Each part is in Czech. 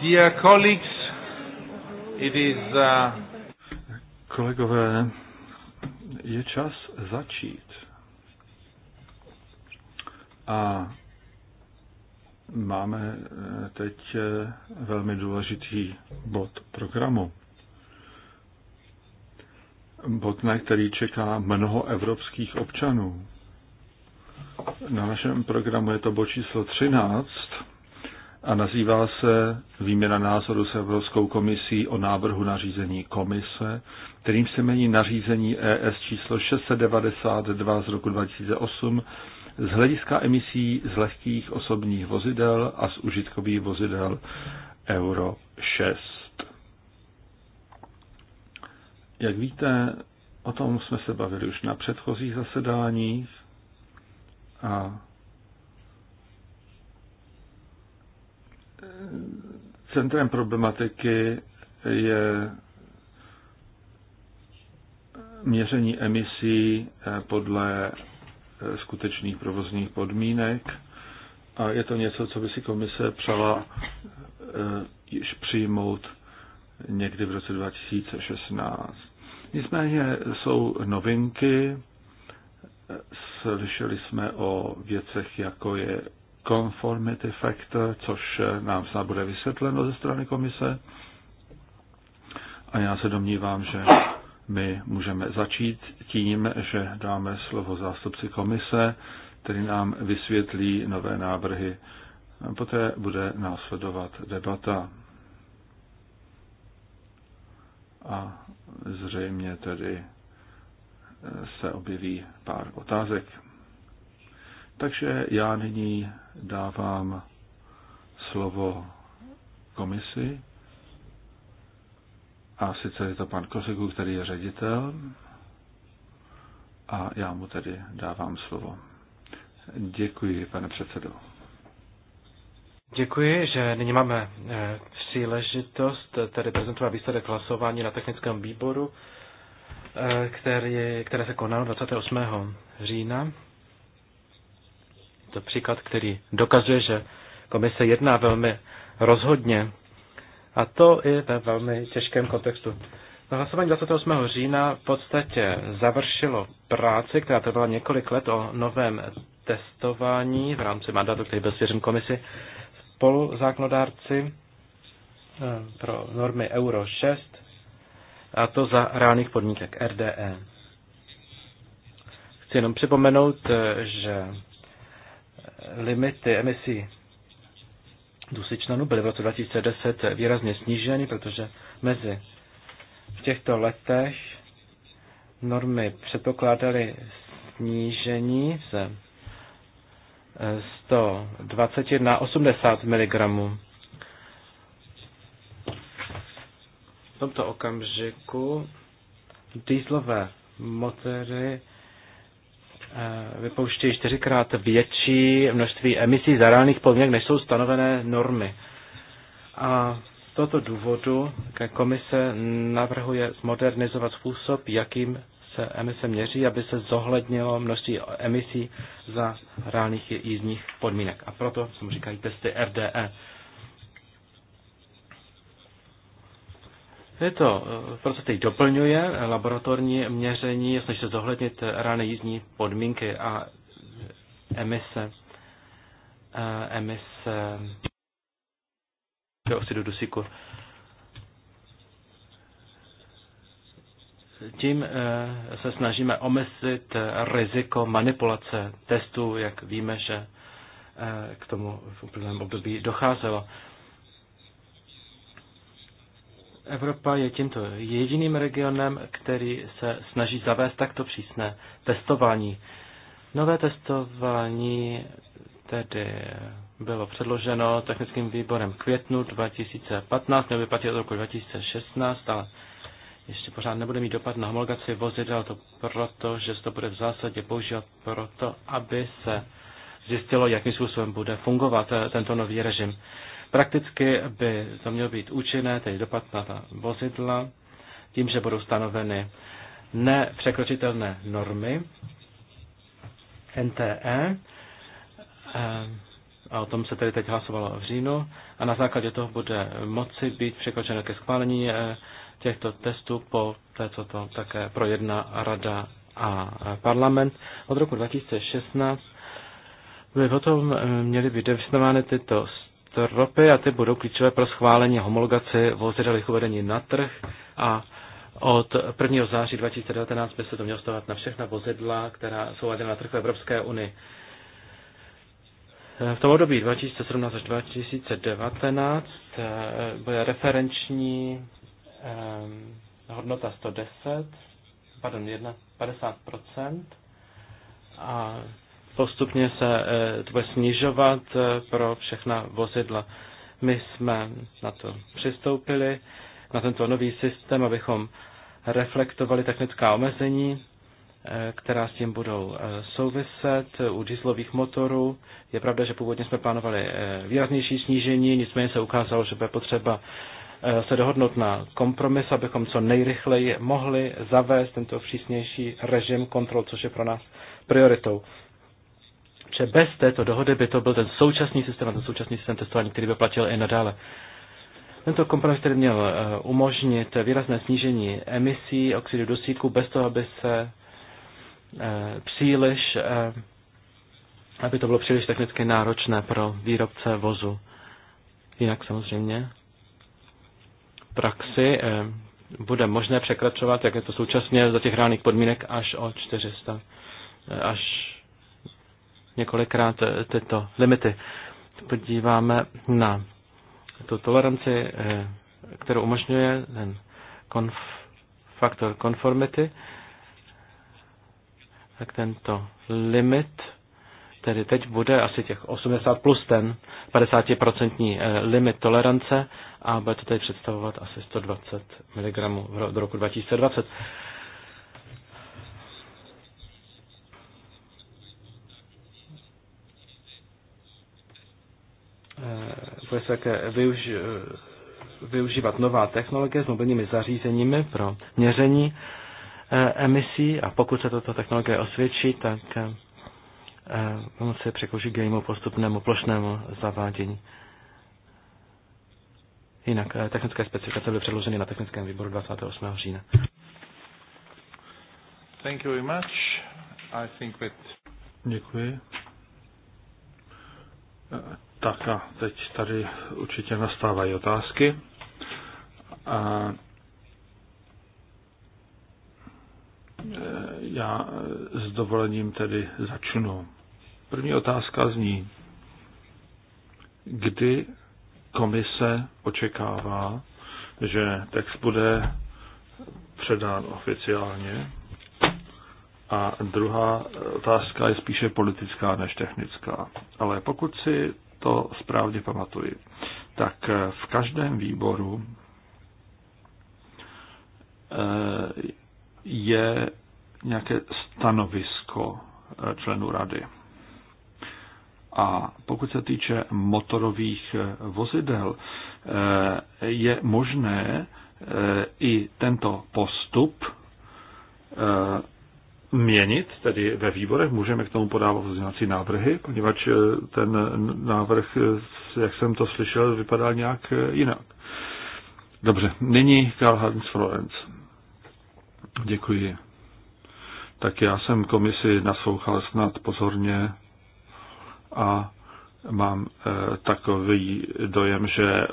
Dear colleagues, it is, uh... Kolegové, je čas začít. A máme eh, teď eh, velmi důležitý bod programu bod, který čeká mnoho evropských občanů. Na našem programu je to bod číslo 13 a nazývá se Výměna názoru s Evropskou komisí o návrhu nařízení komise, kterým se mění nařízení ES číslo 692 z roku 2008 z hlediska emisí z lehkých osobních vozidel a z užitkových vozidel Euro 6. Jak víte, o tom jsme se bavili už na předchozích zasedáních a centrem problematiky je měření emisí eh, podle eh, skutečných provozních podmínek a je to něco, co by si komise přala eh, již přijmout někdy v roce 2016. Nicméně jsou novinky, slyšeli jsme o věcech, jako je conformity factor, což nám snad bude vysvětleno ze strany komise. A já se domnívám, že my můžeme začít tím, že dáme slovo zástupci komise, který nám vysvětlí nové návrhy. Poté bude následovat debata a zřejmě tedy eh, se objeví pár otázek. Takže já nyní dávám slovo komisi. A sice je to pan Koseků, který je ředitel. A já mu tedy dávám slovo. Děkuji, pane předsedo. Děkuji, že nyní máme eh, příležitost tady prezentovat výsledek hlasování na technickém výboru, eh, který, které se konalo 28. října. Je to příklad, který dokazuje, že komise jedná velmi rozhodně a to i ve velmi těžkém kontextu. Na hlasování 28. října v podstatě završilo práci, která trvala několik let o novém testování v rámci mandátu, který byl svěřen komisi spoluzákonodárci eh, pro normy Euro 6 a to za reálných podmínek RDE. Chci jenom připomenout, eh, že eh, limity emisí dusičnanů byly v roce 2010 výrazně sníženy, protože mezi v těchto letech normy předpokládaly snížení ze 120 na 80 mg. V tomto okamžiku dýzlové motory eh, vypouštějí čtyřikrát větší množství emisí zarálných podmínek, než jsou stanovené normy. A z tohoto důvodu komise navrhuje zmodernizovat způsob, jakým se emise měří, aby se zohlednilo množství emisí za reálných jízdních podmínek. A proto se mu říkají testy RDE. Je to, eh, proto teď doplňuje laboratorní měření, snaží se zohlednit reálné jízdní podmínky a emise, eh, emise oxidu dusíku. Tím eh, se snažíme omezit eh, riziko manipulace testů, jak víme, že eh, k tomu v úplném období docházelo. Evropa je tímto jediným regionem, který se snaží zavést takto přísné testování. Nové testování tedy bylo předloženo technickým výborem květnu 2015, nebo platí od roku 2016, ale ještě pořád nebude mít dopad na homologaci vozidel, to proto, že se to bude v zásadě používat proto, aby se zjistilo, jakým způsobem bude fungovat eh, tento nový režim. Prakticky by to mělo být účinné, tedy dopad na ta vozidla, tím, že budou stanoveny nepřekročitelné normy NTE, eh, a o tom se tedy teď hlasovalo v říjnu, a na základě toho bude moci být překročeno ke schválení eh, těchto testů po té, co to také projedná Rada a parlament. Od roku 2016 by potom eh, měly být vysnovány tyto stropy a ty budou klíčové pro schválení homologaci vozidel uvedení na trh a od 1. září 2019 by se to mělo stavat na všechna vozidla, která jsou uvedena na trh v Evropské unii. Eh, v tom období 2017 až 2019 eh, bude referenční Ehm, hodnota 110, pardon, 1, 50% a postupně se eh, to bude snižovat eh, pro všechna vozidla. My jsme na to přistoupili, na tento nový systém, abychom reflektovali technická omezení, eh, která s tím budou souviset u dieselových motorů. Je pravda, že původně jsme plánovali výraznější snížení, nicméně se ukázalo, že bude potřeba Eh, se dohodnout na kompromis, abychom co nejrychleji mohli zavést tento přísnější režim kontrol, což je pro nás prioritou. Že bez této dohody by to byl ten současný systém a ten současný systém testování, který by platil i nadále. Tento kompromis tedy měl eh, umožnit výrazné snížení emisí oxidu dusíku bez toho, aby se eh, příliš, aby to bylo příliš technicky náročné pro výrobce vozu. Jinak samozřejmě praxi eh, bude možné překračovat, jak je to současně za těch reálných podmínek, až o 400, eh, až několikrát eh, tyto limity. Podíváme na tu toleranci, kterou umožňuje ten konf, faktor konformity, tak tento limit tedy teď bude asi těch 80 plus ten 50% limit tolerance a bude to tady představovat asi 120 mg do roku 2020. Eh, bude se také využ, eh, využívat nová technologie s mobilními zařízeními pro měření eh, emisí a pokud se tato technologie osvědčí, tak pomoci překouží k jejímu postupnému plošnému zavádění. Jinak eh, technické specifikace byly předloženy na technickém výboru 28. října. Thank you very much. I think with... Děkuji. Eh, tak a teď tady určitě nastávají otázky. A eh, já s dovolením tedy začnu. První otázka zní, kdy komise očekává, že text bude předán oficiálně. A druhá otázka je spíše politická než technická. Ale pokud si to správně pamatuji, tak v každém výboru eh, je nějaké stanovisko eh, členů rady. A pokud se týče motorových eh, vozidel, eh, je možné eh, i tento postup měnit, tedy ve výborech můžeme k tomu podávat pozměňovací návrhy, poněvadž ten návrh, jak jsem to slyšel, vypadá nějak jinak. Dobře, nyní Karl Hans Florenc. Děkuji. Tak já jsem komisi naslouchal snad pozorně a mám eh, takový dojem, že eh,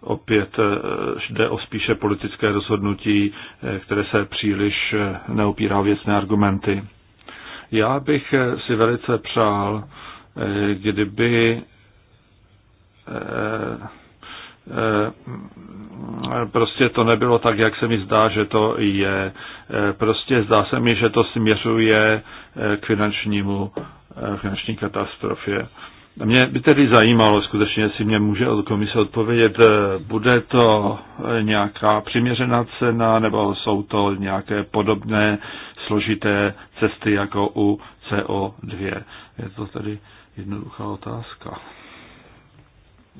opět eh, jde o spíše politické rozhodnutí, které se příliš neopírá věcné argumenty. Já bych si velice přál, kdyby prostě to nebylo tak, jak se mi zdá, že to je. Prostě zdá se mi, že to směřuje k finančnímu Eh, finanční katastrofě. Mě by tedy zajímalo skutečně, jestli mě může od komise odpovědět, eh, bude to eh, nějaká přiměřená cena, nebo jsou to nějaké podobné složité cesty jako u CO2. Je to tedy jednoduchá otázka.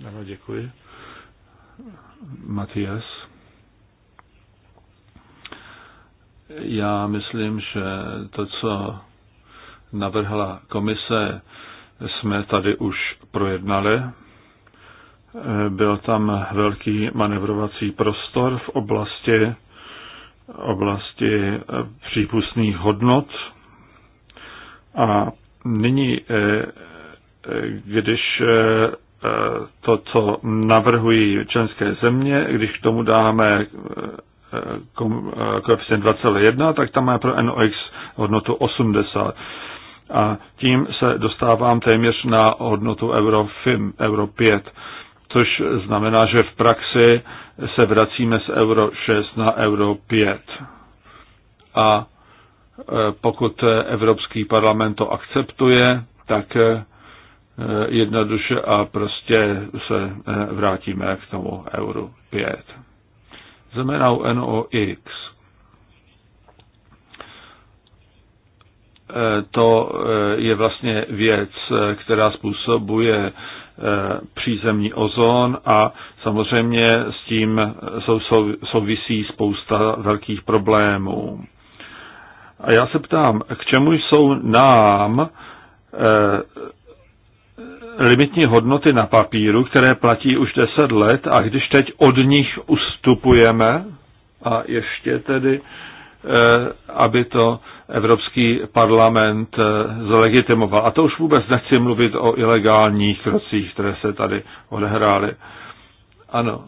Ano, děkuji. Matias. Já myslím, že to, co navrhla komise, jsme tady už projednali. Byl tam velký manevrovací prostor v oblasti, oblasti přípustných hodnot. A nyní, eh, když eh, to, co navrhují členské země, když k tomu dáme eh, koeficient 2,1, tak tam má pro NOx hodnotu 80. A tím se dostávám téměř na hodnotu euro, FIM, euro 5, což znamená, že v praxi se vracíme z euro 6 na euro 5. A e, pokud Evropský parlament to akceptuje, tak e, jednoduše a prostě se e, vrátíme k tomu euro 5. Znamená NOx to eh, je vlastně věc, eh, která způsobuje eh, přízemní ozon a samozřejmě s tím sou, sou, souvisí spousta velkých problémů. A já se ptám, k čemu jsou nám limitní hodnoty na papíru, které platí už 10 let a když teď od nich ustupujeme a ještě tedy, aby to Evropský parlament eh, zlegitimoval. A to už vůbec nechci mluvit o ilegálních krocích, které se tady odehrály. Ano,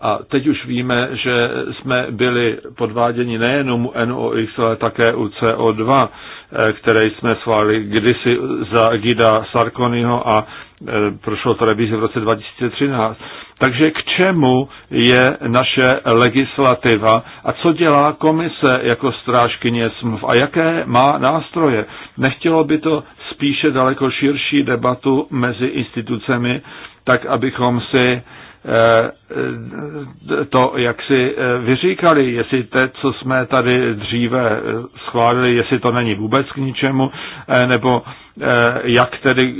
a teď už víme, že jsme byli podváděni nejenom u NOx, ale také u CO2, eh, které jsme schválili kdysi za Gida Sarkonyho a eh, prošlo to revizi v roce 2013. Takže k čemu je naše legislativa a co dělá komise jako strážkyně smluv a jaké má nástroje? Nechtělo by to spíše daleko širší debatu mezi institucemi, tak abychom si Eh, to, jak si eh, vyříkali, jestli to, co jsme tady dříve eh, schválili, jestli to není vůbec k ničemu, nebo jak tedy,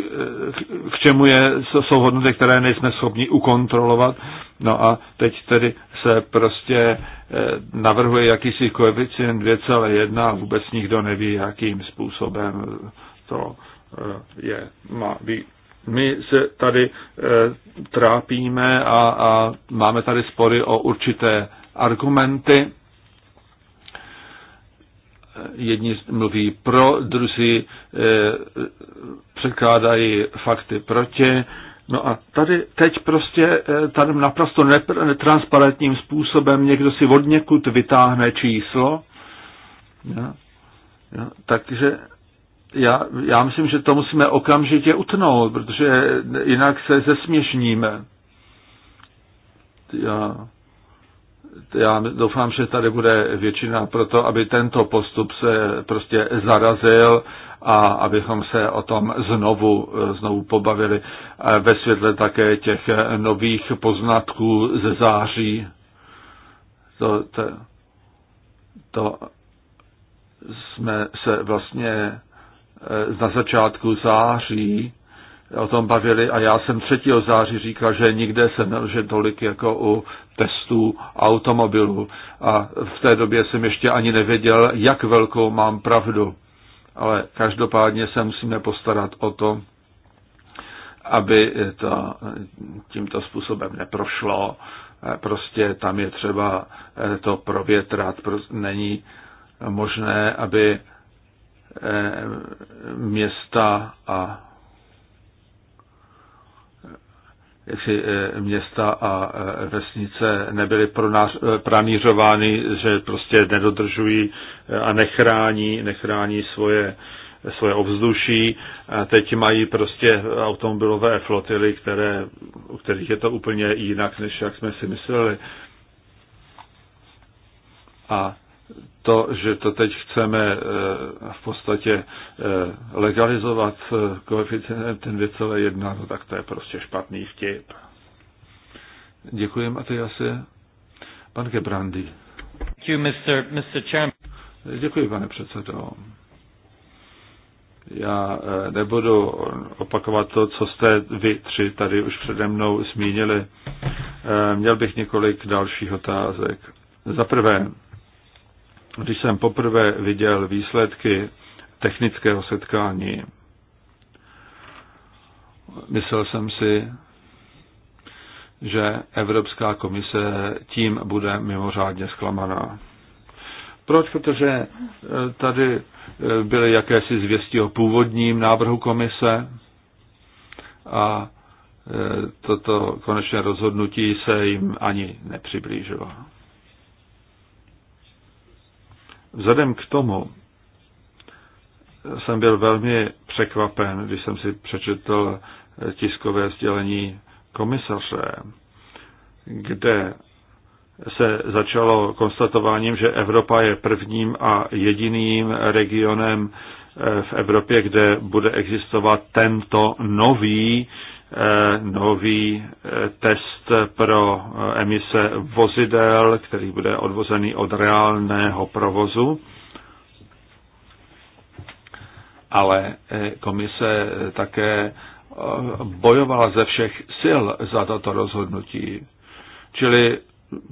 k čemu je, jsou hodnoty, které nejsme schopni ukontrolovat. No a teď tedy se prostě navrhuje jakýsi koeficient 2,1 a vůbec nikdo neví, jakým způsobem to je, má no být my se tady e, trápíme a, a máme tady spory o určité argumenty. Jedni mluví pro, druzí e, eh, překládají fakty proti. No a tady teď prostě e, tady naprosto netransparentním způsobem někdo si od někud vytáhne číslo. Ja, ja, takže já, já myslím, že to musíme okamžitě utnout, protože jinak se zesměšníme. Já, já doufám, že tady bude většina pro to, aby tento postup se prostě zarazil a abychom se o tom znovu, znovu pobavili ve světle také těch nových poznatků ze září. To, to, to jsme se vlastně na eh, začátku září o tom bavili a já jsem 3. září říkal, že nikde se nelže tolik jako u testů automobilů. A v té době jsem ještě ani nevěděl, jak velkou mám pravdu. Ale každopádně se musíme postarat o to, aby to tímto způsobem neprošlo. Eh, prostě tam je třeba eh, to provětrat. Není možné, aby Eh, města a eh, jaksi eh, města a vesnice nebyly nás pranířovány, že prostě nedodržují a nechrání, nechrání svoje, svoje ovzduší. A teď mají prostě automobilové flotily, které, u kterých je to úplně jinak, než jak jsme si mysleli. A to, že to teď chceme eh, v podstatě eh, legalizovat eh, koeficientem ten 2,1, no tak to je prostě špatný vtip. Děkuji, Matyasi. Pan Gebrandy. Děkuji, pane předsedo. Já nebudu opakovat to, co jste vy tři tady už přede mnou zmínili. Měl bych několik dalších otázek. Za prvé, když jsem poprvé viděl výsledky technického setkání, myslel jsem si, že Evropská komise tím bude mimořádně zklamaná. Proč? Protože eh, tady eh, byly jakési zvěstí o původním návrhu komise a eh, toto konečné rozhodnutí se jim ani nepřiblížilo. Vzhledem k tomu jsem byl velmi překvapen, když jsem si přečetl tiskové sdělení komisaře, kde se začalo konstatováním, že Evropa je prvním a jediným regionem v Evropě, kde bude existovat tento nový Eh, nový eh, test pro eh, emise vozidel, který bude odvozený od reálného provozu. Ale komise také bojovala ze všech sil za toto rozhodnutí. Čili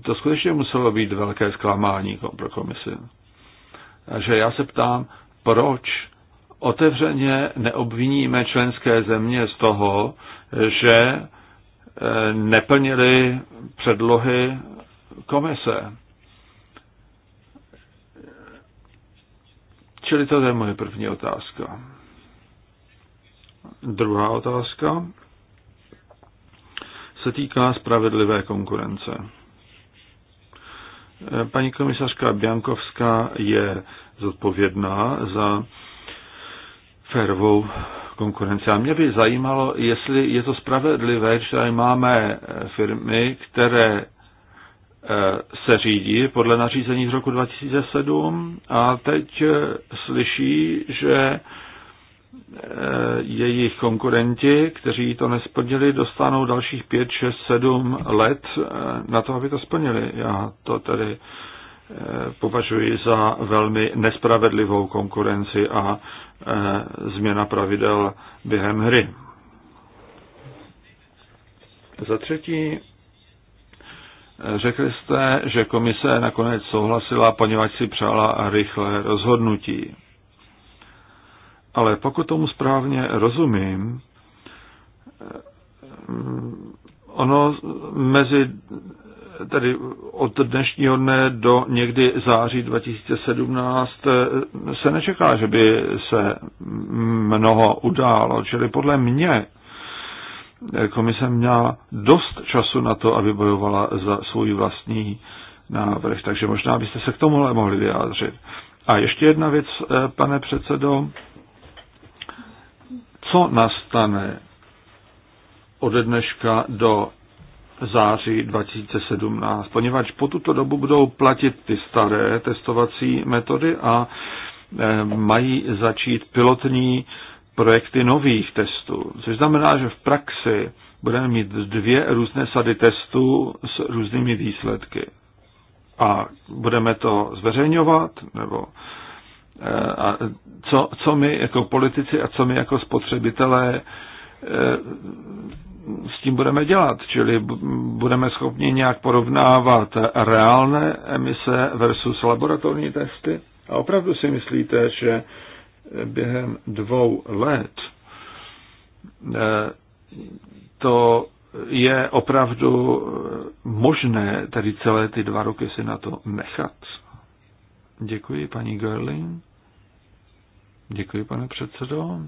to skutečně muselo být velké zklamání pro komisi. Takže já se ptám, proč otevřeně neobviníme členské země z toho, že eh, neplnili předlohy komise. Čili to je moje první otázka. Druhá otázka se týká spravedlivé konkurence. Eh, paní komisařka Biankovská je zodpovědná za férovou konkurence. A mě by zajímalo, jestli je to spravedlivé, že tady máme eh, firmy, které eh, se řídí podle nařízení z roku 2007 a teď eh, slyší, že jejich konkurenti, kteří to nesplnili, dostanou dalších 5, 6, 7 let na to, aby to splnili. Já to tedy považuji za velmi nespravedlivou konkurenci a e, změna pravidel během hry. Za třetí, e, řekli jste, že komise nakonec souhlasila, poněvadž si přála rychlé rozhodnutí. Ale pokud tomu správně rozumím, e, ono mezi tedy od dnešního dne do někdy září 2017 eh, se nečeká, že by se mnoho událo. Čili podle mě eh, komise měla dost času na to, aby bojovala za svůj vlastní návrh. Takže možná byste se k tomuhle mohli vyjádřit. A ještě jedna věc, eh, pane předsedo. Co nastane od dneška do září 2017, poněvadž po tuto dobu budou platit ty staré testovací metody a eh, mají začít pilotní projekty nových testů, což znamená, že v praxi budeme mít dvě různé sady testů s různými výsledky. A budeme to zveřejňovat, nebo eh, a co, co my jako politici a co my jako spotřebitelé s tím budeme dělat, čili budeme schopni nějak porovnávat reálné emise versus laboratorní testy. A opravdu si myslíte, že během dvou let e, to je opravdu možné tady celé ty dva roky si na to nechat. Děkuji, paní Gerling. Děkuji, pane předsedo.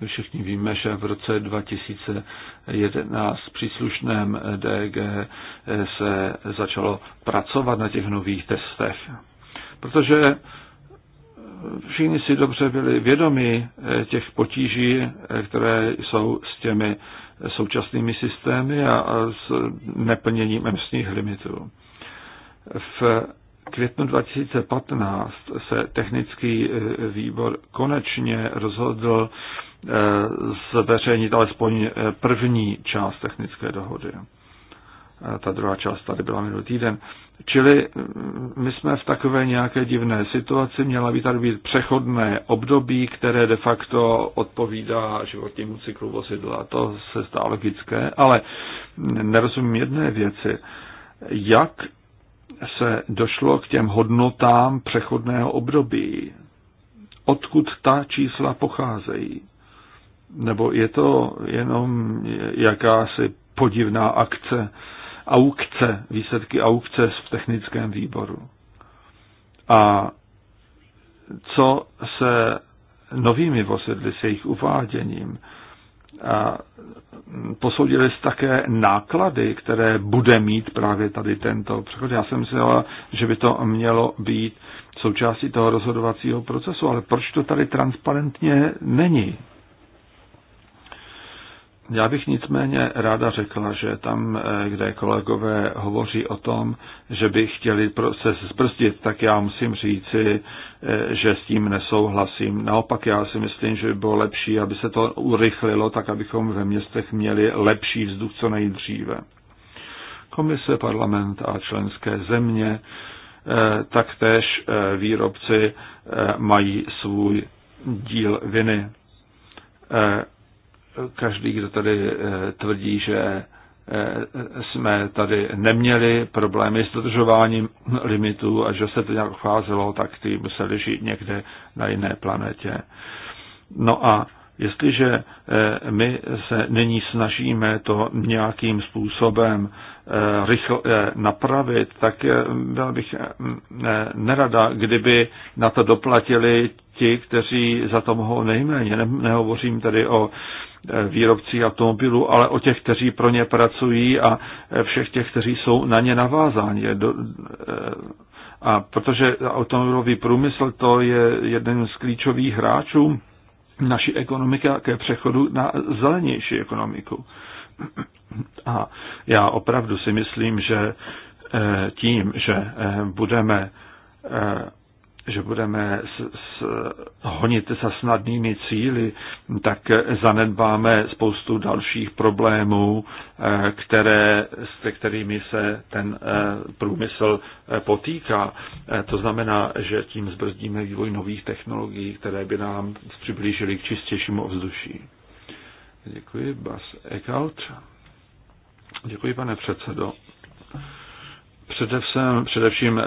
My všichni víme, že v roce 2011 v příslušném DG se začalo pracovat na těch nových testech. Protože všichni si dobře byli vědomi eh, těch potíží, eh, které jsou s těmi současnými systémy a s neplněním emisních limitů. V květnu 2015 se technický e, výbor konečně rozhodl e, zveřejnit alespoň e, první část technické dohody. Ta druhá část tady byla minulý týden. Čili my jsme v takové nějaké divné situaci, měla by tady být přechodné období, které de facto odpovídá životnímu cyklu vozidla. To se zdá logické, ale nerozumím jedné věci. Jak se došlo k těm hodnotám přechodného období. Odkud ta čísla pocházejí? Nebo je to jenom jakási podivná akce, aukce, výsledky aukce v technickém výboru? A co se novými vozidly, s jejich uváděním, Mm, posoudili jste také náklady, které bude mít právě tady tento přechod. Já jsem myslel, že by to mělo být součástí toho rozhodovacího procesu, ale proč to tady transparentně není? Já bych nicméně ráda řekla, že tam, eh, kde kolegové hovoří o tom, že by chtěli se zbrzdit, tak já musím říci, eh, že s tím nesouhlasím. Naopak já si myslím, že by bylo lepší, aby se to urychlilo, tak abychom ve městech měli lepší vzduch co nejdříve. Komise, parlament a členské země, eh, taktéž výrobci mají svůj díl viny Každý, kdo tady eh, tvrdí, že eh, jsme tady neměli problémy s dodržováním limitů a že se to nějak cházelo, tak ty museli žít někde na jiné planetě. No a jestliže eh, my se nyní snažíme to nějakým způsobem rychle napravit, tak byla bych nerada, kdyby na to doplatili ti, kteří za to mohou nejméně. Nehovořím tady o Eh, výrobcích automobilů, ale o těch, kteří pro ně pracují a eh, všech těch, kteří jsou na ně navázáni. Eh, a protože automobilový průmysl to je jeden z klíčových hráčů naší ekonomiky ke přechodu na zelenější ekonomiku. A já opravdu si myslím, že tím, že budeme že budeme s, s, honit za snadnými cíly, tak zanedbáme spoustu dalších problémů, eh, které, s kterými se ten eh, průmysl eh, potýká. To znamená, že tím zbrzdíme vývoj nových technologií, které by nám přiblížily k čistějšímu ovzduší. Děkuji, Bas Eckhout. Děkuji, pane předsedo. Především, především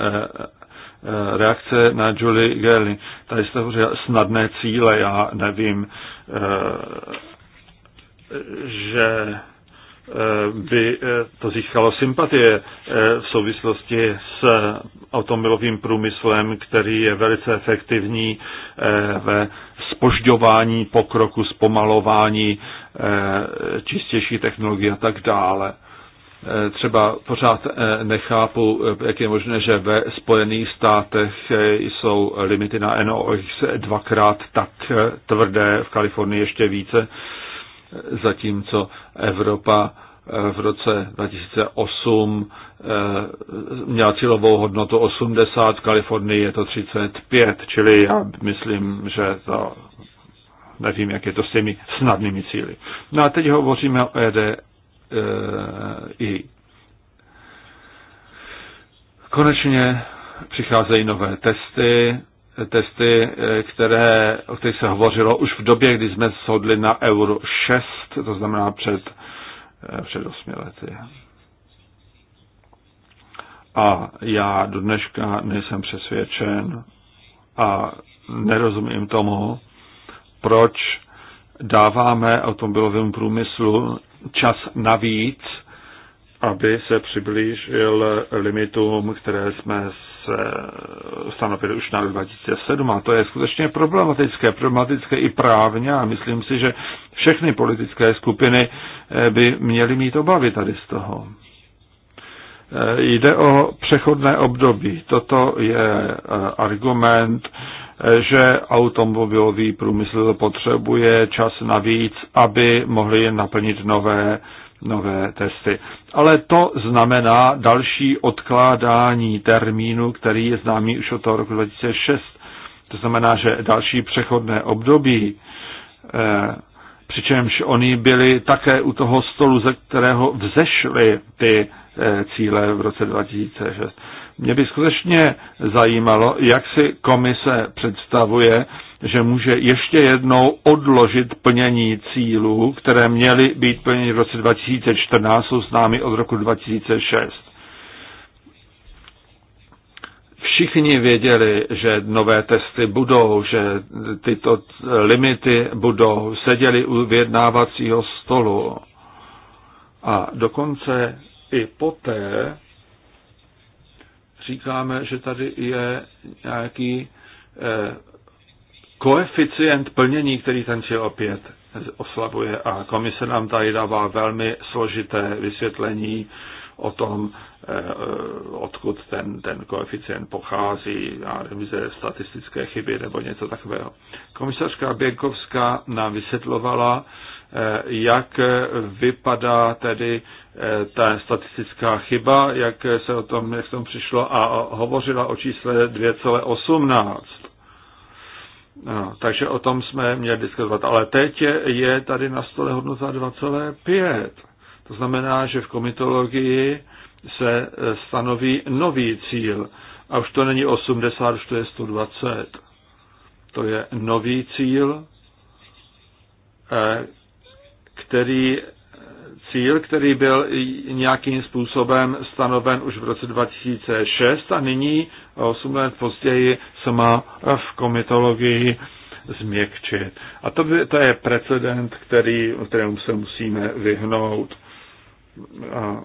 Eh, reakce na Julie Gerling. Tady jste hovořil snadné cíle, já nevím, eh, že eh, by to získalo sympatie v souvislosti s automobilovým průmyslem, který je velice efektivní ve spožďování pokroku, zpomalování čistější technologie a tak dále třeba pořád eh, nechápu, eh, jak je možné, že ve Spojených státech eh, jsou limity na NOx dvakrát tak tvrdé, v Kalifornii ještě více, zatímco Evropa v roce 2008 měla cílovou hodnotu 80, v Kalifornii je to 35, čili já myslím, že to nevím, jak je to s těmi snadnými cíly. No a teď hovoříme o EDF. E i konečně přicházejí nové testy, testy, eh, které, o kterých se hovořilo už v době, kdy jsme shodli na euro 6, to znamená před, eh, před 8 lety. A já do dneška nejsem přesvědčen a nerozumím tomu, proč dáváme automobilovému průmyslu čas navíc, aby se přiblížil limitům, které jsme se stanovili už na 2007. A to je skutečně problematické, problematické i právně a myslím si, že všechny politické skupiny eh, by měly mít obavy tady z toho. Eh, jde o přechodné období. Toto je eh, argument, že automobilový průmysl potřebuje čas navíc, aby mohli naplnit nové, nové testy. Ale to znamená další odkládání termínu, který je známý už od toho roku 2006. To znamená, že další přechodné období eh, přičemž oni byli také u toho stolu, ze kterého vzešly ty eh, cíle v roce 2006. Mě by skutečně zajímalo, jak si komise představuje, že může ještě jednou odložit plnění cílů, které měly být plněny v roce 2014, jsou s námi od roku 2006. Všichni věděli, že nové testy budou, že tyto limity budou, seděli u vyjednávacího stolu. A dokonce i poté, říkáme, že tady je nějaký eh, koeficient plnění, který ten cíl opět oslabuje a komise nám tady dává velmi složité vysvětlení o tom, eh, odkud ten, ten koeficient pochází, já nevím, ze statistické chyby nebo něco takového. Komisařka Běnkovská nám vysvětlovala, Eh, jak eh, vypadá tedy eh, ta statistická chyba, jak se o tom, jak tom přišlo a hovořila o čísle 2,18. No, takže o tom jsme měli diskutovat. Ale teď je tady na stole hodnota 2,5. To znamená, že v komitologii se stanoví nový cíl. A už to není 80, už to je 120. To je nový cíl, který cíl, který byl nějakým způsobem stanoven už v roce 2006 a nyní 8 let později se má v komitologii změkčit. A to, by, to je precedent, který, kterému se musíme vyhnout. A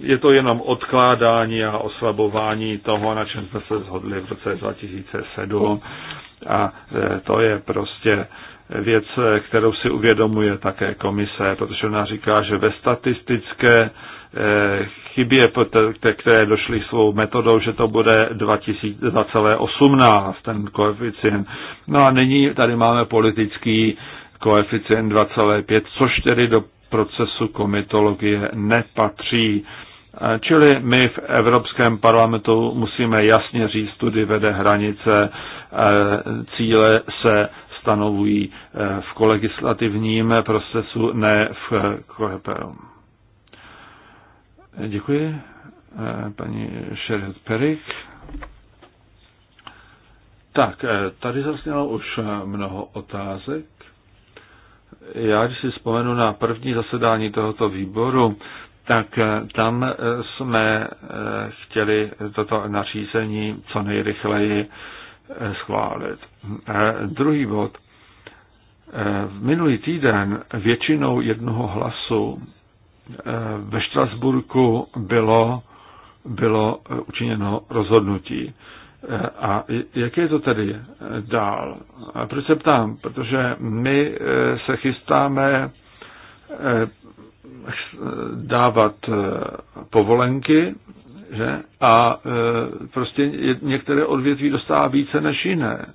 je to jenom odkládání a oslabování toho, na čem jsme se shodli v roce 2007. A e, to je prostě věc, kterou si uvědomuje také komise, protože ona říká, že ve statistické eh, chybě, které došly svou metodou, že to bude 2,18, ten koeficient. No a nyní tady máme politický koeficient 2,5, což tedy do procesu komitologie nepatří. Eh, čili my v Evropském parlamentu musíme jasně říct, tudy vede hranice, eh, cíle se stanovují eh, v kolegislativním procesu, ne v eh, KPL. Eh, děkuji, paní Sherrod Perik. Tak, tady zasnělo už mnoho otázek. Já, když si vzpomenu na první zasedání tohoto výboru, tak tam jsme chtěli toto nařízení co nejrychleji schválit. E, druhý bod. V e, minulý týden většinou jednoho hlasu e, ve Štrasburku bylo, bylo učiněno rozhodnutí. A jaké je to tedy dál? A proč se ptám? Protože my se chystáme dávat povolenky že? A e, prostě některé odvětví dostává více než jiné.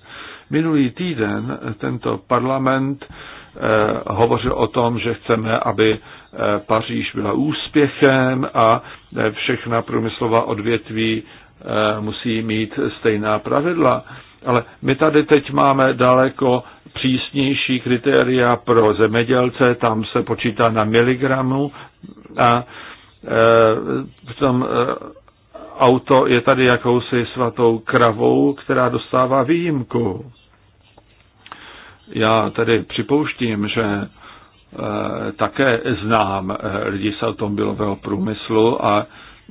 Minulý týden tento parlament e, hovořil o tom, že chceme, aby e, Paříž byla úspěchem a všechna průmyslová odvětví musí mít stejná pravidla. Ale my tady teď máme daleko přísnější kritéria pro zemědělce, tam se počítá na miligramu a v tom auto je tady jakousi svatou kravou, která dostává výjimku. Já tedy připouštím, že e, také znám e, lidi z automobilového průmyslu a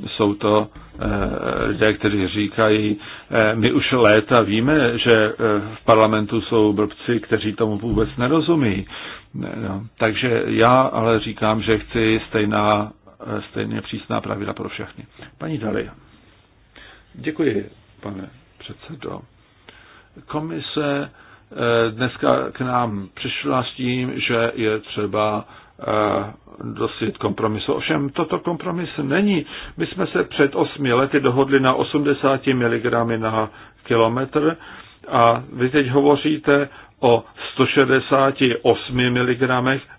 jsou to e, lidé, kteří říkají, e, my už léta víme, že e, v parlamentu jsou blbci, kteří tomu vůbec nerozumí. Ne, no. Takže já ale říkám, že chci stejná, stejně přísná pravidla pro všechny. Paní Dalia. Děkuji, pane předsedo. Komise eh, dneska k nám přišla s tím, že je třeba eh, dosít kompromisu. Ovšem, toto kompromis není. My jsme se před osmi lety dohodli na 80 mg na kilometr a vy teď hovoříte o 168 mg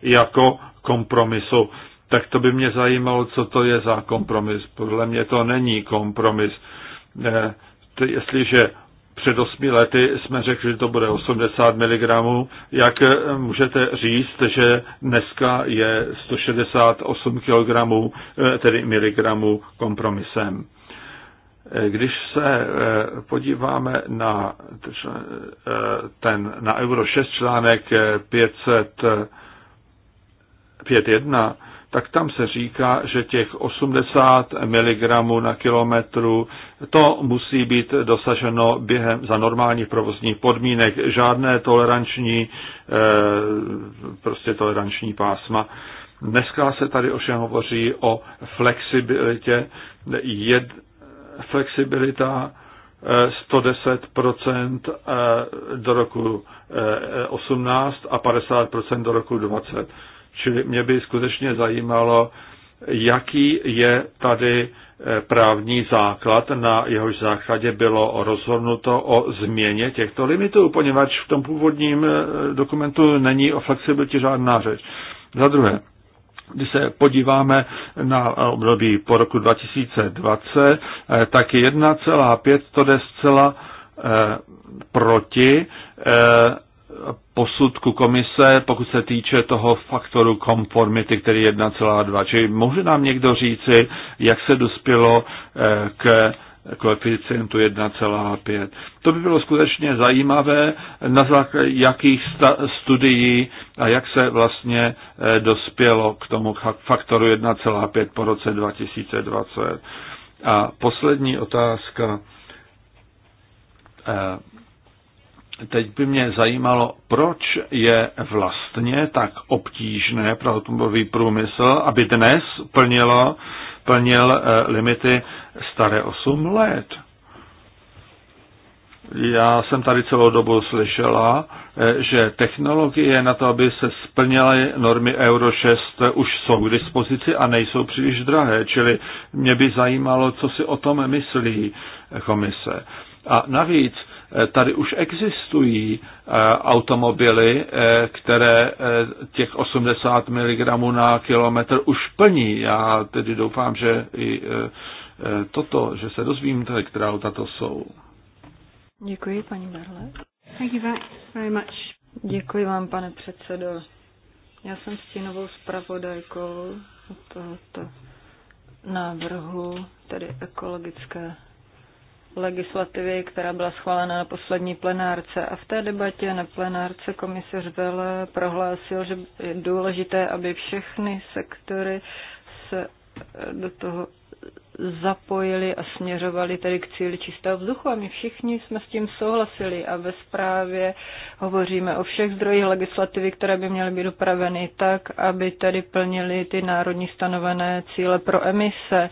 jako kompromisu. Tak to by mě zajímalo, co to je za kompromis. Podle mě to není kompromis jestliže před osmi lety jsme řekli, že to bude 80 mg, jak eh, můžete říct, že dneska je 168 kg, eh, tedy miligramů kompromisem. Eh, když se podíváme na, ten, na Euro 6 článek 500, tak tam se říká, že těch 80 mg na kilometru, to musí být dosaženo během za normálních provozních podmínek. Žádné toleranční, eh, prostě toleranční pásma. Dneska se tady ovšem hovoří o flexibilitě. Jed, flexibilita 110% eh, eh, do roku 18 a 50% do roku 20. Čili mě by skutečně zajímalo, jaký je tady eh, právní základ, na jehož základě bylo rozhodnuto o změně těchto limitů, poněvadž v tom původním eh, dokumentu není o flexibilitě žádná řeč. Za druhé, když se podíváme na eh, období po roku 2020, tak 1,5 to jde zcela proti posudku komise, pokud se týče toho faktoru konformity, který je 1,2. Čili může nám někdo říci, jak se dospělo eh, k koeficientu 1,5. To by bylo skutečně zajímavé, na základě jakých studií a jak se vlastně eh, dospělo k tomu faktoru 1,5 po roce 2020. A poslední otázka eh, teď by mě zajímalo, proč je vlastně tak obtížné pro automobilový průmysl, aby dnes plnilo, plnil eh, limity staré 8 let. Já jsem tady celou dobu slyšela, eh, že technologie na to, aby se splněly normy Euro 6, eh, už jsou k dispozici a nejsou příliš drahé. Čili mě by zajímalo, co si o tom myslí komise. A navíc Tady už existují eh, automobily, eh, které eh, těch 80 mg na kilometr už plní. Já tedy doufám, že i toto, že se dozvím, která auta to jsou. Děkuji, paní Berle. Thank you very much. Děkuji vám, pane předsedo. Já jsem stínovou zpravodajkou tohoto návrhu, tedy ekologické legislativy, která byla schválena na poslední plenárce. A v té debatě na plenárce komisař Vele prohlásil, že je důležité, aby všechny sektory se eh, do toho zapojili a směřovali tedy k cíli čistého vzduchu a my všichni jsme s tím souhlasili a ve zprávě hovoříme o všech zdrojích legislativy, které by měly být upraveny tak, aby tedy plnili ty národní stanovené cíle pro emise.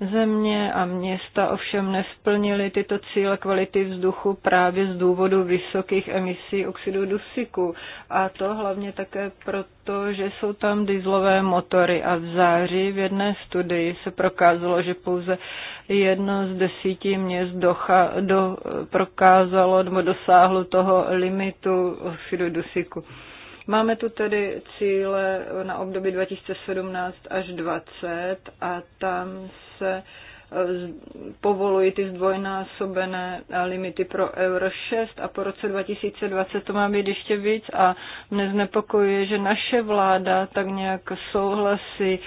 Země a města ovšem nesplnily tyto cíle kvality vzduchu právě z důvodu vysokých emisí oxidu dusíku. A to hlavně také proto, že jsou tam dýzlové motory. A v září v jedné studii se prokázalo, že pouze jedno z desíti měst docha, do, prokázalo nebo dosáhlo toho limitu oxidu dusíku. Máme tu tedy cíle na období 2017 až 2020 a tam se eh, povolují ty zdvojnásobené eh, limity pro euro 6 a po roce 2020 to má být ještě víc a mne znepokojuje, že naše vláda tak nějak souhlasí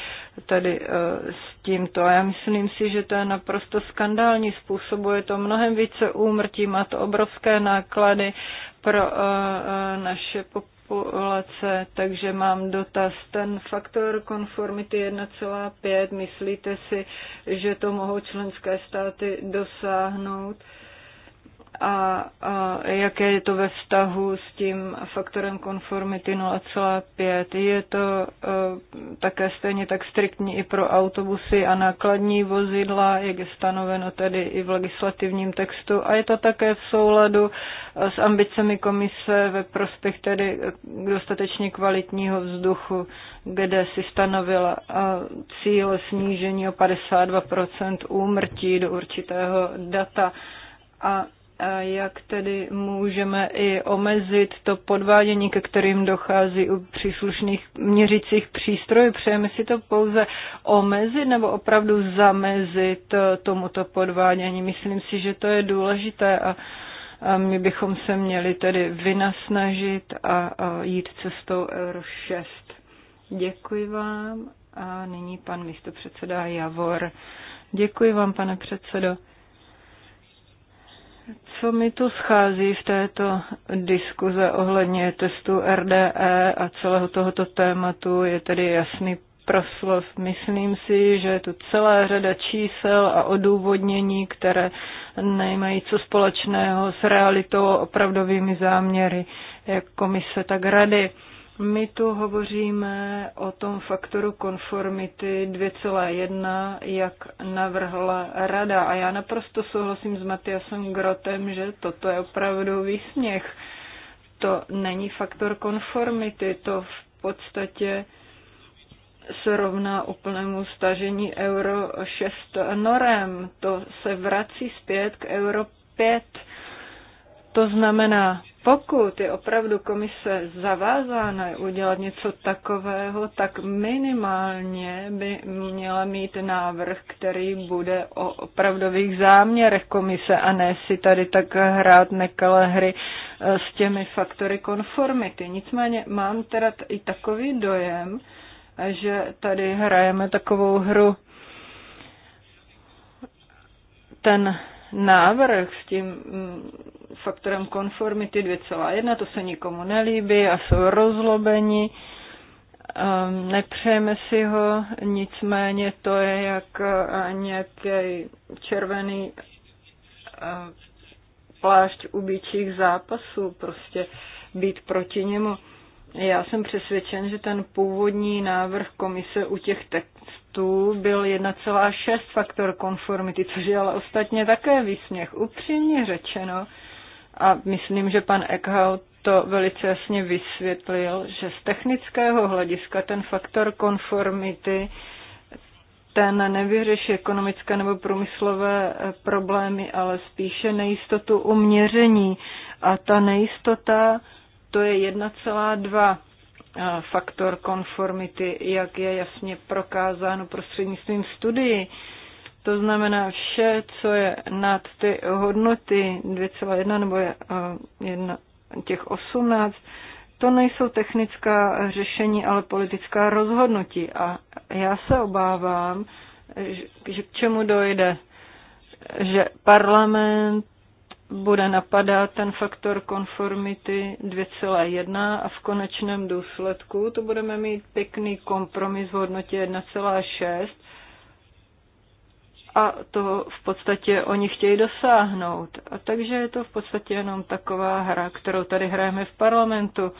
tady eh, s tímto a já myslím si, že to je naprosto skandální, způsobuje to mnohem více úmrtí, má to obrovské náklady pro naše populace, takže mám dotaz. Ten faktor konformity 1,5, myslíte si, že to mohou členské státy dosáhnout? a, a jaké je to ve vztahu s tím faktorem konformity 0,5. Je to a, e, také stejně tak striktní i pro autobusy a nákladní vozidla, jak je stanoveno tedy i v legislativním textu. A je to také v souladu e, s ambicemi komise ve prospěch tedy e, dostatečně kvalitního vzduchu, kde si stanovila cíl snížení o 52 úmrtí do určitého data. A jak tedy můžeme i omezit to podvádění, ke kterým dochází u příslušných měřicích přístrojů? Přejeme si to pouze omezit nebo opravdu zamezit eh, tomuto podvádění? Myslím si, že to je důležité a my bychom se měli tedy vynasnažit a jít cestou Euro 6. Děkuji vám a nyní pan místopředseda Javor. Děkuji vám, pane předsedo. Co mi tu schází v této diskuze ohledně testu RDE a celého tohoto tématu, je tedy jasný proslov. Myslím si, že je tu celá řada čísel a odůvodnění, které nemají co společného s realitou a opravdovými záměry jak komise, tak rady. My tu hovoříme o tom faktoru konformity 2,1, jak navrhla rada. A já naprosto souhlasím s Matiasem Grotem, že toto je opravdu výsměch. To není faktor konformity, to v podstatě se rovná úplnému stažení euro 6 norem. To se vrací zpět k euro 5. To znamená, pokud je opravdu komise zavázána udělat něco takového, tak minimálně by měla mít návrh, který bude o opravdových záměrech komise a ne si tady tak hrát nekalé hry eh, s těmi faktory konformity. Nicméně mám teda i takový dojem, že tady hrajeme takovou hru ten návrh s tím mm, faktorem konformity 2,1, to se nikomu nelíbí a jsou rozlobeni. Ehm, nepřejeme si ho, nicméně to je jak eh, nějaký červený eh, plášť ubíčích zápasů, prostě být proti němu. Já jsem přesvědčen, že ten původní návrh komise u těch států byl 1,6 faktor konformity, což je ale ostatně také výsměch. Upřímně řečeno, a myslím, že pan Eckhout to velice jasně vysvětlil, že z technického hlediska ten faktor konformity ten nevyřeší ekonomické nebo průmyslové eh, problémy, ale spíše nejistotu uměření. A ta nejistota to je faktor konformity, jak je jasně prokázáno prostřednictvím studií. To znamená, vše, co je nad ty hodnoty 2,1 nebo je, 1, těch 18, to nejsou technická řešení, ale politická rozhodnutí. A já se obávám, že k čemu dojde, že parlament bude napadat ten faktor konformity 2,1 a v konečném důsledku to budeme mít pěkný kompromis v hodnotě 1,6 a to v podstatě oni chtějí dosáhnout. A takže je to v podstatě jenom taková hra, kterou tady hrajeme v parlamentu.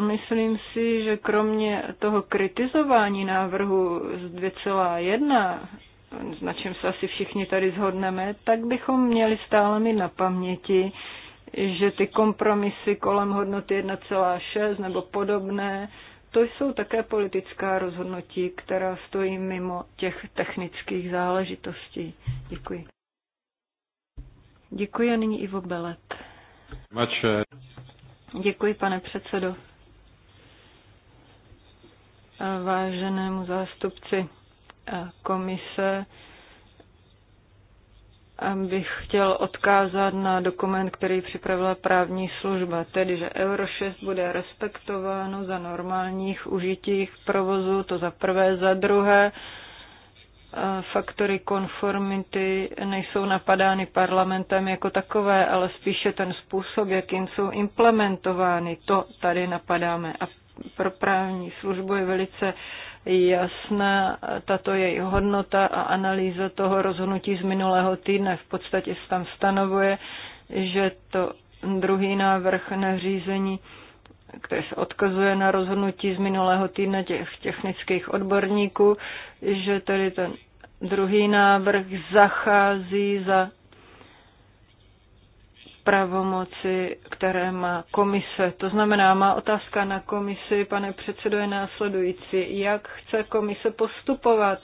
Myslím si, že kromě toho kritizování návrhu z 2,1 na čem se asi všichni tady zhodneme, tak bychom měli stále mít na paměti, že ty kompromisy kolem hodnoty 1,6 nebo podobné, to jsou také politická rozhodnutí, která stojí mimo těch technických záležitostí. Děkuji. Děkuji a nyní Ivo Belet. Mače. Eh, Děkuji, pane předsedo. A váženému zástupci komise bych chtěl odkázat na dokument, který připravila právní služba, tedy že Euro 6 bude respektováno za normálních užitích provozu, to za prvé, za druhé, faktory konformity nejsou napadány parlamentem jako takové, ale spíše ten způsob, jakým jsou implementovány, to tady napadáme. A pro právní službu je velice jasná tato její hodnota a analýza toho rozhodnutí z minulého týdne. V podstatě se tam stanovuje, že to druhý návrh řízení, které se odkazuje na rozhodnutí z minulého týdne těch technických odborníků, že tedy ten druhý návrh zachází za pravomoci, které má komise. To znamená, má otázka na komisi, pane předsedo, je následující. Jak chce komise postupovat?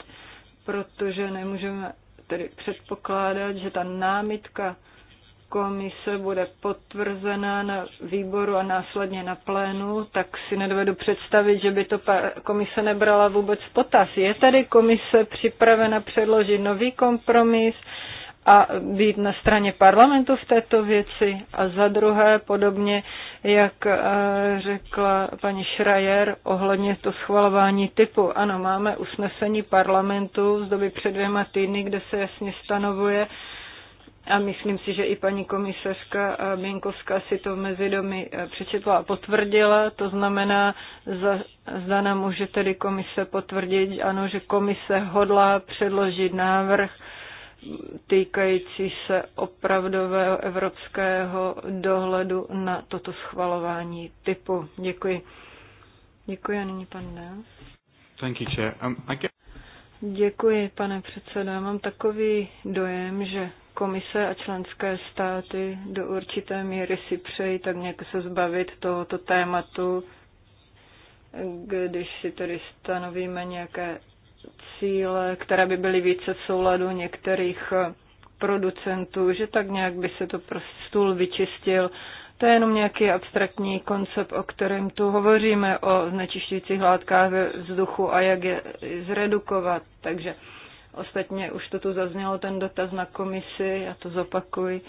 Protože nemůžeme tedy předpokládat, že ta námitka komise bude potvrzena na výboru a následně na plénu, tak si nedovedu představit, že by to komise nebrala vůbec potaz. Je tady komise připravena předložit nový kompromis, a být na straně parlamentu v této věci. A za druhé, podobně jak eh, řekla paní Schreier ohledně to schvalování typu. Ano, máme usnesení parlamentu z doby před dvěma týdny, kde se jasně stanovuje, a myslím si, že i paní komisařka eh, Binkovská si to mezi domy eh, přečetla a potvrdila. To znamená, zda nám může tedy komise potvrdit, ano, že komise hodlá předložit návrh týkající se opravdového evropského dohledu na toto schvalování typu. Děkuji. Děkuji a nyní pan Nels. Um, Děkuji, pane předsedo. Já mám takový dojem, že komise a členské státy do určité míry si přejí tak nějak se zbavit tohoto tématu, když si tedy stanovíme nějaké cíle, které by byly více v souladu některých producentů, že tak nějak by se to prostě stůl vyčistil. To je jenom nějaký abstraktní koncept, o kterém tu hovoříme, o znečišťujících látkách ve vzduchu a jak je zredukovat. Takže ostatně už to tu zaznělo, ten dotaz na komisi, já to zopakuji.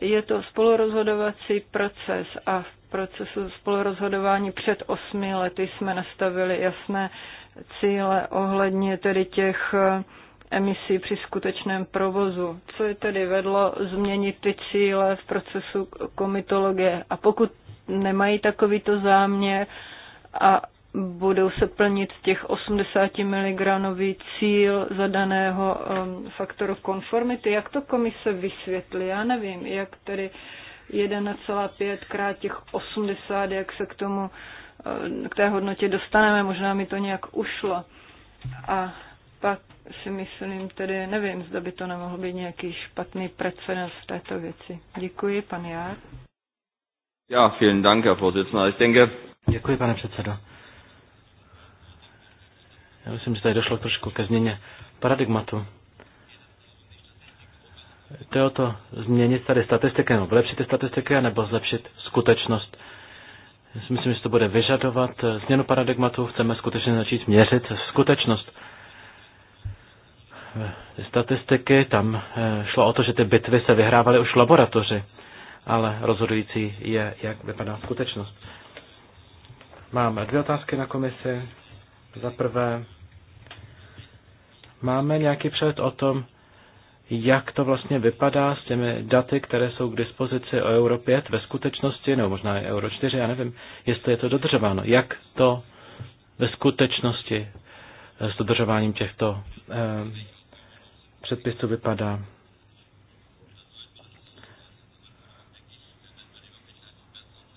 Je to spolurozhodovací proces a v procesu spolurozhodování před osmi lety jsme nastavili jasné cíle ohledně tedy těch eh, emisí při skutečném provozu. Co je tedy vedlo změnit ty cíle v procesu komitologie? A pokud nemají takovýto záměr a budou se plnit těch 80 mg cíl zadaného ehm, faktoru konformity, jak to komise vysvětlí? Já nevím, jak tedy 1,5 krát těch 80, jak se k tomu k té hodnotě dostaneme, možná mi to nějak ušlo. A pak si myslím tedy, nevím, zda by to nemohl být nějaký špatný precedens v této věci. Děkuji, pan Jár. Ja, vielen Dank, Herr Vorsitzender. Ich denke... Děkuji, pane předsedo. Já myslím, že tady došlo trošku ke změně paradigmatu. je o to změnit tady statistiky, nebo vylepšit ty statistiky, nebo zlepšit skutečnost myslím, že to bude vyžadovat eh, změnu paradigmatu. Chceme skutečně začít měřit skutečnost. Eh, statistiky, tam eh, šlo o to, že ty bitvy se vyhrávaly už v laboratoři, ale rozhodující je, jak vypadá skutečnost. Máme dvě otázky na komisi. Za prvé, máme nějaký přehled o tom, jak to vlastně vypadá s těmi daty, které jsou k dispozici o Euro 5 ve skutečnosti, nebo možná i Euro 4, já nevím, jestli je to dodržováno. Jak to ve skutečnosti s dodržováním těchto eh, předpisů vypadá?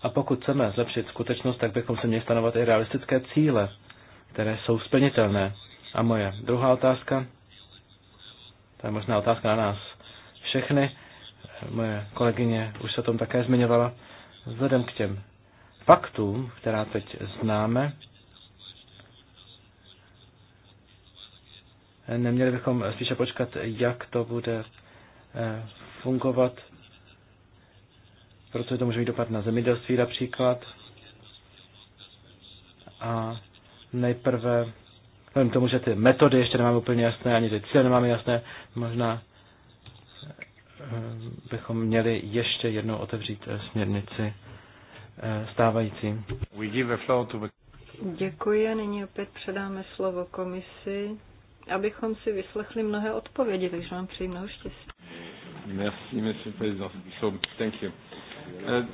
A pokud chceme zlepšit skutečnost, tak bychom se měli stanovat i realistické cíle, které jsou splnitelné. A moje druhá otázka to je možná otázka na nás všechny. Moje kolegyně už se tom také zmiňovala. Vzhledem k těm faktům, která teď známe, neměli bychom spíše počkat, jak to bude eh, fungovat, protože to může mít dopad na zemědělství například. A nejprve Vzhledem tomu, že ty metody ještě nemáme úplně jasné, ani ty cíle nemáme jasné, možná eh, bychom měli ještě jednou otevřít eh, směrnici eh, stávající. Děkuji a nyní opět předáme slovo komisi, abychom si vyslechli mnohé odpovědi, takže vám přeji mnoho štěstí. Merci, monsieur président. So, thank you. Uh,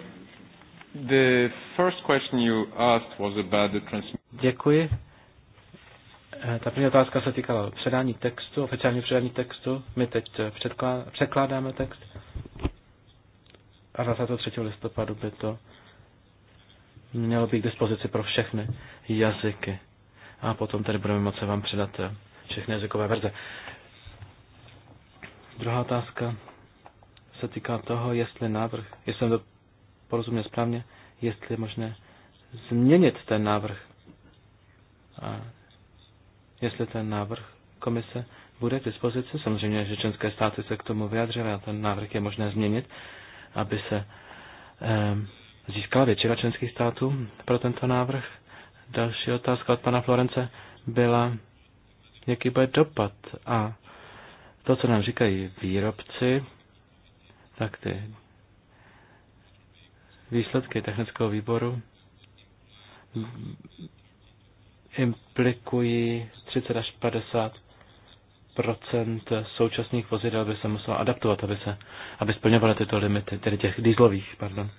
the first question you asked was about the transmission. Děkuji. Eh, ta první otázka se týkala předání textu, oficiální předání textu. My teď eh, překládáme text a 23. listopadu by to mělo být k dispozici pro všechny jazyky. A potom tedy budeme moci vám předat eh, všechny jazykové verze. Druhá otázka se týká toho, jestli návrh, jestli jsem to porozuměl správně, jestli je možné změnit ten návrh. A jestli ten návrh komise bude k dispozici. Samozřejmě, že členské státy se k tomu vyjadřily a ten návrh je možné změnit, aby se eh, získala většina členských států pro tento návrh. Další otázka od pana Florence byla, jaký bude dopad a to, co nám říkají výrobci, tak ty výsledky technického výboru implikují 30 až 50 současných vozidel by se muselo adaptovat, aby, se, aby splňovaly tyto limity, tedy těch dýzlových, pardon.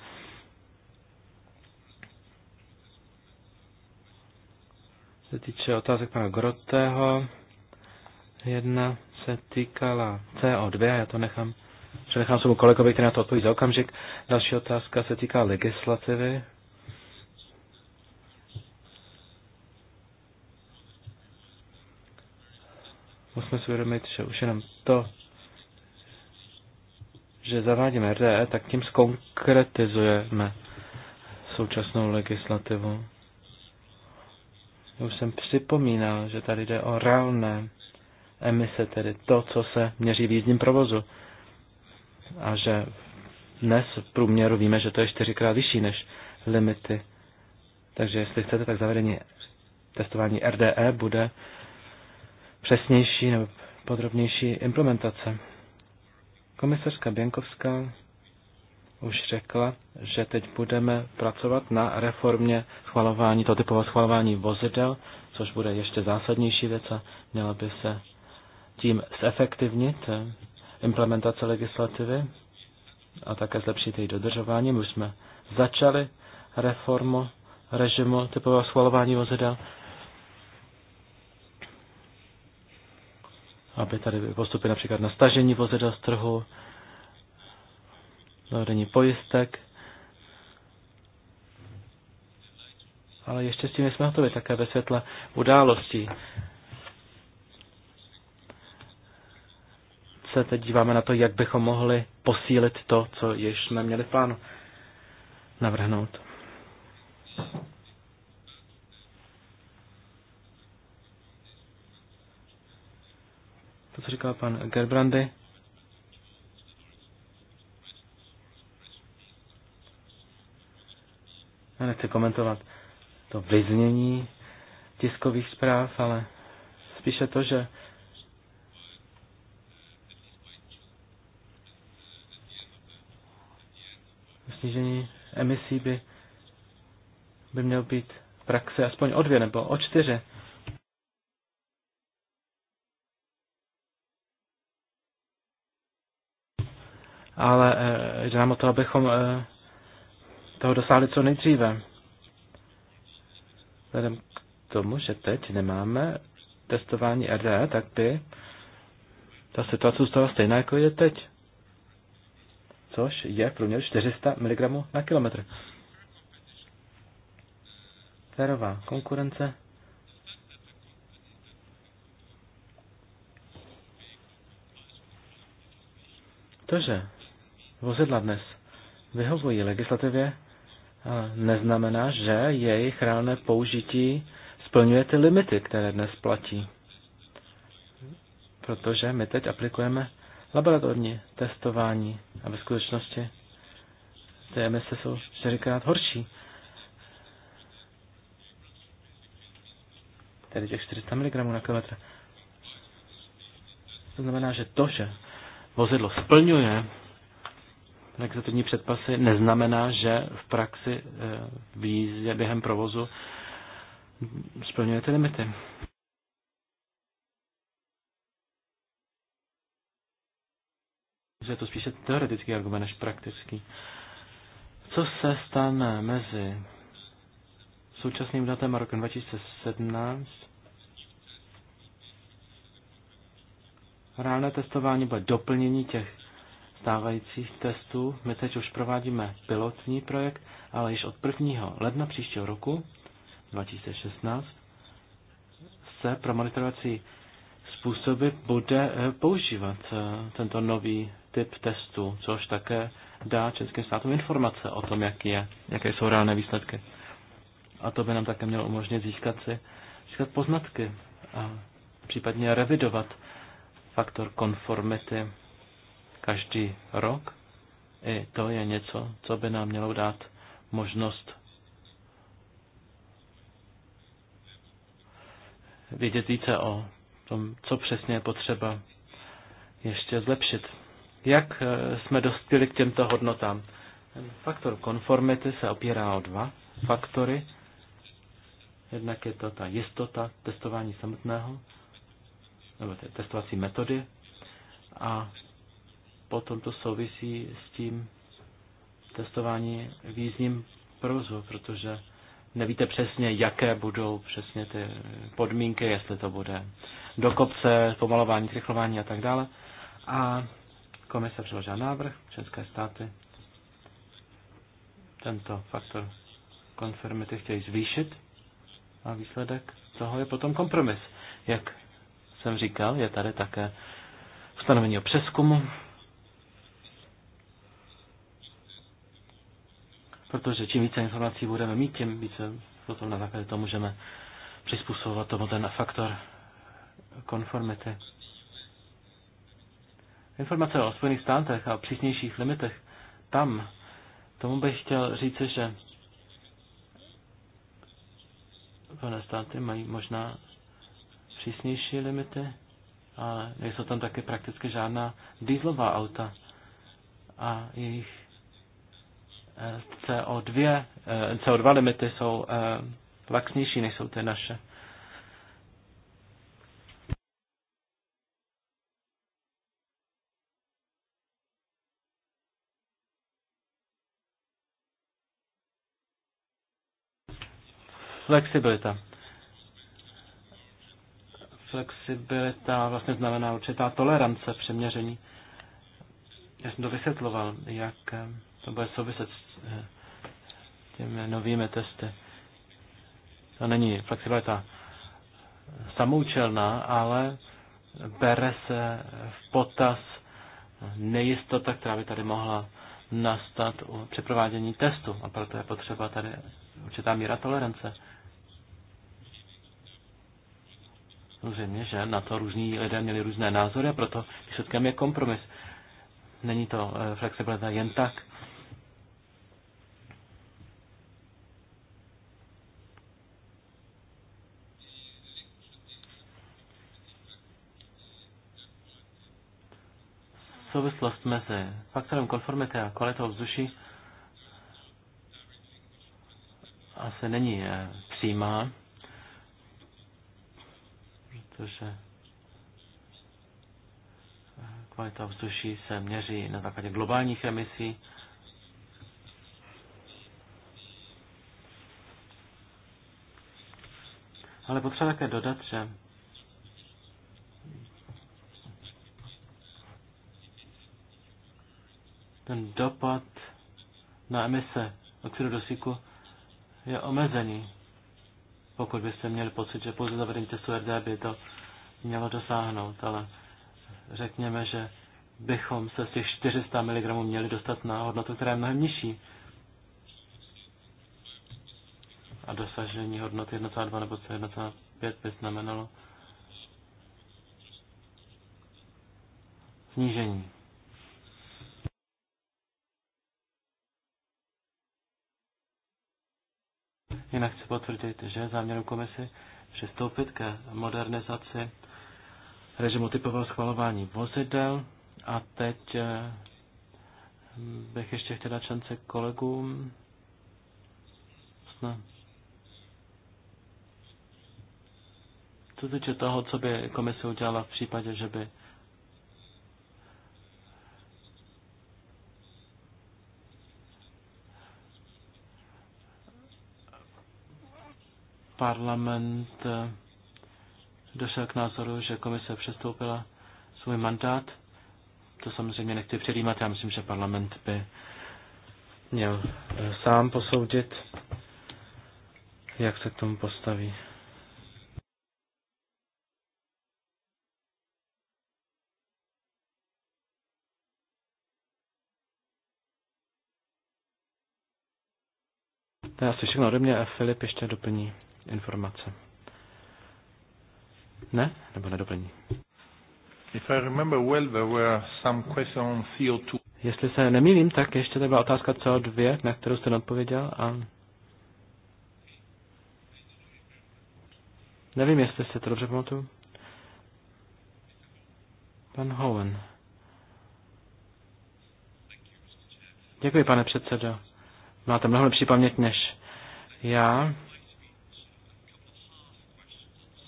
se týče otázek pana Grotého, jedna se týkala CO2, já to nechám, přenechám svému kolegovi, který na to odpoví za okamžik. Další otázka se týká legislativy. musíme si uvědomit, že už jenom to, že zavádíme RDE, tak tím skonkretizujeme současnou legislativu. Já už jsem připomínal, že tady jde o reálné emise, tedy to, co se měří v jízdním provozu. A že dnes v průměru víme, že to je čtyřikrát vyšší než limity. Takže jestli chcete, tak zavedení testování RDE bude přesnější nebo podrobnější implementace. Komisařka Běnkovská už řekla, že teď budeme pracovat na reformě schvalování, to typové schvalování vozidel, což bude ještě zásadnější věc a měla by se tím zefektivnit eh, implementace legislativy a také zlepšit její dodržování. My už jsme začali reformu režimu typového schvalování vozidel aby tady postupy například na stažení vozidla z trhu, zavedení pojistek. Ale ještě s tím jsme hotovi také ve světle událostí. Se teď díváme na to, jak bychom mohli posílit to, co již jsme měli v plánu navrhnout. co říkal pan Gerbrande, Já nechci komentovat to vyznění tiskových zpráv, ale spíše to, že snížení emisí by, by měl být praxe aspoň o dvě nebo o čtyři ale eh, jde nám o to, abychom eh, toho dosáhli co nejdříve. Vzhledem k tomu, že teď nemáme testování R&D, tak by ta situace zůstala stejná, jako je teď. Což je průměr 400 mg na kilometr. Férová konkurence. To, že vozidla dnes vyhovují legislativě, neznamená, že jejich reálné použití splňuje ty limity, které dnes platí. Protože my teď aplikujeme laboratorní testování a ve skutečnosti ty emise jsou čtyřikrát horší. Tedy těch 400 mg na kilometr. To znamená, že to, že vozidlo splňuje legislativní předpasy neznamená, že v praxi eh, v jízdě během provozu splňujete limity. Že je to spíše teoretický argument než praktický. Co se stane mezi současným datem a rokem 2017? Reálné testování bude doplnění těch stávajících testů. My teď už provádíme pilotní projekt, ale již od 1. ledna příštího roku 2016 se pro monitorovací způsoby bude eh, používat eh, tento nový typ testu, což také dá českým státům informace o tom, jak je, jaké jsou reálné výsledky. A to by nám také mělo umožnit získat si získat poznatky a případně revidovat faktor konformity každý rok. I to je něco, co by nám mělo dát možnost vědět více o tom, co přesně je potřeba ještě zlepšit. Jak eh, jsme dospěli k těmto hodnotám? Faktor konformity se opírá o dva faktory. Jednak je to ta jistota testování samotného, nebo testovací metody, a potom to souvisí s tím testování v jízdním provozu, protože nevíte přesně, jaké budou přesně ty podmínky, jestli to bude do kopce, pomalování, zrychlování a tak dále. A komise přiložila návrh, české státy tento faktor konfirmity chtějí zvýšit a výsledek toho je potom kompromis. Jak jsem říkal, je tady také ustanovení o přeskumu, protože čím více informací budeme mít, tím více potom na základě toho můžeme přizpůsobovat tomu ten faktor konformity. Informace o Spojených státech a přísnějších limitech, tam tomu bych chtěl říci, že Spojené státy mají možná přísnější limity, ale nejsou tam taky prakticky žádná dýzlová auta a jejich CO2, eh, CO2 limity jsou eh, laxnější, než jsou ty naše. Flexibilita. Flexibilita vlastně znamená určitá tolerance přeměření. Já jsem to vysvětloval, jak eh, to bude souviset s eh, těmi novými testy. To není flexibilita samoučelná, ale bere se v potaz nejistota, která by tady mohla nastat při provádění testu. A proto je potřeba tady určitá míra tolerance. Samozřejmě, že na to různí lidé měli různé názory a proto výsledkem je kompromis. Není to eh, flexibilita jen tak. souvislost mezi faktorem konformity a kvalitou vzduší asi není eh, přímá, protože eh, kvalita vzduší se měří na základě globálních emisí. Ale potřeba také dodat, že ten dopad na emise oxidu dusíku je omezený. Pokud byste měli pocit, že pouze zavedení testu RD by to mělo dosáhnout, ale řekněme, že bychom se z těch 400 mg měli dostat na hodnotu, která je mnohem nižší. A dosažení hodnoty 1,2 nebo 1,5 by znamenalo snížení Jinak chci potvrdit, že záměrem komisy přistoupit ke modernizaci režimu typového schvalování vozidel. A teď eh, bych ještě chtěl dát šance kolegům. Ne. Co se týče toho, co by komise udělala v případě, že by Parlament eh, došel k názoru, že komise přestoupila svůj mandát. To samozřejmě nechci předjímat, já myslím, že parlament by měl eh, sám posoudit, jak se k tomu postaví. To je asi všechno ode mě a Filip ještě doplní informace. Ne? Nebo nedoplní? If I remember well, there were some questions on CO2. Jestli se nemýlím, tak ještě to byla otázka CO2, na kterou jste odpověděl. a nevím, jestli se to dobře pamatuju. Pan Hohen. Děkuji, pane předsedo. Máte mnohem lepší paměť než já.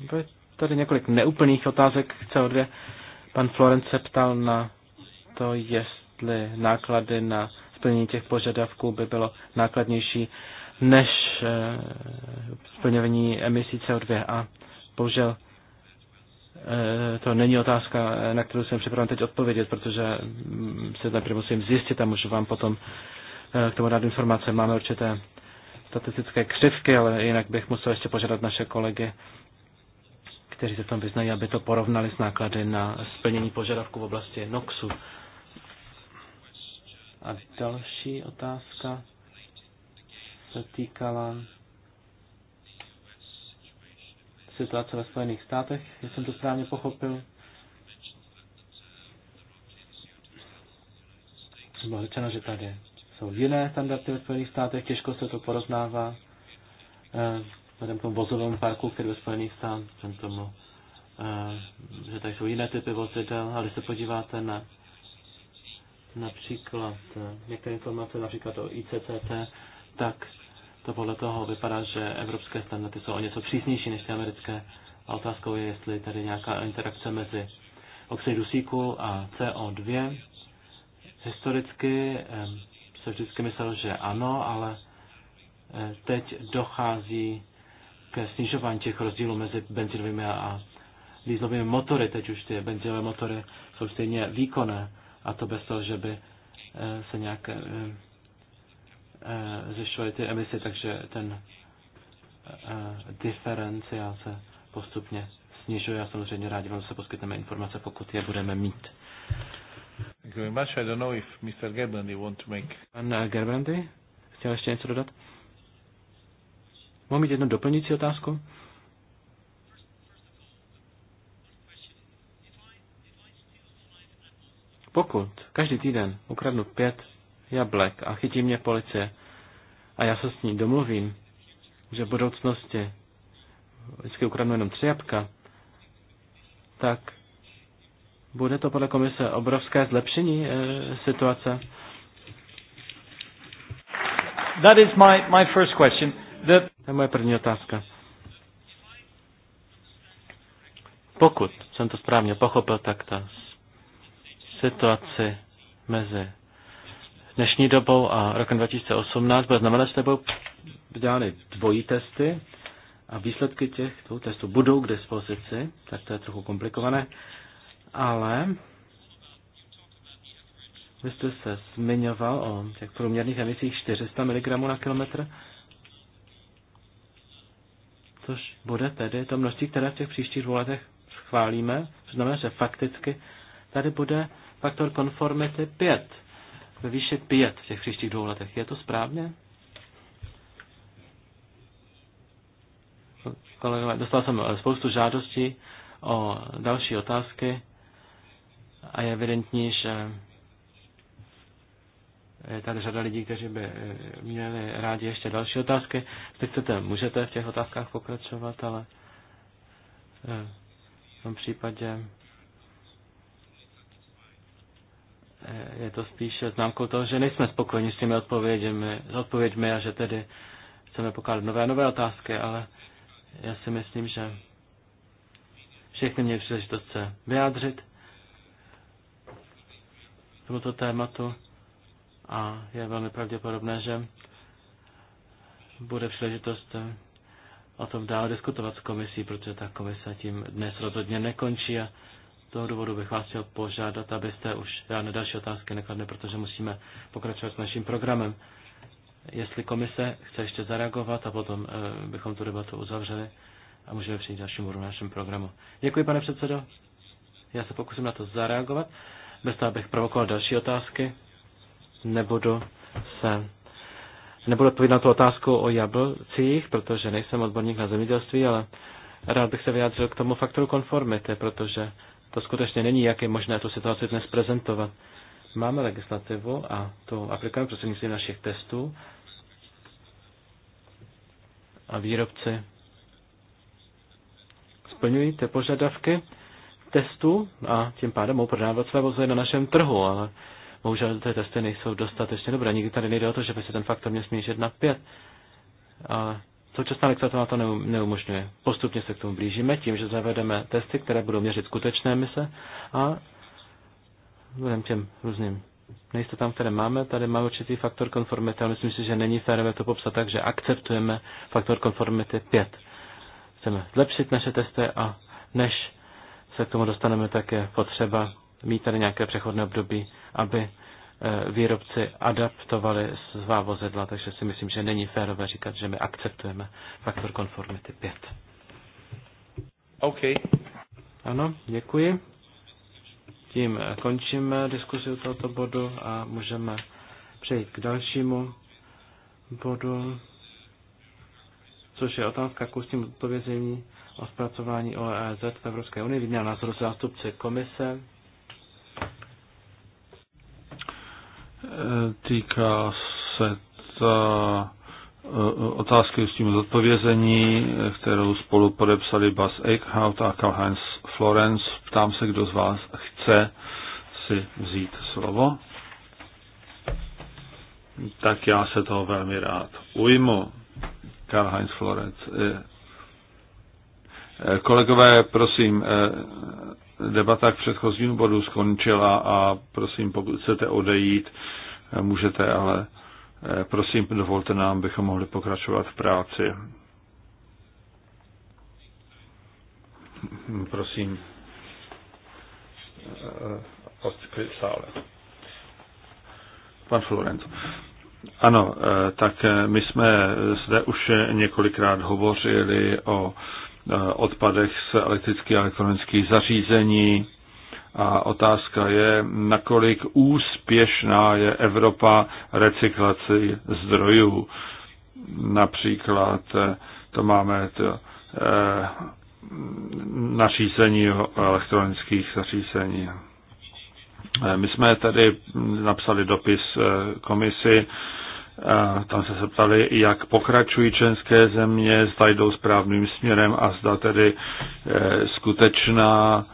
Bude tady několik neúplných otázek k CO2. Pan Florence se ptal na to, jestli náklady na splnění těch požadavků by bylo nákladnější než eh, splňování emisí CO2. A bohužel eh, to není otázka, na kterou jsem připraven teď odpovědět, protože mm, se tam musím zjistit a můžu vám potom eh, k tomu dát informace. Máme určité statistické křivky, ale jinak bych musel ještě požádat naše kolegy kteří se tam vyznají, aby to porovnali s náklady na splnění požadavku v oblasti NOXu. A další otázka se týkala situace ve Spojených státech, jestli jsem to správně pochopil. Bylo řečeno, že tady jsou jiné standardy ve Spojených státech, těžko se to porovnává eh, v tom vozovém parku, který je Spojených států, vzhledem tomu, uh, že tady jsou jiné typy vozidel, ale když se podíváte na například eh, některé informace, například o ICCT, tak to podle toho vypadá, že evropské standardy jsou o něco přísnější než ty americké. A otázkou je, jestli tady nějaká interakce mezi oxid dusíku a CO2. Historicky eh, se vždycky myslel, že ano, ale teď dochází ke snižování těch rozdílů mezi benzinovými a dýzlovými motory. Teď už ty benzinové motory jsou stejně výkonné a to bez toho, že by e, se nějak e, e, zvyšovaly ty emise, takže ten diferenciál se postupně snižuje a samozřejmě rádi vám se poskytneme informace, pokud je budeme mít. Thank you very much. I don't know if Mr. Gerbrandy want to make... Pan Gerbrandy, chtěl ještě něco dodat? Mohu mít jednu doplňující otázku? Pokud každý týden ukradnu pět jablek a chytí mě policie a já se s ní domluvím, že v budoucnosti vždycky ukradnu jenom tři jabka, tak bude to podle komise obrovské zlepšení e, situace? That is my, my first question. To je moje první otázka. Pokud jsem to správně pochopil, tak ta situace mezi dnešní dobou a rokem 2018 bude znamenat, že tebou dělány dvojí testy a výsledky těch dvou testů budou k dispozici, tak to je trochu komplikované, ale vy jste se zmiňoval o těch průměrných emisích 400 mg na kilometr což bude tedy to množství, které v těch příštích dvou letech schválíme, což znamená, že fakticky tady bude faktor konformity 5, ve výši 5 v těch příštích dvou letech. Je to správně? Kolegové, dostal jsem eh, spoustu žádostí o další otázky a je evidentní, že je tady řada lidí, kteří by eh, měli rádi ještě další otázky. Teď chcete, můžete v těch otázkách pokračovat, ale eh, v tom případě eh, je to spíše známkou toho, že nejsme spokojeni s těmi odpověďmi, s odpověďmi a že tedy chceme pokládat nové a nové otázky, ale já si myslím, že všechny měli příležitost se vyjádřit tomuto tématu a je velmi pravděpodobné, že bude příležitost eh, o tom dále diskutovat s komisí, protože ta komise tím dnes rozhodně nekončí a z toho důvodu bych vás chtěl požádat, abyste už žádné další otázky nekladli, protože musíme pokračovat s naším programem. Jestli komise chce ještě zareagovat a potom e, bychom tu debatu uzavřeli a můžeme přijít dalším bodu našem programu. Děkuji, pane předsedo. Já se pokusím na to zareagovat, bez toho, abych provokoval další otázky nebudu se nebudu odpovědět na tu otázku o jablcích, protože nejsem odborník na zemědělství, ale rád bych se vyjádřil k tomu faktoru konformity, protože to skutečně není, jak je možné tu situaci dnes prezentovat. Máme legislativu a to aplikujeme prostřednictvím našich testů a výrobci splňují ty požadavky testů a tím pádem mohou prodávat své vozy na našem trhu, ale bohužel ty testy nejsou dostatečně dobré. Nikdy tady nejde o to, že by se ten faktor měl snížit na 5. A současná legislativa to neumožňuje. Postupně se k tomu blížíme tím, že zavedeme testy, které budou měřit skutečné mise a budeme těm různým nejistotám, které máme, tady máme určitý faktor konformity, ale myslím si, že není férové to popsat tak, že akceptujeme faktor konformity 5. Chceme zlepšit naše testy a než se k tomu dostaneme, tak je potřeba mít tady nějaké přechodné období, aby eh, výrobci adaptovali svá vozidla, takže si myslím, že není férové říkat, že my akceptujeme faktor konformity 5. OK. Ano, děkuji. Tím eh, končíme diskusi u tohoto bodu a můžeme přejít k dalšímu bodu, což je otázka k ústním odpovězení o zpracování OEZ v Evropské unii. Výměna názoru zástupce komise. Týká se ta e, otázky s tím zodpovězení, kterou spolu podepsali Bas Eichhout a Karl-Heinz Florenz. Ptám se, kdo z vás chce si vzít slovo. Tak já se toho velmi rád ujmu. Karl-Heinz Florenz. E, e, kolegové, prosím, debata k předchozímu bodu skončila a prosím, pokud chcete odejít, můžete, ale eh, prosím, dovolte nám, bychom mohli pokračovat v práci. Prosím, eh, odklid sále. Pan Florento. Ano, eh, tak my jsme zde už několikrát hovořili o Eh, odpadech z elektrických a elektronických zařízení. A otázka je, nakolik úspěšná je Evropa recyklaci zdrojů. Například eh, to máme to, eh, nařízení o elektronických zařízení. Eh, my jsme tady napsali dopis komisi tam se ptali, jak pokračují členské země, zda jdou správným směrem a zda tedy e, skutečná,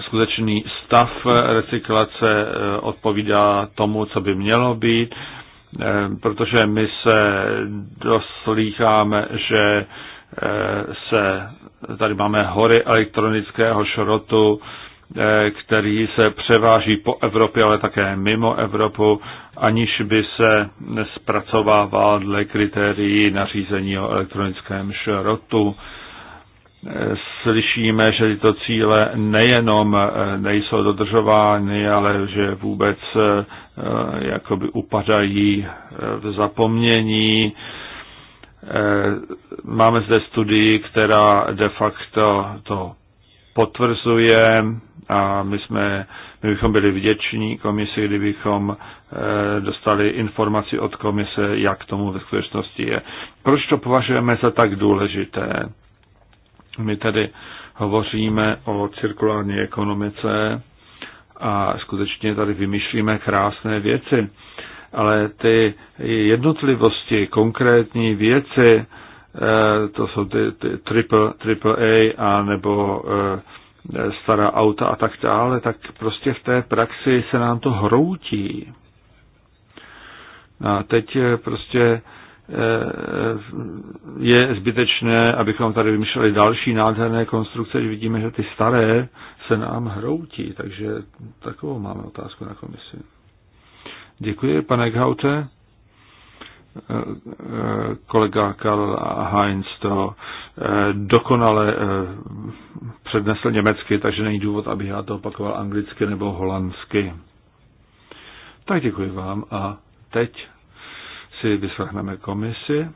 skutečný stav recyklace e, odpovídá tomu, co by mělo být, e, protože my se doslýcháme, že se tady máme hory elektronického šrotu, Eh, který se převáží po Evropě, ale také mimo Evropu, aniž by se zpracovával dle kritérií nařízení o elektronickém šrotu. Eh, slyšíme, že tyto cíle nejenom eh, nejsou dodržovány, ale že vůbec jakoby upadají v zapomnění. Máme zde studii, která de facto to potvrzuje a my, jsme, my bychom byli vděční komisi, kdybychom eh, dostali informaci od komise, jak tomu ve skutečnosti je. Proč to považujeme za tak důležité? My tedy hovoříme o cirkulární ekonomice a skutečně tady vymýšlíme krásné věci, ale ty jednotlivosti, konkrétní věci, eh, to jsou ty, ty triple, triple A a nebo eh, Eh, stará auta a tak dále, tak prostě v té praxi se nám to hroutí. A teď eh, prostě eh, je zbytečné, abychom tady vymýšleli další nádherné konstrukce, když vidíme, že ty staré se nám hroutí. Takže takovou máme otázku na komisi. Děkuji, pane Gaute kolega Karl Heinz to eh, dokonale eh, přednesl německy, takže není důvod, aby já to opakoval anglicky nebo holandsky. Tak děkuji vám a teď si vyslechneme komisi.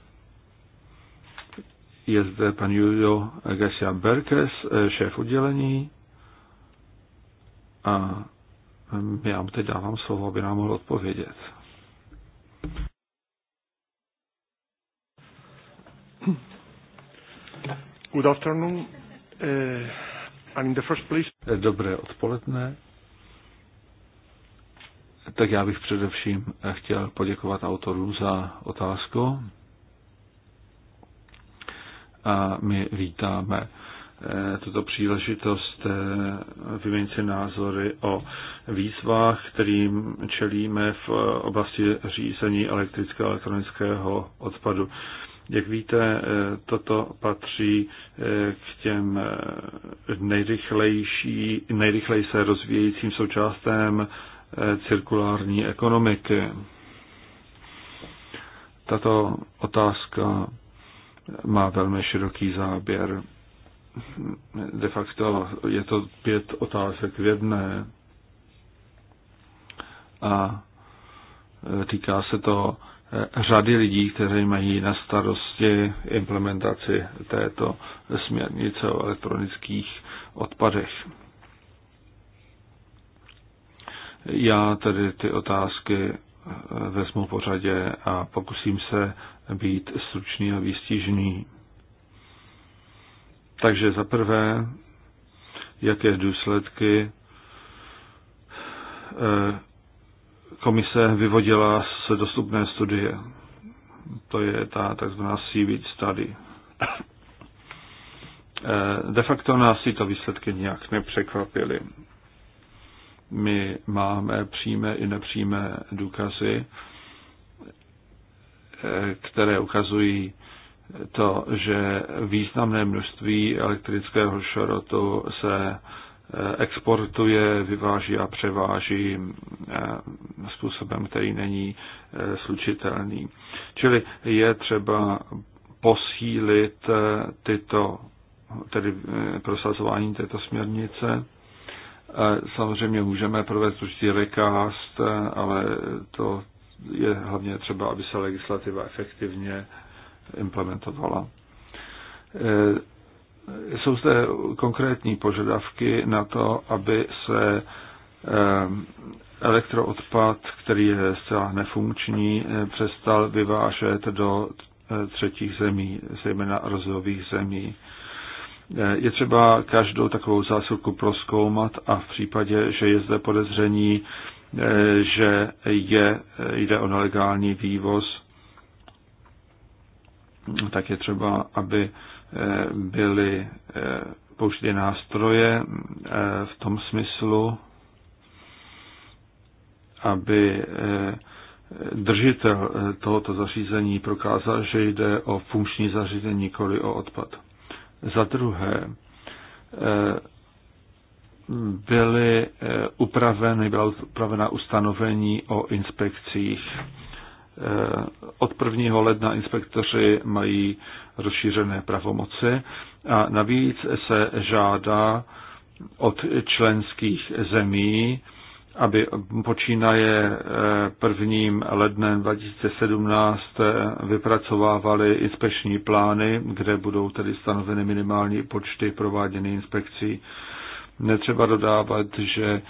Je zde pan Julio Garcia Berkes, eh, šéf oddělení. A já mu teď dávám slovo, aby nám mohl odpovědět. Good afternoon. Uh, in the first place... Dobré odpoledne. Tak já bych především chtěl poděkovat autorům za otázku. A my vítáme eh, tuto příležitost eh, vyměnit si názory o výzvách, kterým čelíme v oblasti řízení elektrického a elektronického odpadu. Jak víte, eh, toto patří eh, k těm eh, nejrychlejší, nejrychleji se rozvíjejícím součástem cirkulární ekonomiky. Tato otázka má velmi široký záběr. De facto je to pět otázek v jedné a týká se to Eh, řady lidí, kteří mají na starosti implementaci této směrnice o elektronických odpadech. Já tedy ty otázky eh, vezmu pořadě a pokusím se být stručný a výstižný. Takže za prvé, jaké důsledky eh, komise vyvodila z dostupné studie. To je ta takzvaná seaweed study. Eh, de facto nás tyto výsledky nijak nepřekvapily. My máme přímé i nepřímé důkazy, eh, které ukazují to, že významné množství elektrického šrotu se exportuje, vyváží a převáží eh, způsobem, který není eh, slučitelný. Čili je třeba posílit eh, tyto, tedy prosazování této směrnice. Samozřejmě můžeme provést určitý recast, ale to je hlavně třeba, aby se legislativa efektivně implementovala jsou zde konkrétní požadavky na to, aby se ehm, elektroodpad, který je zcela nefunkční, eh, přestal vyvážet do eh, třetích zemí, zejména rozvojových zemí. Eh, je třeba každou takovou zásilku proskoumat a v případě, že je zde podezření, že je, jde o nelegální vývoz, tak je třeba, aby byly eh, použity nástroje eh, v tom smyslu, aby eh, držitel tohoto zařízení prokázal, že jde o funkční zařízení, nikoli o odpad. Za druhé, byly upraveny, byla upravena ustanovení o inspekcích Eh, od 1. ledna inspektoři mají rozšířené pravomoci a navíc se žádá od členských zemí, aby počínaje 1. Eh, lednem 2017 eh, vypracovávali inspekční plány, kde budou tedy stanoveny minimální počty prováděných inspekcí. Netřeba dodávat, že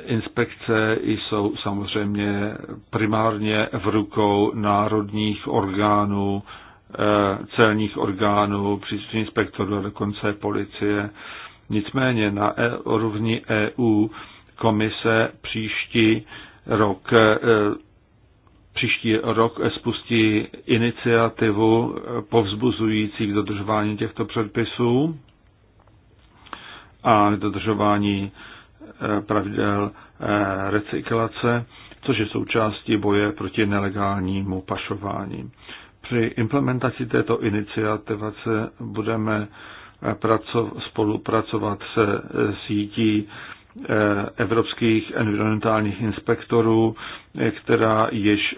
Inspekce jsou samozřejmě primárně v rukou národních orgánů, eh, celních orgánů, příslušných inspektorů a dokonce policie. Nicméně na e, úrovni EU komise příští rok eh, příští rok spustí iniciativu povzbuzující k dodržování těchto předpisů a k dodržování pravidel eh, recyklace, což je součástí boje proti nelegálnímu pašování. Při implementaci této iniciativy budeme eh, spolupracovat se eh, sítí evropských environmentálních inspektorů, která již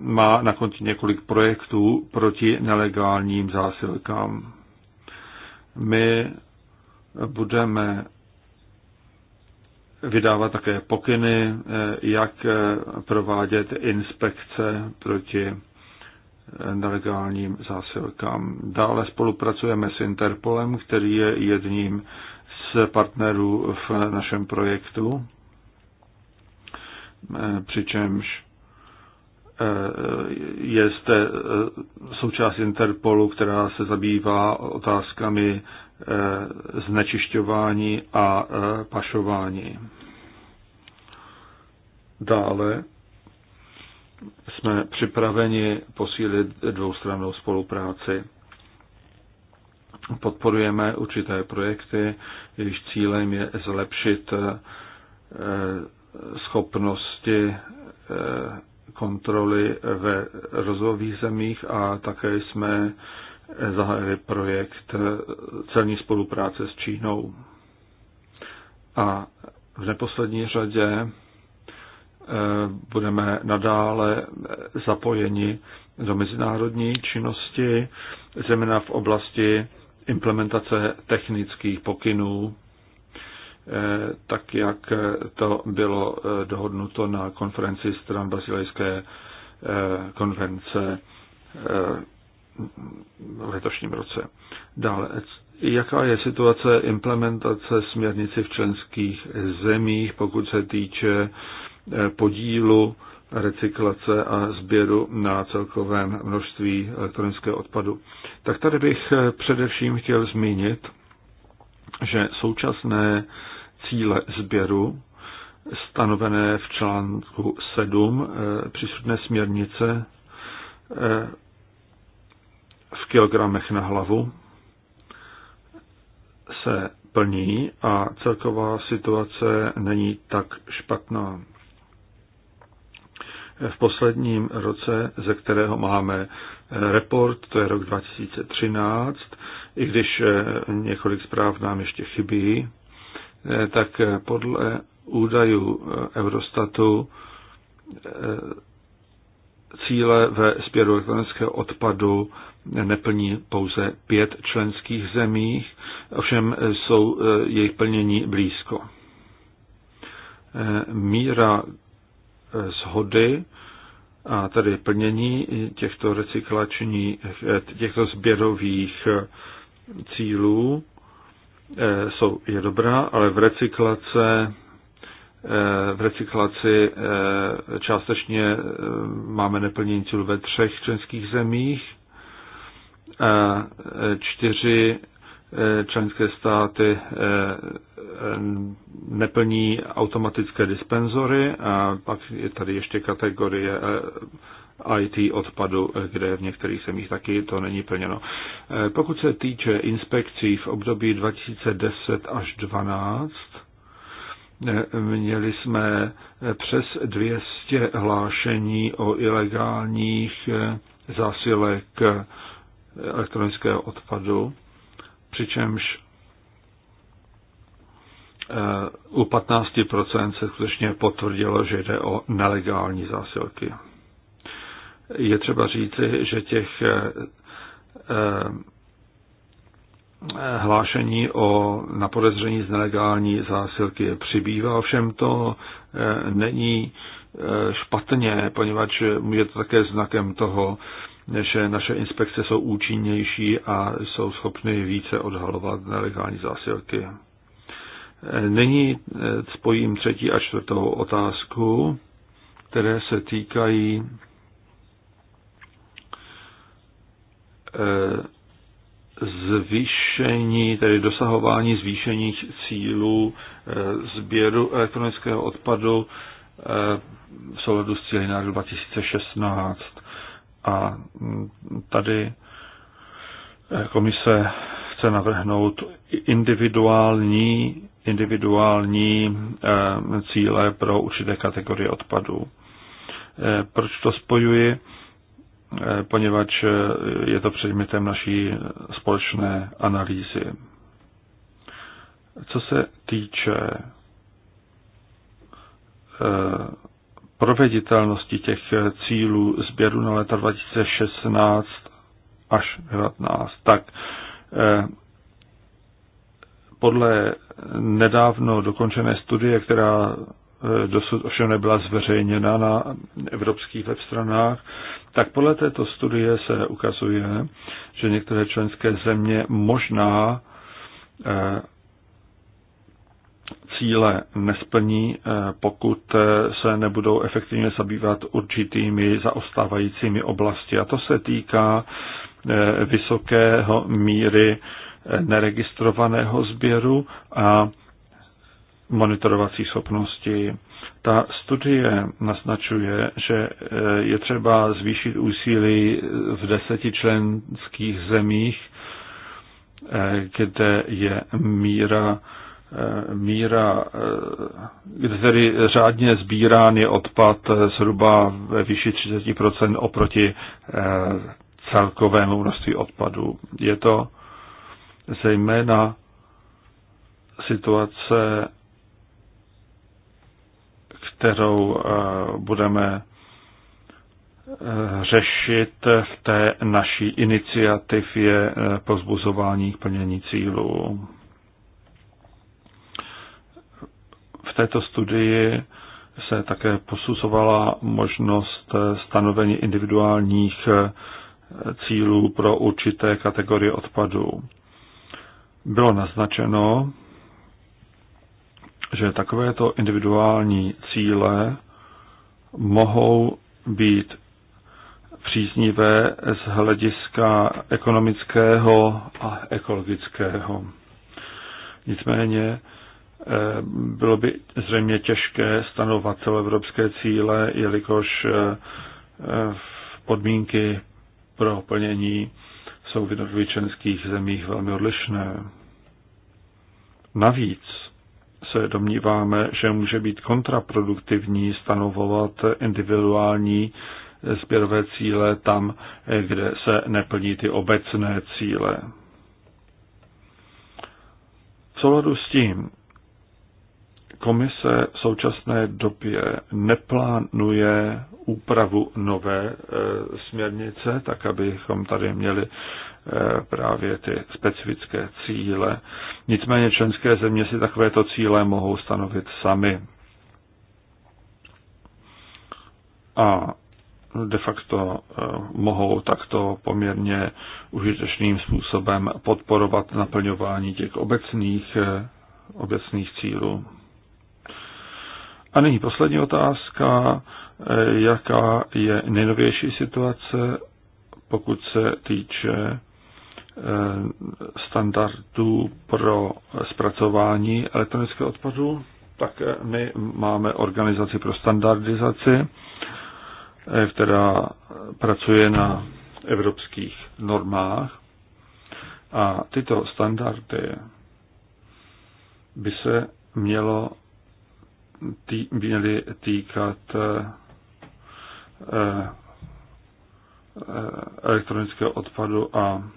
má na konci několik projektů proti nelegálním zásilkám. My budeme vydává také pokyny, eh, jak eh, provádět inspekce proti eh, nelegálním zásilkám. Dále spolupracujeme s Interpolem, který je jedním z partnerů v našem projektu, přičemž je zde součást Interpolu, která se zabývá otázkami Eh, znečišťování a eh, pašování. Dále jsme připraveni posílit dvoustrannou spolupráci. Podporujeme určité projekty, jejichž cílem je zlepšit eh, schopnosti kontroly ve rozvojových zemích a také jsme zahájili projekt eh, celní spolupráce s Čínou. A v neposlední řadě eh, budeme nadále zapojeni do mezinárodní činnosti, zejména v oblasti implementace technických pokynů, eh, tak jak to bylo dohodnuto na konferenci stran Bazilejské konvence v letošním roce. Dále, jaká je situace implementace směrnici v členských zemích, pokud se týče eh, podílu recyklace a sběru na celkovém množství elektronického odpadu. Tak tady bych eh, především chtěl zmínit, že současné cíle sběru eh, stanovené v článku 7 příslušné směrnice v kilogramech na hlavu se plní a celková situace není tak špatná. V posledním roce, ze kterého máme eh, report, to je rok 2013, i když eh, několik zpráv nám ještě chybí, eh, tak podle údajů Eurostatu cíle ve spěru elektronického odpadu neplní pouze pět členských zemí, ovšem jsou eh, jejich plnění blízko. Eh, míra zhody eh, a tedy plnění těchto recyklačních, těchto sběrových cílů jsou, je dobrá, ale v recyklace v recyklaci částečně máme neplnění cílů ve třech členských zemích čtyři eh, členské státy eh, neplní automatické dispenzory a pak je tady ještě kategorie eh, IT odpadu, kde v některých zemích taky to není plněno. Pokud se týče inspekcí v období 2010 až 2012, měli jsme přes 200 hlášení o ilegálních zásilek elektronického odpadu, přičemž eh, u 15% se skutečně potvrdilo, že jde o nelegální zásilky. Je třeba říci, že těch eh, eh, hlášení o na podezření z nelegální zásilky přibývá. Ovšem to není špatně, poněvadž je to také znakem toho, že naše inspekce jsou účinnější a jsou schopny více odhalovat nelegální zásilky. Nyní eh, spojím třetí a čtvrtou otázku, které se týkají eh, zvýšení, tedy dosahování zvýšení cílů eh, sběru elektronického odpadu v souladu s cíly na 2016. A mm, tady eh, komise chce navrhnout individuální, individuální eh, cíle pro určité kategorie odpadů. Eh, proč to spojuji? Poněvadž je to předmětem naší společné analýzy. Co se týče proveditelnosti těch eh, cílů sběru na leta 2016 až 2019, tak eh, podle nedávno dokončené studie, která eh, dosud ovšem nebyla zveřejněna na evropských web stranách, tak podle této studie se ukazuje, že některé členské země možná cíle nesplní, eh, pokud eh, se nebudou efektivně zabývat určitými zaostávajícími oblasti. A to se týká eh, vysokého míry neregistrovaného sběru a monitorovací schopnosti. Ta studie naznačuje, že je třeba zvýšit úsilí v deseti členských zemích, kde je míra Eh, míra, eh, kde tedy řádně sbírán je odpad eh, zhruba ve výši 30% oproti celkovému množství odpadu. Je to zejména situace, kterou budeme řešit v té naší iniciativě pozbuzování k plnění cílů. V této studii se také posuzovala možnost stanovení individuálních eh, cílů pro určité kategorie odpadů. Bylo naznačeno, že takovéto individuální cíle mohou být příznivé z hlediska ekonomického a ekologického. Nicméně Eh, bylo by zřejmě těžké stanovat celoevropské cíle, jelikož eh, eh, podmínky pro plnění jsou v jednotlivých členských zemích velmi odlišné. Navíc se domníváme, že může být kontraproduktivní stanovovat individuální sběrové cíle tam, kde se neplní ty obecné cíle. V souladu s tím komise v současné době neplánuje úpravu nové e, směrnice, tak abychom tady měli e, právě ty specifické cíle. Nicméně členské země si takovéto cíle mohou stanovit sami. A de facto e, mohou takto poměrně užitečným způsobem podporovat naplňování těch obecných, obecných cílů. A nyní poslední otázka, eh, jaká je nejnovější situace, pokud se týče eh, standardů pro zpracování elektronického odpadu, tak eh, my máme organizaci pro standardizaci, která pracuje na evropských normách. A tyto standardy by se mělo tý, měly týkat eh, eh, elektronického odpadu a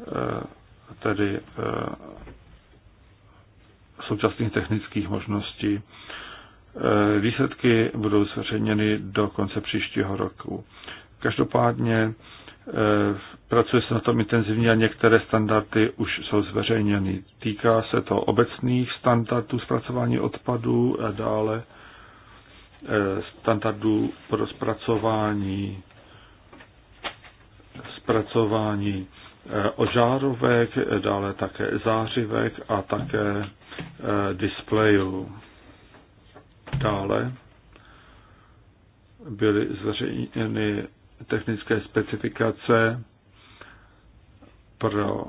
eh, tedy současných technických možností. Výsledky budou zveřejněny do konce příštího roku. Každopádně Eh, pracuje se na tom intenzivně a některé standardy už jsou zveřejněny. Týká se to obecných standardů zpracování odpadů a dále eh, standardů pro zpracování, zpracování eh, ožárovek, dále také zářivek a také displejů. Dále byly zveřejněny technické specifikace pro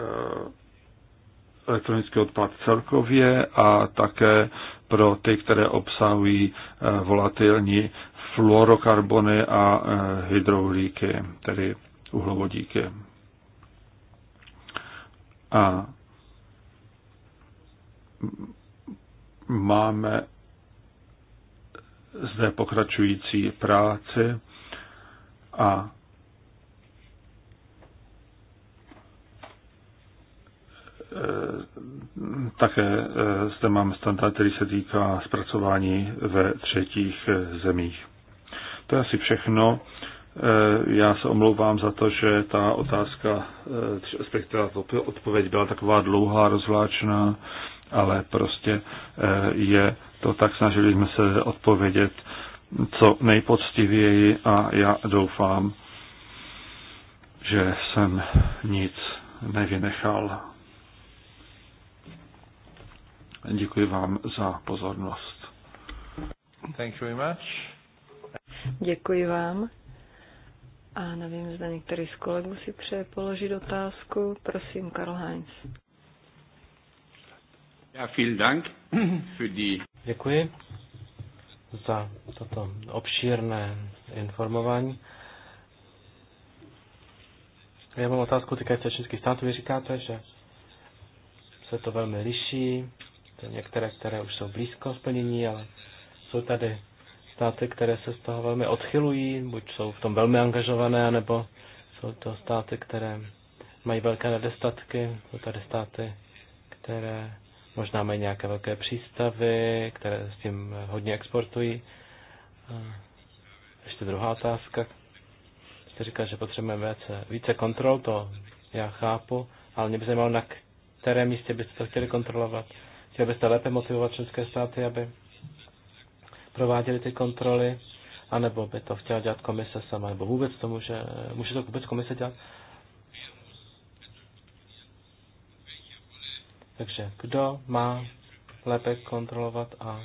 eh, elektronický odpad celkově a také pro ty, které obsahují eh, volatilní fluorokarbony a eh, hydrouhlíky, tedy uhlovodíky. A máme zde pokračující práce a e, také e, zde mám standard, který se týká zpracování ve třetích e, zemích. To je asi všechno. Já se omlouvám za to, že ta otázka, respektive odpověď byla taková dlouhá, rozvláčná ale prostě eh, je to tak, snažili jsme se odpovědět co nejpoctivěji a já doufám, že jsem nic nevynechal. Děkuji vám za pozornost. Thank you very much. Děkuji vám. A nevím, zda některý z kolegů si přeje položit otázku. Prosím, Karl Heinz. Ja, vielen Dank für die... Děkuji za toto obšírné informování. Já mám otázku týkající se členských států. Vy říkáte, že se to velmi liší. To některé, které už jsou blízko splnění, ale jsou tady státy, které se z toho velmi odchylují, buď jsou v tom velmi angažované, nebo jsou to státy, které mají velké nedostatky, jsou tady státy, které Možná mají nějaké velké přístavy, které s tím hodně exportují. Ještě druhá otázka. Jste říkal, že potřebujeme více, více kontrol, to já chápu, ale mě by zajímalo, na kterém místě byste to chtěli kontrolovat. Chtěli byste lépe motivovat členské státy, aby prováděli ty kontroly, anebo by to chtěla dělat komise sama, nebo vůbec to může, může to vůbec komise dělat, Takže kdo má lépe kontrolovat a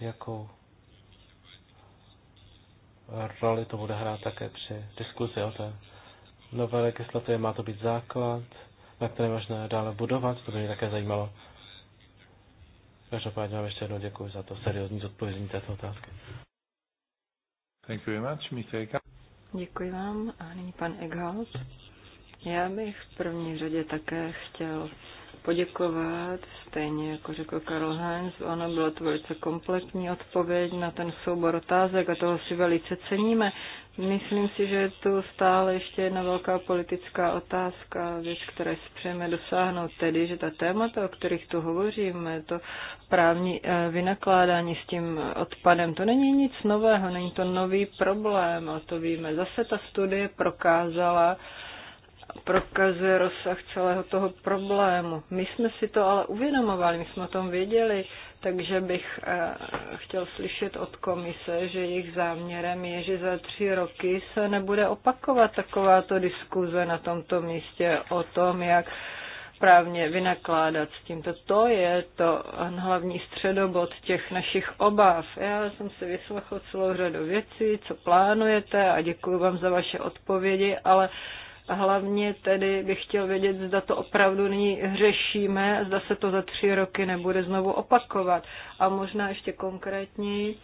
jakou roli to bude hrát také při diskuzi o té nové legislativě. Má to být základ, na kterém možná dále budovat, to by mě také zajímalo. Každopádně vám ještě jednou děkuji za to seriózní zodpovězení této otázky. Thank you very much, Děkuji vám a nyní pan Eghalt. Já bych v první řadě také chtěl poděkovat, stejně jako řekl Karl Heinz, ono bylo to velice kompletní odpověď na ten soubor otázek a toho si velice ceníme. Myslím si, že je tu stále ještě jedna velká politická otázka, věc, které si přejeme dosáhnout, tedy, že ta témata, o kterých tu hovoříme, to právní eh, vynakládání s tím odpadem, to není nic nového, není to nový problém, a to víme. Zase ta studie prokázala, prokazuje rozsah celého toho problému. My jsme si to ale uvědomovali, my jsme o tom věděli, takže bych eh, chtěl slyšet od komise, že jejich záměrem je, že za tři roky se nebude opakovat takováto diskuze na tomto místě o tom, jak právně vynakládat s tímto. To je to hlavní středobod těch našich obav. Já jsem si vyslechl celou řadu věcí, co plánujete a děkuji vám za vaše odpovědi, ale Hlavně tedy bych chtěl vědět, zda to opravdu nyní řešíme, zda se to za tři roky nebude znovu opakovat. A možná ještě konkrétněji,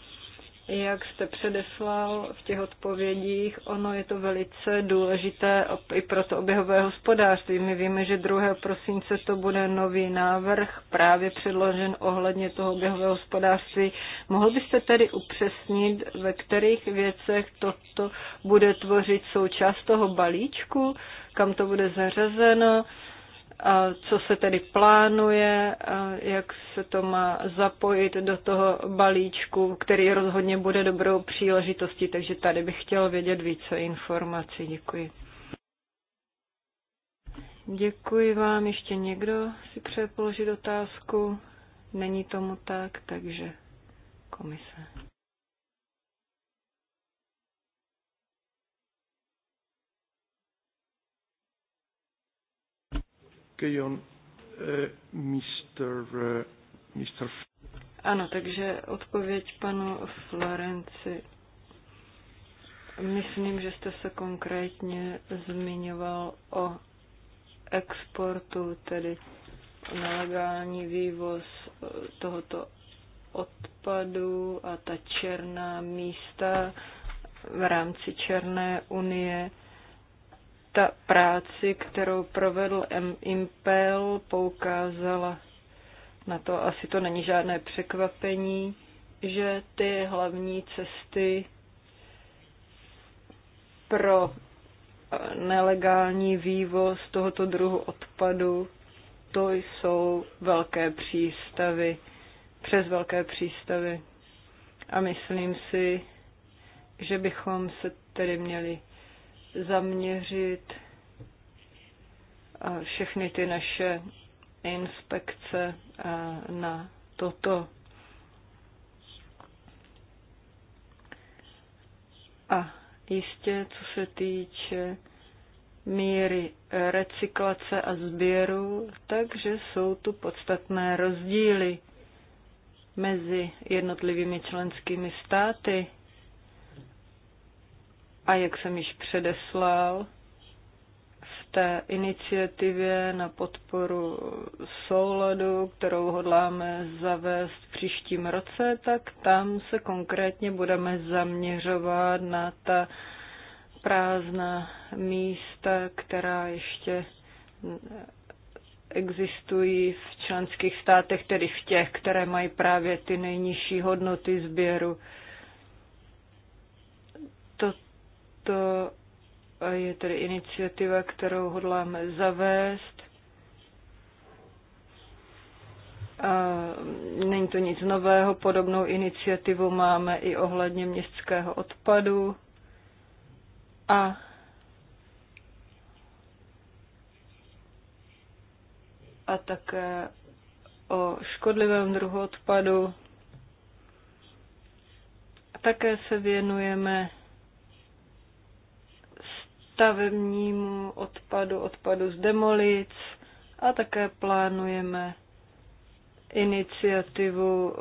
jak jste předeslal v těch odpovědích, ono je to velice důležité i pro to oběhové hospodářství. My víme, že 2. prosince to bude nový návrh právě předložen ohledně toho oběhového hospodářství. Mohl byste tedy upřesnit, ve kterých věcech toto bude tvořit součást toho balíčku, kam to bude zařazeno? co se tedy plánuje, jak se to má zapojit do toho balíčku, který rozhodně bude dobrou příležitostí, takže tady bych chtěl vědět více informací. Děkuji. Děkuji vám. Ještě někdo si přeje položit otázku? Není tomu tak, takže komise. Okay, on, uh, Mr. Uh, Mr. Ano, takže odpověď panu Florenci. Myslím, že jste se konkrétně zmiňoval o exportu, tedy nelegální vývoz eh, tohoto odpadu a ta černá místa v rámci Černé unie ta práci, kterou provedl M. Impel, poukázala na to, asi to není žádné překvapení, že ty hlavní cesty pro eh, nelegální vývoz tohoto druhu odpadu, to jsou velké přístavy, přes velké přístavy. A myslím si, že bychom se tedy měli zaměřit všechny ty naše inspekce na toto. A jistě, co se týče míry recyklace a sběru, takže jsou tu podstatné rozdíly mezi jednotlivými členskými státy. A jak jsem již předeslal, v té iniciativě na podporu souladu, kterou hodláme zavést v příštím roce, tak tam se konkrétně budeme zaměřovat na ta prázdná místa, která ještě existují v členských státech, tedy v těch, které mají právě ty nejnižší hodnoty sběru. To je tedy iniciativa, kterou hodlám zavést. A není to nic nového, podobnou iniciativu máme i ohledně městského odpadu. A a také o škodlivém druhu odpadu. Také se věnujeme stavebnímu odpadu, odpadu z demolic a také plánujeme iniciativu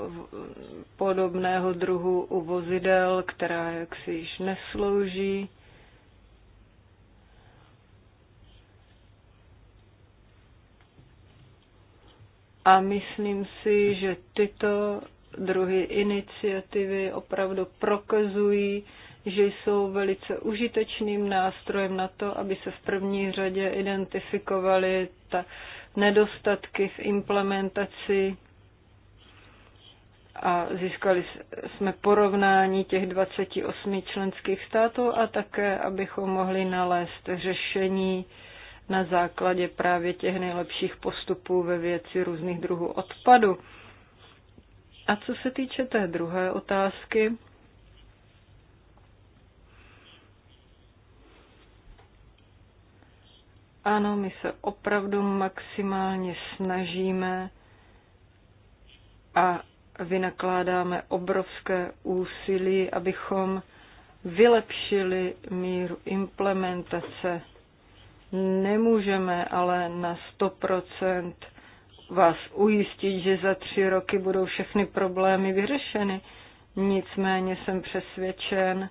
podobného druhu u vozidel, která jaksi již neslouží. A myslím si, že tyto druhy iniciativy opravdu prokazují, že jsou velice užitečným nástrojem na to, aby se v první řadě identifikovaly ta nedostatky v implementaci a získali jsme porovnání těch 28 členských států a také, abychom mohli nalézt řešení na základě právě těch nejlepších postupů ve věci různých druhů odpadu. A co se týče té druhé otázky, Ano, my se opravdu maximálně snažíme a vynakládáme obrovské úsilí, abychom vylepšili míru implementace. Nemůžeme ale na 100% vás ujistit, že za tři roky budou všechny problémy vyřešeny. Nicméně jsem přesvědčen,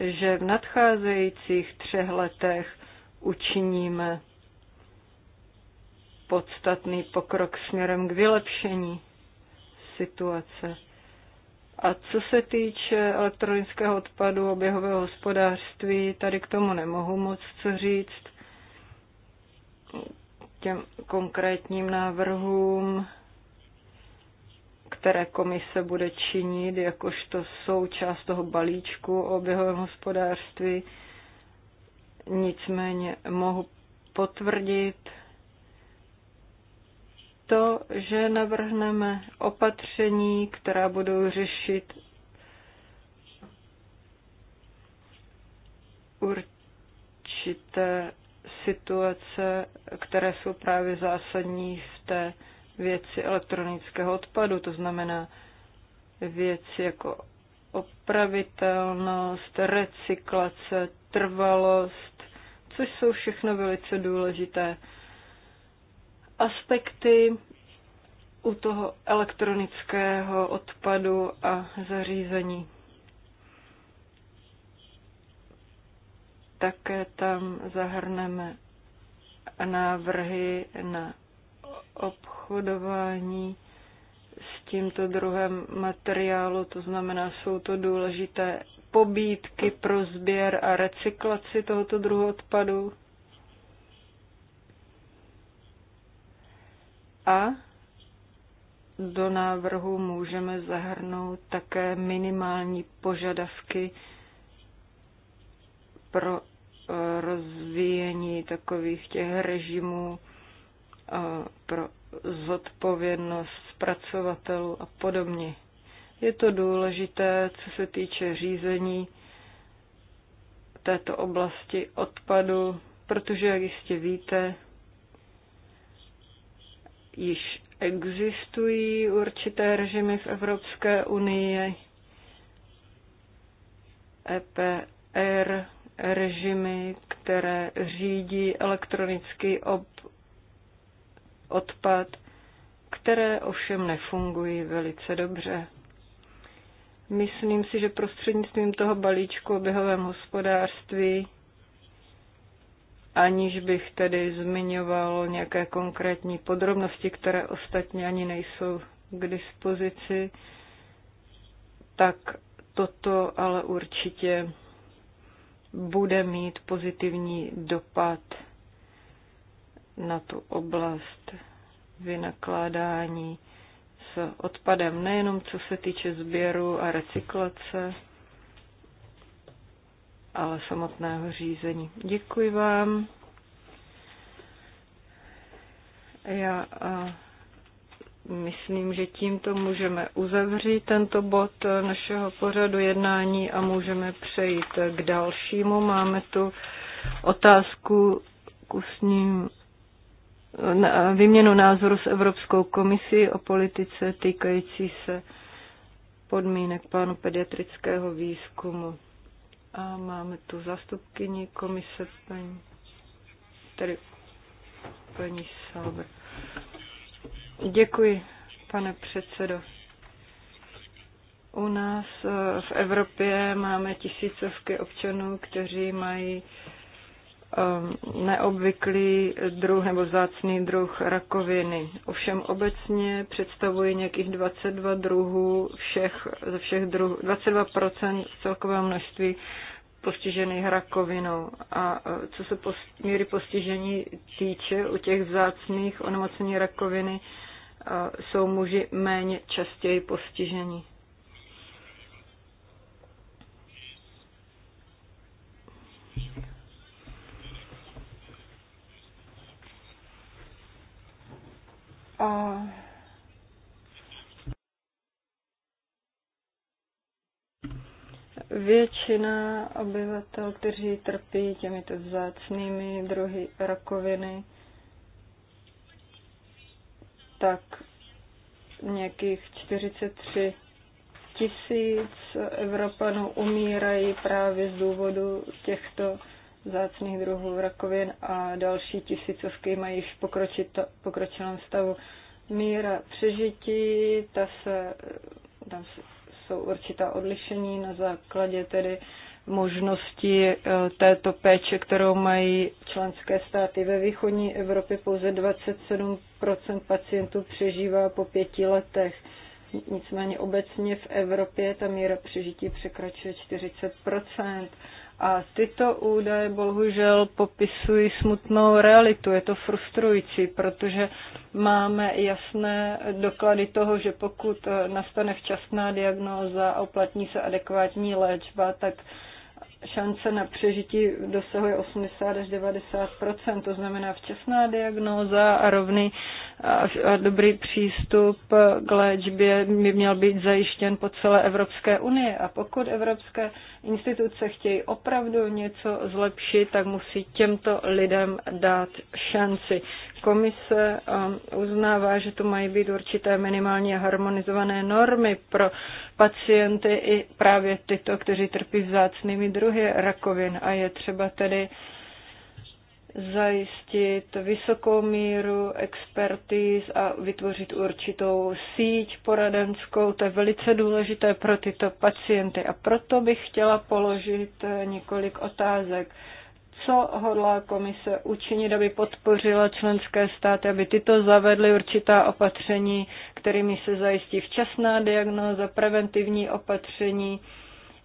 že v nadcházejících třech letech učiníme podstatný pokrok směrem k vylepšení situace. A co se týče elektronického odpadu, oběhového hospodářství, tady k tomu nemohu moc co říct. Těm konkrétním návrhům, které komise bude činit jakožto součást toho balíčku o oběhovém hospodářství, Nicméně mohu potvrdit to, že navrhneme opatření, která budou řešit určité situace, které jsou právě zásadní v té věci elektronického odpadu, to znamená věci jako opravitelnost, recyklace, trvalost, což jsou všechno velice důležité aspekty u toho elektronického odpadu a zařízení. Také tam zahrneme návrhy na obchodování s tímto druhem materiálu, to znamená, jsou to důležité pobídky pro sběr a recyklaci tohoto druhu odpadu. A do návrhu můžeme zahrnout také minimální požadavky pro eh, rozvíjení takových těch režimů eh, pro zodpovědnost zpracovatelů a podobně. Je to důležité, co se týče řízení této oblasti odpadu, protože, jak jistě víte, již existují určité režimy v Evropské unii, EPR režimy, které řídí elektronický ob, odpad, které ovšem nefungují velice dobře. Myslím si, že prostřednictvím toho balíčku o běhovém hospodářství, aniž bych tedy zmiňoval nějaké konkrétní podrobnosti, které ostatně ani nejsou k dispozici, tak toto ale určitě bude mít pozitivní dopad na tu oblast vynakládání odpadem, nejenom co se týče sběru a recyklace, ale samotného řízení. Děkuji vám. Já a myslím, že tímto můžeme uzavřít tento bod našeho pořadu jednání a můžeme přejít k dalšímu. Máme tu otázku k ústním na výměnu názoru s Evropskou komisí o politice týkající se podmínek plánu pediatrického výzkumu. A máme tu zastupkyni komise paní, tady paní Salve. Děkuji, pane předsedo. U nás eh, v Evropě máme tisícovky občanů, kteří mají Ehm, neobvyklý druh nebo vzácný druh rakoviny. Ovšem obecně představuje nějakých 22 druhů všech, ze všech druhů, 22% z celkového množství postižených rakovinou. A e, co se post, míry postižení týče, u těch vzácných onemocnění rakoviny e, jsou muži méně častěji postižení. A většina obyvatel, kteří trpí těmito vzácnými druhy rakoviny, tak nějakých 43 tisíc Evropanů umírají právě z důvodu těchto zácných druhů rakovin a další tisícovky mají v pokročilém stavu. Míra přežití, ta se, tam jsou určitá odlišení na základě tedy možnosti e, této péče, kterou mají členské státy. Ve východní Evropě pouze 27 pacientů přežívá po pěti letech. Nicméně obecně v Evropě ta míra přežití překračuje 40 a tyto údaje bohužel popisují smutnou realitu. Je to frustrující, protože máme jasné doklady toho, že pokud eh, nastane včasná diagnóza a uplatní se adekvátní léčba, tak šance na přežití dosahuje 80 až 90 to znamená včasná diagnóza a rovný a dobrý přístup eh, k léčbě by měl být zajištěn po celé Evropské unii. A pokud Evropské instituce chtějí opravdu něco zlepšit, tak musí těmto lidem dát šanci. Komise um, uznává, že tu mají být určité minimálně harmonizované normy pro pacienty i právě tyto, kteří trpí vzácnými druhy rakovin a je třeba tedy zajistit vysokou míru expertiz a vytvořit určitou síť poradenskou. To je velice důležité pro tyto pacienty a proto bych chtěla položit eh, několik otázek. Co hodlá komise učinit, aby podpořila členské státy, aby tyto zavedly určitá opatření, kterými se zajistí včasná diagnóza, preventivní opatření,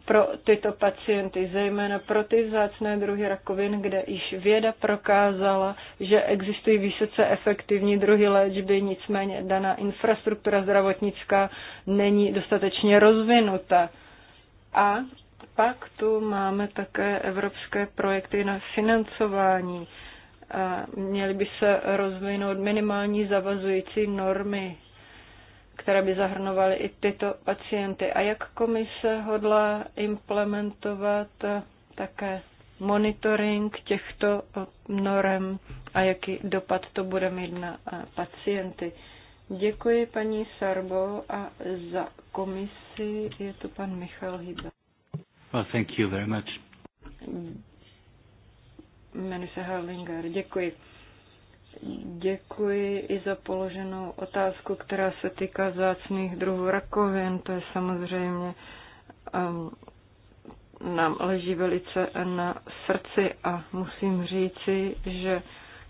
pro tyto pacienty, zejména pro ty vzácné druhy rakovin, kde již věda prokázala, že existují vysoce efektivní druhy léčby, nicméně daná infrastruktura zdravotnická není dostatečně rozvinuta. A pak tu máme také evropské projekty na financování. A měly by se rozvinout minimální zavazující normy které by zahrnovaly i tyto pacienty. A jak komise hodlá implementovat také monitoring těchto norem a jaký dopad to bude mít na eh, pacienty. Děkuji paní Sarbo a za komisi je tu pan Michal Hyba. Well, thank you very much. Jmenuji se Harlinger. Děkuji. Děkuji i za položenou otázku, která se týká zácných druhů rakovin. To je samozřejmě um, nám leží velice na srdci a musím říci, že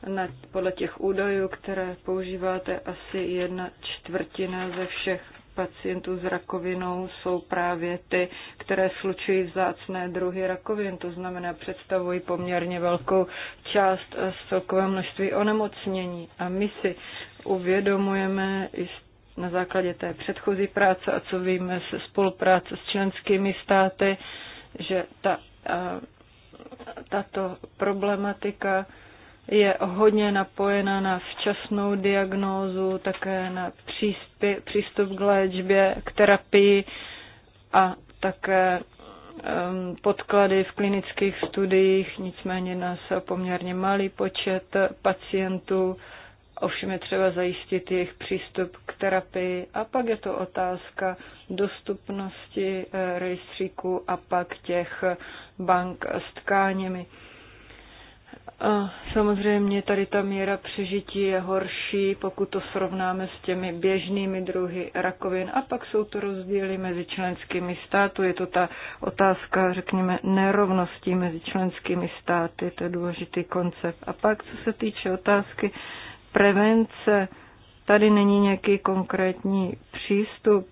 na, podle těch údajů, které používáte, asi jedna čtvrtina ze všech pacientů s rakovinou jsou právě ty, které slučují vzácné druhy rakovin, to znamená představují poměrně velkou část z celkového množství onemocnění. A my si uvědomujeme i na základě té předchozí práce a co víme se spolupráce s členskými státy, že ta, tato problematika je hodně napojena na včasnou diagnózu, také na přístup, přístup k léčbě, k terapii a také podklady v klinických studiích, nicméně na se poměrně malý počet pacientů, ovšem je třeba zajistit jejich přístup k terapii a pak je to otázka dostupnosti eh, rejstříku a pak těch bank s tkáněmi. Samozřejmě tady ta míra přežití je horší, pokud to srovnáme s těmi běžnými druhy rakovin. A pak jsou to rozdíly mezi členskými státy. Je to ta otázka, řekněme, nerovností mezi členskými státy. To je důležitý koncept. A pak, co se týče otázky prevence, tady není nějaký konkrétní přístup,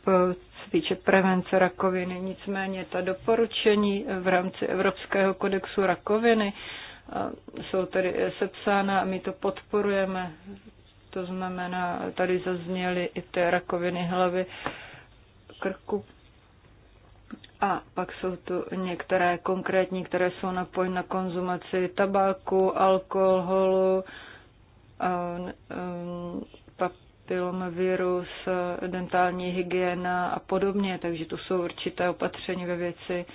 se týče prevence rakoviny. Nicméně ta doporučení v rámci Evropského kodexu rakoviny, jsou tady sepsána a my to podporujeme. To znamená, tady zazněly i ty rakoviny hlavy, krku. A pak jsou tu některé konkrétní, které jsou napojeny na konzumaci tabáku, alkoholu, papilomavirus, dentální hygiena a podobně. Takže to jsou určité opatření ve věci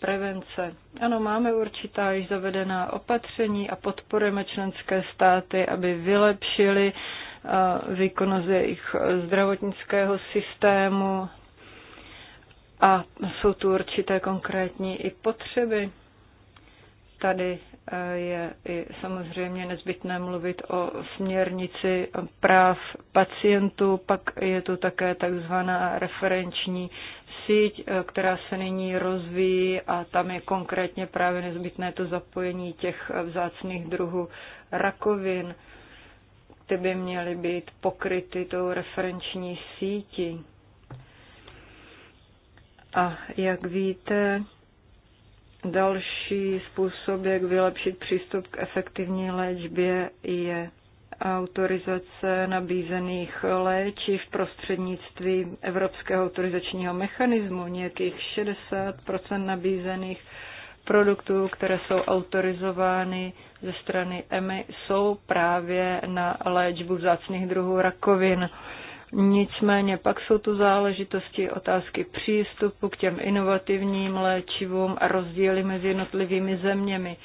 prevence. Ano, máme určitá již zavedená opatření a podporujeme členské státy, aby vylepšili eh, výkonnost jejich eh, zdravotnického systému a jsou tu určité konkrétní i potřeby. Tady eh, je i samozřejmě nezbytné mluvit o směrnici práv pacientů, pak je tu také takzvaná referenční síť, eh, která se nyní rozvíjí a tam je konkrétně právě nezbytné to zapojení těch vzácných druhů rakovin, ty by měly být pokryty tou referenční sítí. A jak víte, další způsob, jak vylepšit přístup k efektivní léčbě, je autorizace nabízených léčiv prostřednictvím Evropského autorizačního mechanismu, nějakých 60 nabízených produktů, které jsou autorizovány ze strany EMI, jsou právě na léčbu vzácných druhů rakovin. Nicméně pak jsou tu záležitosti otázky přístupu k těm inovativním léčivům a rozdíly mezi jednotlivými zeměmi.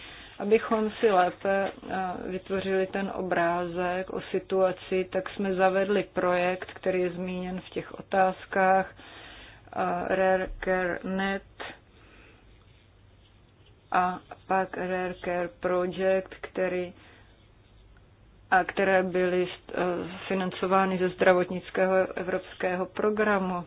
Abychom si lépe eh, vytvořili ten obrázek o situaci, tak jsme zavedli projekt, který je zmíněn v těch otázkách eh, Rare Care Net a pak Rare Care Project, který a které byly eh, financovány ze zdravotnického evropského programu.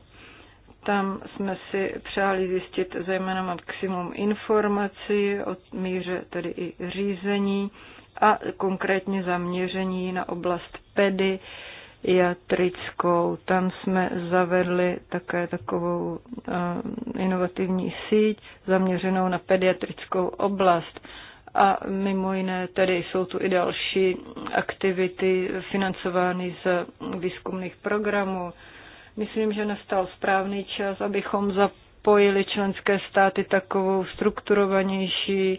Tam jsme si přáli zjistit zejména maximum informací o míře tedy i řízení a konkrétně zaměření na oblast pedy jatrickou. Tam jsme zavedli také takovou eh, inovativní síť zaměřenou na pediatrickou oblast. A mimo jiné tady jsou tu i další aktivity financovány z výzkumných programů. Myslím, že nastal správný čas, abychom zapojili členské státy takovou strukturovanější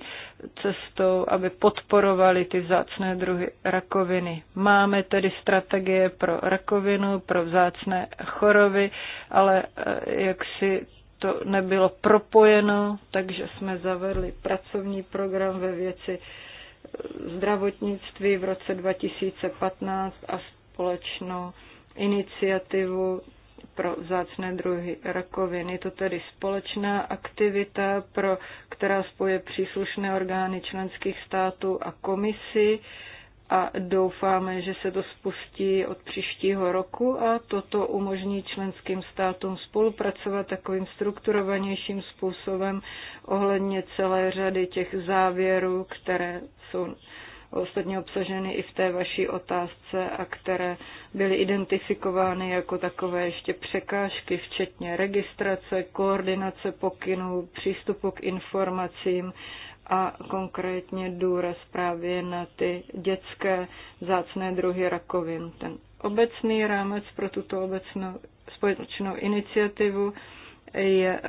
cestou, aby podporovali ty vzácné druhy rakoviny. Máme tedy strategie pro rakovinu, pro vzácné choroby, ale eh, jak si to nebylo propojeno, takže jsme zavedli pracovní program ve věci eh, zdravotnictví v roce 2015 a společnou iniciativu pro vzácné druhy rakovin. Je to tedy společná aktivita, pro, která spoje příslušné orgány členských států a komisi a doufáme, že se to spustí od příštího roku a toto umožní členským státům spolupracovat takovým strukturovanějším způsobem ohledně celé řady těch závěrů, které jsou ostatně obsaženy i v té vaší otázce a které byly identifikovány jako takové ještě překážky, včetně registrace, koordinace pokynů, přístupu k informacím a konkrétně důraz právě na ty dětské zácné druhy rakovin. Ten obecný rámec pro tuto obecnou společnou iniciativu je eh,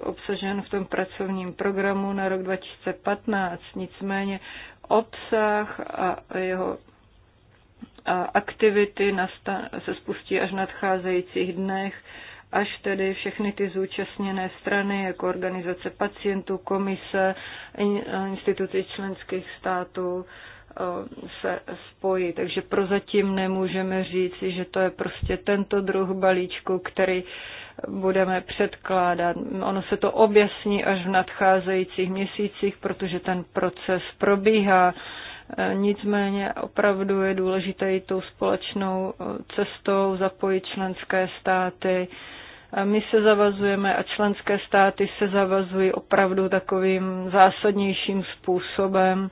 obsažen v tom pracovním programu na rok 2015. Nicméně obsah a jeho aktivity se spustí až v nadcházejících dnech, až tedy všechny ty zúčastněné strany, jako organizace pacientů, komise, instituty členských států, se spojí. Takže prozatím nemůžeme říct, že to je prostě tento druh balíčku, který budeme předkládat. Ono se to objasní až v nadcházejících měsících, protože ten proces probíhá. Nicméně opravdu je důležité i tou společnou eh, cestou, zapojit členské státy. My se zavazujeme a členské státy se zavazují opravdu takovým zásadnějším způsobem,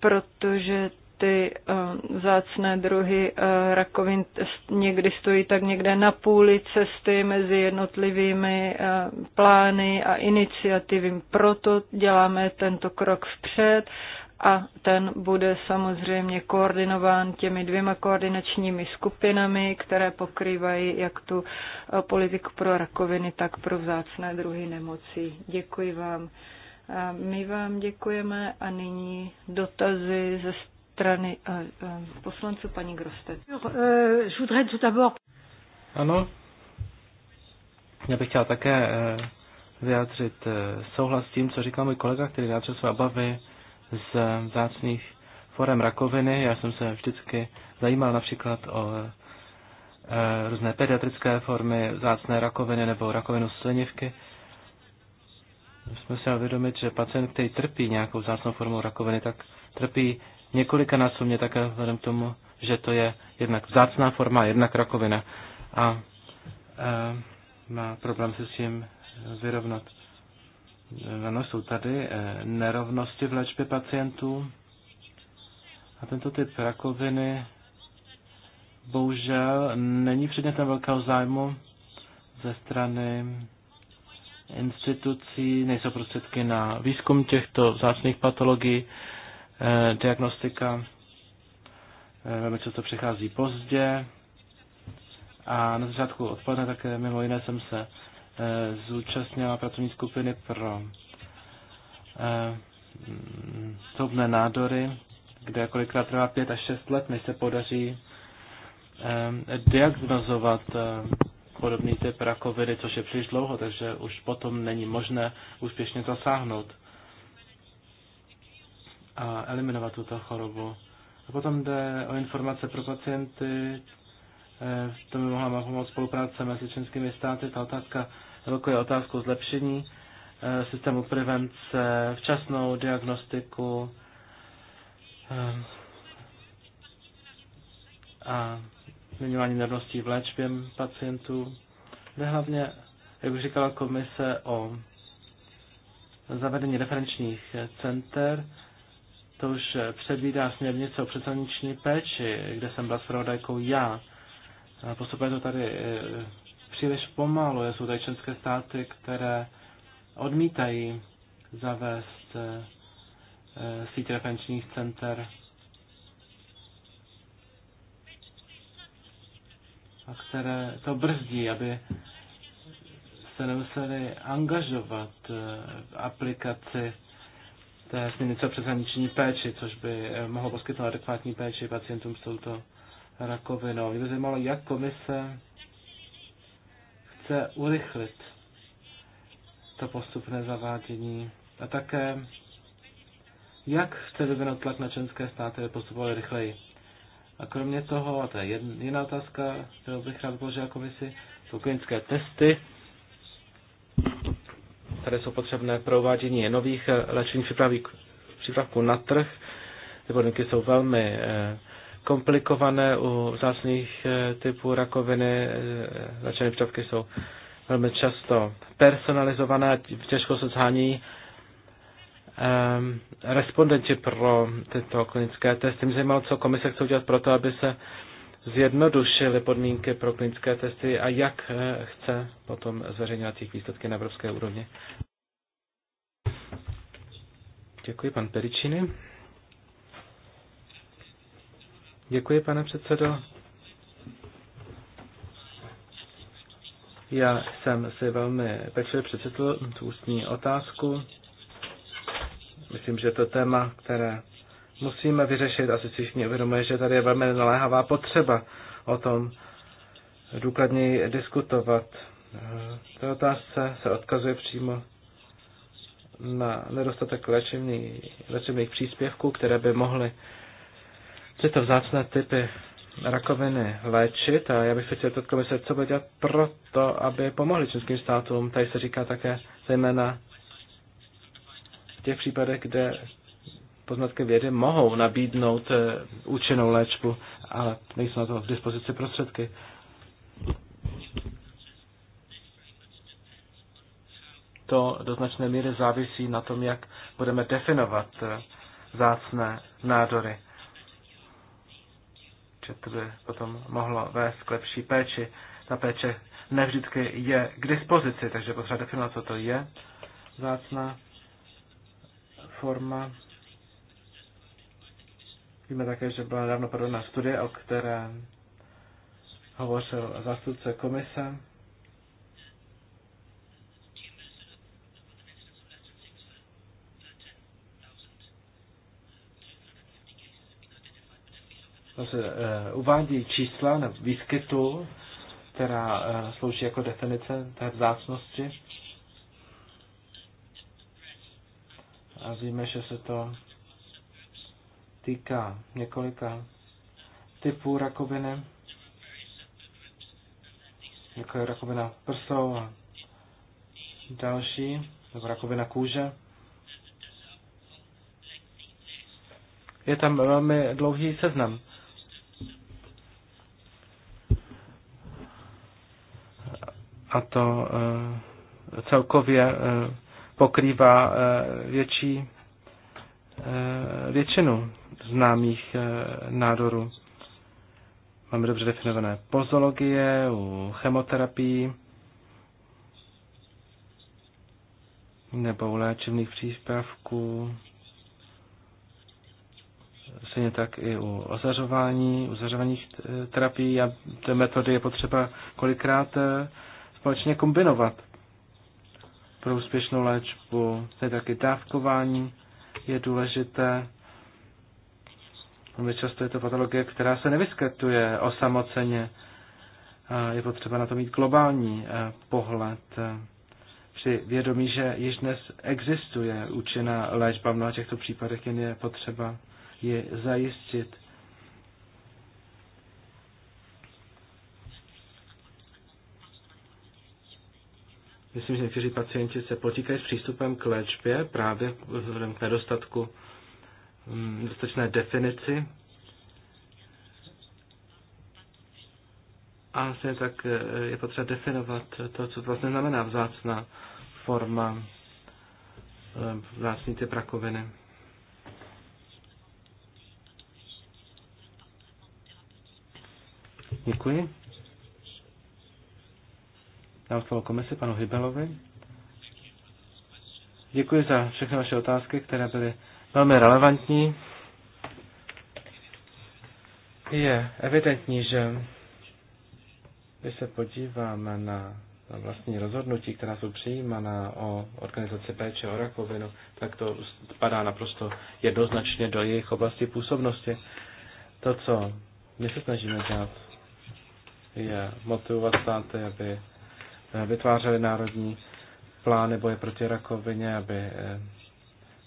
protože ty eh, zácné druhy eh, rakovin někdy stojí tak někde na půli cesty mezi jednotlivými eh, plány a iniciativy. Proto děláme tento krok vpřed a ten bude samozřejmě koordinován těmi dvěma koordinačními skupinami, které pokrývají jak tu politiku pro rakoviny, tak pro vzácné druhy nemocí. Děkuji vám. A my vám děkujeme a nyní dotazy ze strany eh, eh, poslanců paní Grostec. Euh, ano, já bych chtěl také eh, vyjádřit souhlas s tím, co říkal můj kolega, který vyjádřil své obavy z vzácných forem rakoviny. Já jsem se vždycky zajímal například o různé pediatrické formy vzácné rakoviny nebo rakovinu slinivky. Musíme si uvědomit, že pacient, který trpí nějakou vzácnou formou rakoviny, tak trpí několika násobně také vzhledem k tomu, že to je jednak vzácná forma, jednak rakovina a e, má problém se s tím vyrovnat. Ano, e, jsou tady e, nerovnosti v léčbě pacientů a tento typ rakoviny bohužel není předmětem velkého zájmu ze strany institucí, nejsou prostředky na výzkum těchto vzácných patologií Eh, diagnostika eh, velmi často přichází pozdě. A na začátku odpoledne také mimo jiné jsem se eh, zúčastnila pracovní skupiny pro zobné nádory, kde kolikrát trvá pět až šest let, než se podaří diagnozovat podobný typ rakoviny, což je příliš dlouho, takže už potom není možné úspěšně zasáhnout a eliminovat tuto chorobu. A potom jde o informace pro pacienty, e, to by mohla pomoct spolupráce mezi členskými státy. Ta otázka evokuje otázku zlepšení e, systému prevence, včasnou diagnostiku e, a zmiňování nerovností v léčbě pacientů. Jde hlavně, jak už říkala komise, o zavedení referenčních center, to už eh, předvídá směrnice o přeshraniční péči, kde jsem byl zpravodajkou já. Postupuje to tady eh, příliš pomalu. Jsou tady členské státy, které odmítají zavést eh, síť referenčních center a které to brzdí, aby se nemuseli angažovat v aplikaci té směrnice o přeshraniční péči, což by eh, mohlo poskytovat adekvátní péči pacientům s touto rakovinou. Mě by zajímalo, jak komise chce urychlit to postupné zavádění a také jak chce vyvinout tlak na členské státy, aby postupovali rychleji. A kromě toho, a to je jiná otázka, kterou bych rád položil jako komisi, jsou klinické testy které jsou potřebné pro uvádění nových eh, léčivých přípravků na trh. Ty podmínky jsou velmi eh, komplikované u vzácných eh, typů rakoviny. Léčivé přípravky jsou velmi často personalizované, těžko se zhání ehm, respondenti pro tyto klinické testy. Mě zajímalo, co komise chce udělat pro to, aby se zjednodušili podmínky pro klinické testy a jak eh, chce potom zveřejňovat jejich výsledky na evropské úrovni. Děkuji, pan Peričiny. Děkuji, pane předsedo. Já jsem si velmi pečlivě přečetl tu ústní otázku. Myslím, že to téma, které musíme vyřešit. Asi si všichni uvědomuje, že tady je velmi naléhavá potřeba o tom důkladněji diskutovat. V eh, té otázce se odkazuje přímo na nedostatek léčebných příspěvků, které by mohly tyto vzácné typy rakoviny léčit. A já bych se chtěl od komise, co bude dělat proto, aby pomohli českým státům. Tady se říká také zejména v těch případech, kde poznatky vědy mohou nabídnout eh, účinnou léčbu, ale nejsou na to v dispozici prostředky. To do značné míry závisí na tom, jak budeme definovat eh, zácné nádory. Že to by potom mohlo vést k lepší péči. Ta péče nevždycky je k dispozici, takže potřeba definovat, co to je zácná forma Víme také, že byla nedávno podobná studie, o které hovořil zástupce komise. Tam se uh, uvádí čísla na výskytu, která uh, slouží jako definice té vzácnosti. A víme, že se to týká několika typů rakoviny, jako je rakovina prsou a další, nebo rakovina kůže. Je tam velmi dlouhý seznam. A to eh, celkově eh, pokrývá eh, větší většinu známých eh, nádorů. Máme dobře definované pozologie u chemoterapii nebo u léčebných přípravků. Stejně tak i u ozařování, zařovaných eh, terapií a ty metody je potřeba kolikrát eh, společně kombinovat pro úspěšnou léčbu. Stejně tak i dávkování je důležité Velmi často je to patologie, která se nevyskytuje osamoceně. Je potřeba na to mít globální eh, pohled eh, při vědomí, že již dnes existuje účinná léčba v mnoha těchto případech, jen je potřeba ji zajistit. Myslím, že někteří pacienti se potíkají s přístupem k léčbě právě vzhledem k nedostatku Mm, dostatečné definici. A se tak eh, je potřeba definovat to, co to vlastně znamená vzácná forma eh, vzácný ty prakoviny. Děkuji. Dám slovo komisi panu Hybelovi. Děkuji za všechny vaše otázky, které byly velmi relevantní. Je evidentní, že když se podíváme na, na vlastní rozhodnutí, která jsou přijímána o organizaci péče o rakovinu, tak to spadá naprosto jednoznačně do jejich oblasti působnosti. To, co my se snažíme dělat, je motivovat státy, aby eh, vytvářely národní plány boje proti rakovině, aby eh,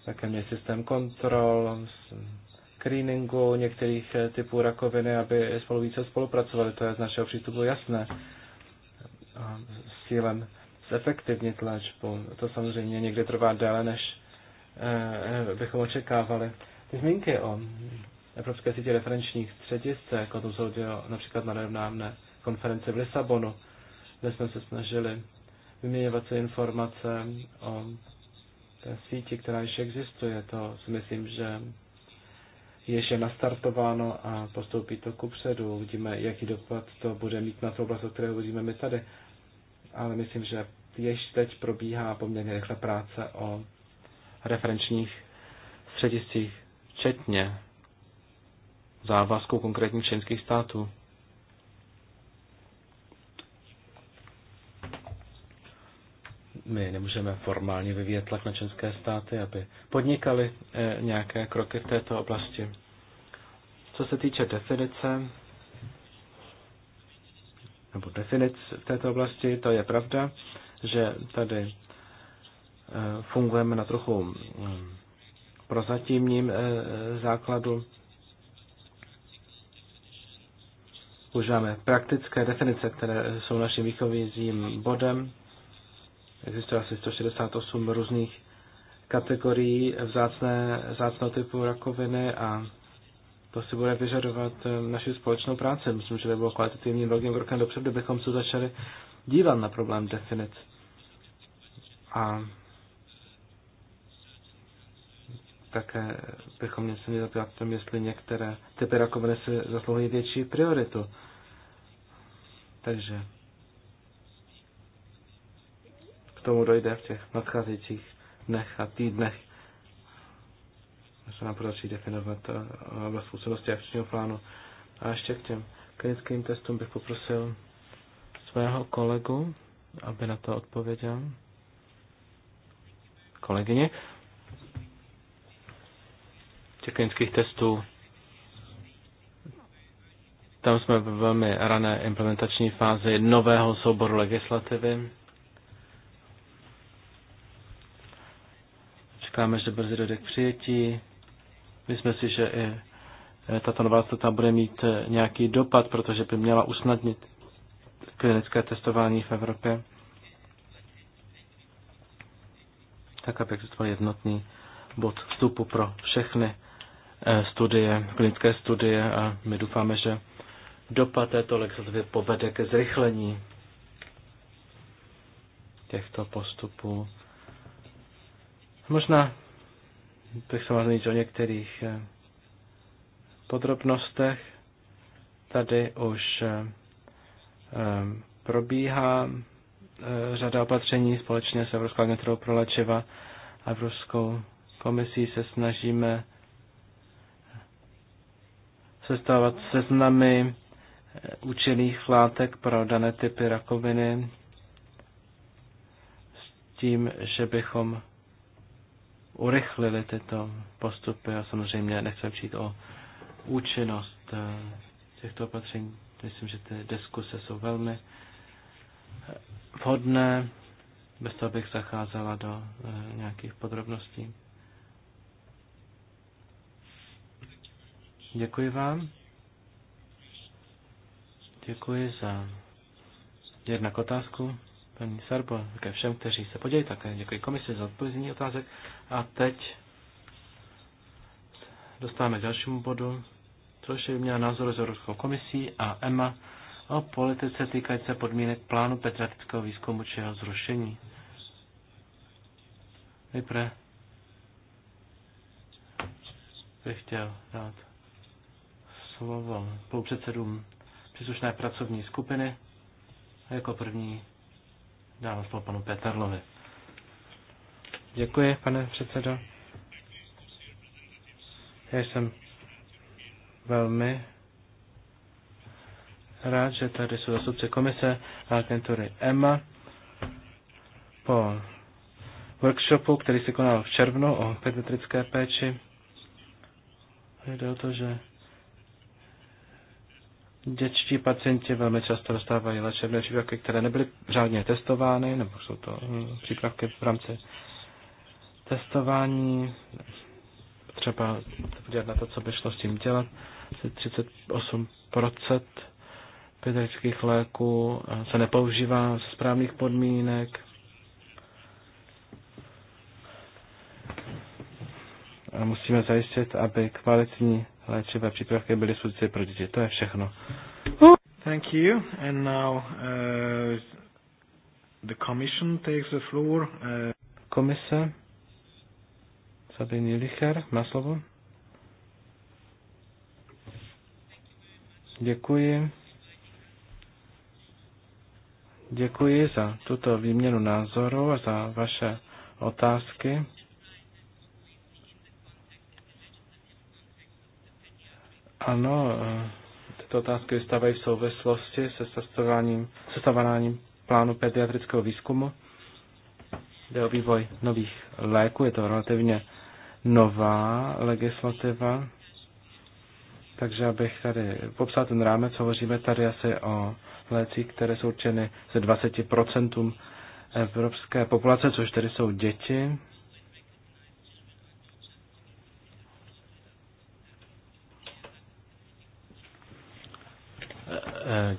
také mě systém kontrol, screeningu některých typů rakoviny, aby spolu více spolupracovali. To je z našeho přístupu jasné. A s cílem zefektivnit léčbu. To samozřejmě někdy trvá déle, než eh, bychom očekávali. Ty zmínky o Evropské sítě referenčních středisek, jako to se například na nedávné konferenci v Lisabonu, kde jsme se snažili vyměňovat se informace o té síti, která již existuje. To si myslím, že ještě nastartováno a postoupí to ku předu. Uvidíme, jaký dopad to bude mít na tu oblast, o které uvidíme my tady. Ale myslím, že ještě teď probíhá poměrně rychle práce o referenčních střediscích, včetně závazků konkrétních členských států. my nemůžeme formálně vyvíjet tlak na členské státy, aby podnikali eh, nějaké kroky v této oblasti. Co se týče definice, nebo definic v této oblasti, to je pravda, že tady eh, fungujeme na trochu eh, prozatímním základu. Používáme praktické definice, které jsou naším výchovým bodem Existuje asi 168 různých kategorií vzácné, vzácného typu rakoviny a to si bude vyžadovat eh, naši společnou práci. Myslím, že by bylo kvalitativním velkým krokem dopředu, kdybychom se začali dívat na problém definic. A také bychom měli se měli zabývat tím, jestli některé typy rakoviny si zasluhují větší prioritu. Takže tomu dojde v těch nadcházejících dnech a týdnech. Se nám podaří definovat eh, oblast působnosti akčního plánu. A ještě k těm klinickým testům bych poprosil svého kolegu, aby na to odpověděl. Kolegyně. Těch klinických testů tam jsme v velmi rané implementační fázi nového souboru legislativy Čekáme, že brzy dojde k přijetí. Myslíme si, že i e, tato nová tam bude mít e, nějaký dopad, protože by měla usnadnit klinické testování v Evropě, tak aby existoval jednotný bod vstupu pro všechny e, studie, klinické studie a my doufáme, že dopad této legislativy povede ke zrychlení těchto postupů. Možná bych se mohl o některých eh, podrobnostech. Tady už eh, eh, probíhá řada opatření společně s Evropskou agenturou pro léčiva a Evropskou komisí se snažíme sestavovat seznamy účinných látek pro dané typy rakoviny s tím, že bychom urychlili tyto postupy a samozřejmě nechceme přijít o účinnost eh, těchto opatření. Myslím, že ty diskuse jsou velmi eh, vhodné, bez toho bych zacházela do eh, nějakých podrobností. Děkuji vám. Děkuji za jednak otázku paní Sarbo, také všem, kteří se podějí také děkuji komisi za odpovězení otázek. A teď dostáváme k dalšímu bodu, což je měla názor z Evropskou komisí a EMA o politice týkající se podmínek plánu petratického výzkumu či jeho zrušení. Nejprve bych chtěl dát slovo spolupředsedům příslušné pracovní skupiny a jako první dávám slovo panu Petarlovi. Děkuji, pane předsedo. Já jsem velmi rád, že tady jsou zastupci komise a agentury EMA po workshopu, který se konal v červnu o pediatrické péči. Jde o to, že dětští pacienti velmi často dostávají léčebné přípravky, které nebyly řádně testovány, nebo jsou to hm, přípravky v rámci testování, třeba se podívat na to, co by šlo s tím dělat. Asi 38% pediatrických léků se nepoužívá z správných podmínek. A musíme zajistit, aby kvalitní léčivé přípravky byly sudci pro děti. To je všechno. Thank you. And now uh, the commission takes the floor. Uh... Komise tady Nilicher má slovo. Děkuji. Děkuji za tuto výměnu názoru a za vaše otázky. Ano, tyto otázky vystávají v souvislosti se sestavováním, sestavováním plánu pediatrického výzkumu. Jde o vývoj nových léků, je to relativně nová legislativa. Takže abych tady popsal ten rámec, hovoříme tady asi o lécích, které jsou určeny ze 20% evropské populace, což tedy jsou děti.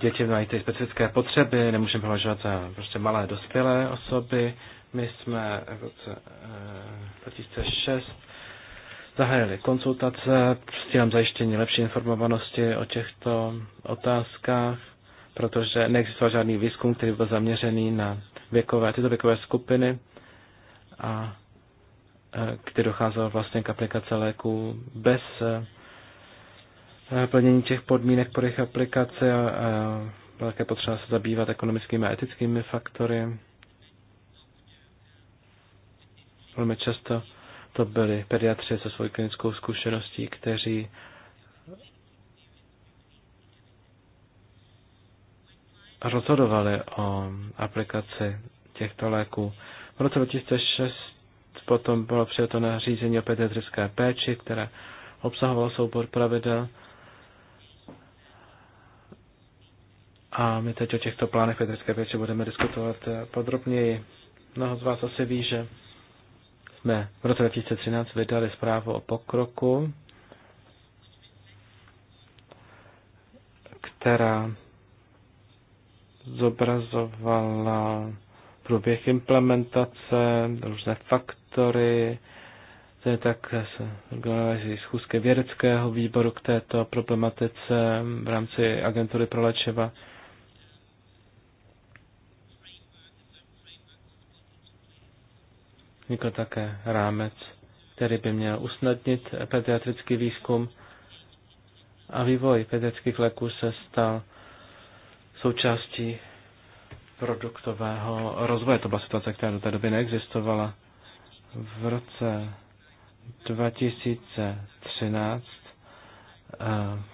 Děti mají ty specifické potřeby, nemůžeme považovat za prostě malé dospělé osoby. My jsme v roce 2006 eh, zahájili konzultace s cílem zajištění lepší informovanosti o těchto otázkách, protože neexistoval žádný výzkum, který byl zaměřený na věkové, tyto věkové skupiny a e, kdy docházelo vlastně k aplikaci léků bez e, plnění těch podmínek pro jejich aplikaci a velké potřeba se zabývat ekonomickými a etickými faktory. Velmi často to byli pediatři se svou klinickou zkušeností, kteří rozhodovali o aplikaci těchto léků. V roce 2006 potom bylo přijato nařízení o pediatrické péči, které obsahovalo soubor pravidel. A my teď o těchto plánech pediatrické péče budeme diskutovat podrobněji. Mnoho z vás asi ví, že jsme v roce 2013 vydali zprávu o pokroku, která zobrazovala průběh implementace, různé faktory, to je tak se schůzky vědeckého výboru k této problematice v rámci agentury pro léčeva. Vznikl také rámec, který by měl usnadnit pediatrický výzkum a vývoj pediatrických léků se stal součástí produktového rozvoje. To byla situace, která do té doby neexistovala. V roce 2013 eh,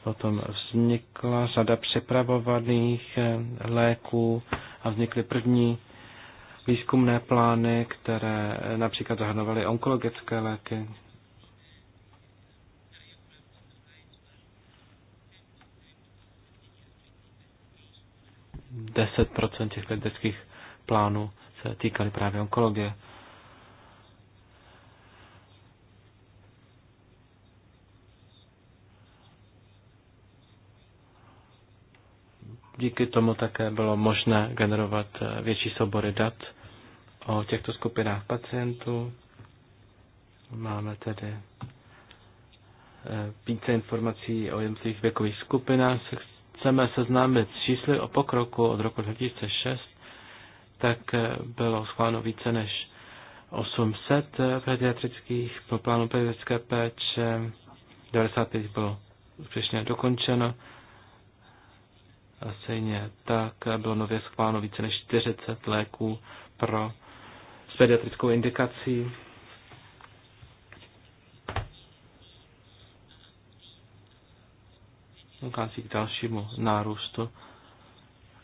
potom vznikla řada připravovaných eh, léků a vznikly první výzkumné plány, které například zahrnovaly onkologické léky. Deset procent těch vědeckých plánů se týkaly právě onkologie. Díky tomu také bylo možné generovat eh, větší soubory dat o těchto skupinách pacientů. Máme tedy eh, více informací o jednotlivých věkových skupinách. Chceme seznámit s čísly o pokroku od roku 2006, tak eh, bylo schváleno více než 800 pediatrických po plánu pediatrické péče, 95 bylo úspěšně dokončeno, a stejně tak bylo nově schváleno více než 40 léků pro s pediatrickou indikací. Ukází k dalšímu nárůstu,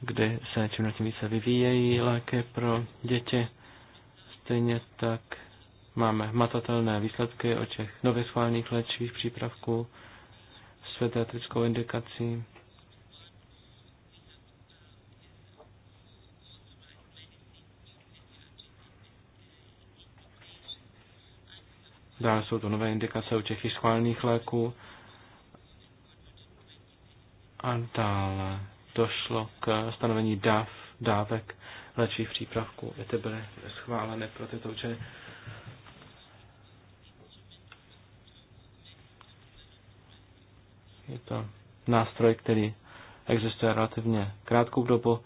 kdy se čím tím více vyvíjejí léky pro děti. Stejně tak máme matatelné výsledky o těch nově schválených léčivých přípravků s pediatrickou indikací. Dále jsou to nové indikace u těch schválených léků. A dále došlo k stanovení dáv, dávek léčivých přípravků. Je to byly schválené pro tyto účely. Je to nástroj, který existuje relativně krátkou dobu,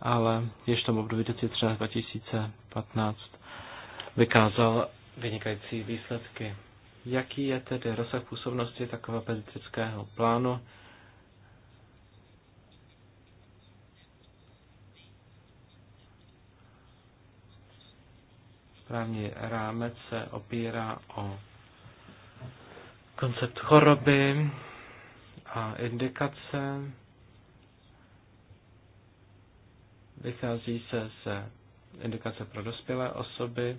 ale ještě v tom období 2013-2015 vykázal vynikající výsledky. Jaký je tedy rozsah působnosti takového pediatrického plánu? Právní rámec se opírá o koncept choroby a indikace. Vychází se z indikace pro dospělé osoby,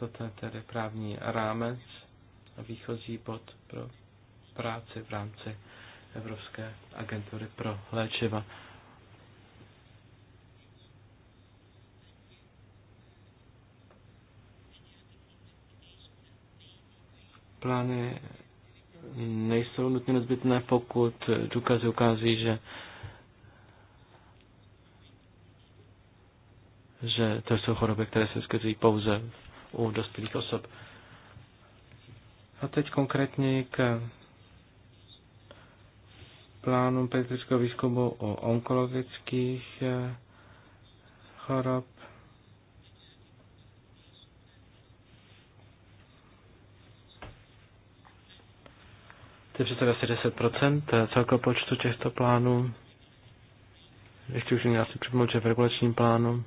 Toto je tedy právní rámec a výchozí bod pro práci v rámci Evropské agentury pro léčiva. Plány nejsou nutně nezbytné, pokud důkazy ukází, že že to jsou choroby, které se vyskytují pouze u dospělých osob. A teď konkrétně k plánu pediatrického výzkumu o onkologických eh, chorob. To je přece asi 10% eh, celkového počtu těchto plánů. Ještě už měl asi připomenout, že v regulačním plánu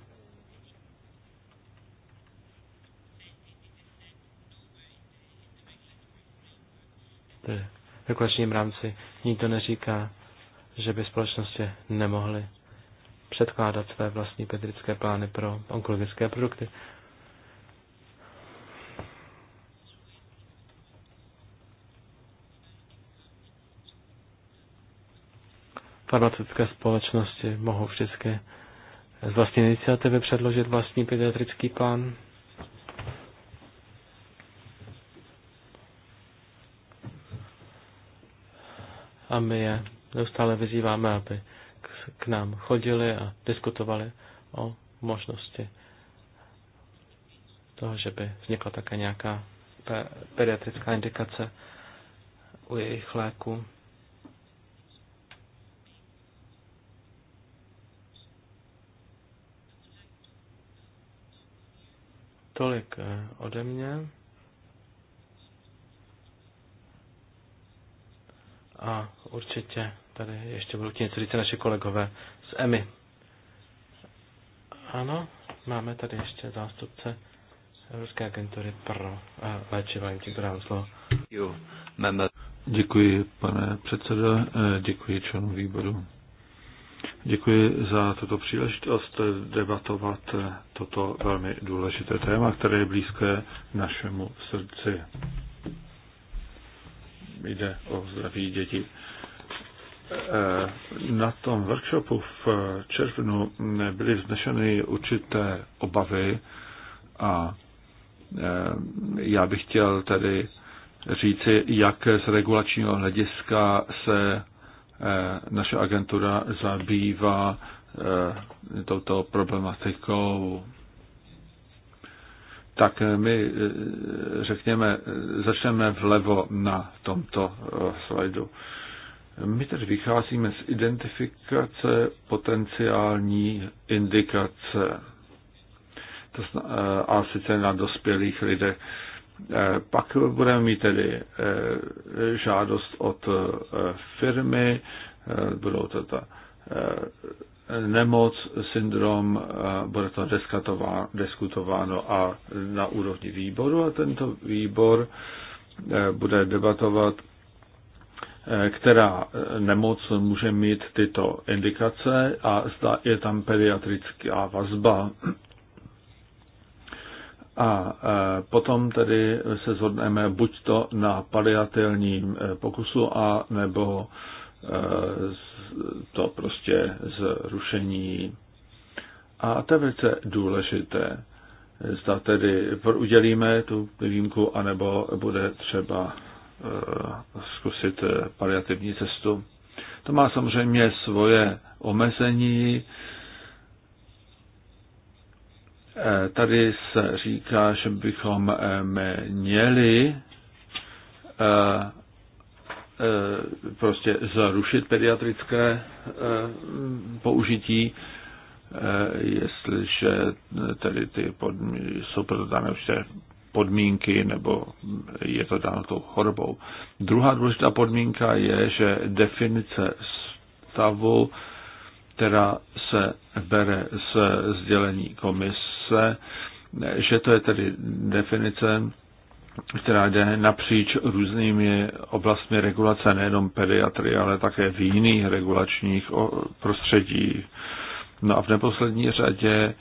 V regulačním rámci, nikdo neříká, že by společnosti nemohly předkládat své vlastní petrické plány pro onkologické produkty. Farmaceutické společnosti mohou vždycky z vlastní iniciativy předložit vlastní pediatrický plán. a my je neustále vyzýváme, aby k nám chodili a diskutovali o možnosti toho, že by vznikla také nějaká pediatrická indikace u jejich léku. Tolik eh, ode mě. A určitě tady ještě budou ti něco říct naše kolegové z EMI. Ano, máme tady ještě zástupce Evropské agentury pro eh, léčiva. Jim dám slovo. Děkuji, pane předsedo, eh, děkuji členům výboru. Děkuji za tuto příležitost debatovat eh, toto velmi důležité téma, které je blízké našemu srdci jde o zdraví dětí. Eh, na tom workshopu v červnu byly vznešeny určité obavy a eh, já bych chtěl tedy říci, jak z regulačního hlediska se eh, naše agentura zabývá touto problematikou tak eh, my eh, řekněme, eh, začneme vlevo na tomto slajdu. My tedy vycházíme z identifikace potenciální indikace a sice na dospělých lidech. Pak budeme mít tedy žádost od firmy, budou to ta nemoc, syndrom, bude to diskutováno a na úrovni výboru a tento výbor e, bude debatovat, e, která nemoc může mít tyto indikace a zda je tam pediatrická vazba. A e, potom tedy se zhodneme buď to na paliatelním pokusu a nebo to prostě zrušení. A to je velice důležité. Zda tedy udělíme tu výjimku, anebo bude třeba eh, zkusit paliativní cestu. To má samozřejmě svoje omezení. Eh, tady se říká, že bychom eh, měli Eh, prostě zrušit pediatrické eh, použití, eh, jestliže tedy ty podmínky, jsou proto dané určité podmínky nebo je to dáno tou chorobou. Druhá důležitá podmínka je, že definice stavu, která se bere z sdělení komise, že to je tedy definice, která jde napříč různými oblastmi regulace, nejenom pediatry, ale také v jiných regulačních prostředí. No a v neposlední řadě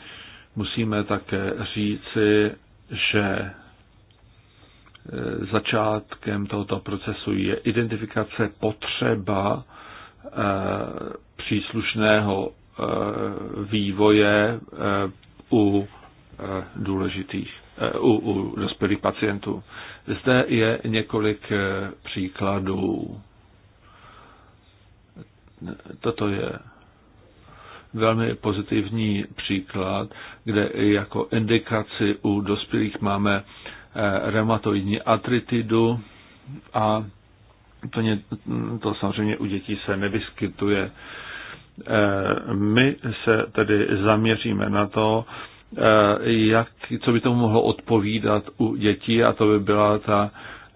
musíme také říci, že e, začátkem tohoto procesu je identifikace potřeba e, příslušného e, vývoje u důležitých u, u dospělých pacientů. Zde je několik eh, příkladů. Toto je velmi pozitivní příklad, kde jako indikaci u dospělých máme eh, reumatoidní atritidu a to, ně, to samozřejmě u dětí se nevyskytuje. Eh, my se tedy zaměříme na to, Eh, jak, co by tomu mohlo odpovídat u dětí a to by byla ta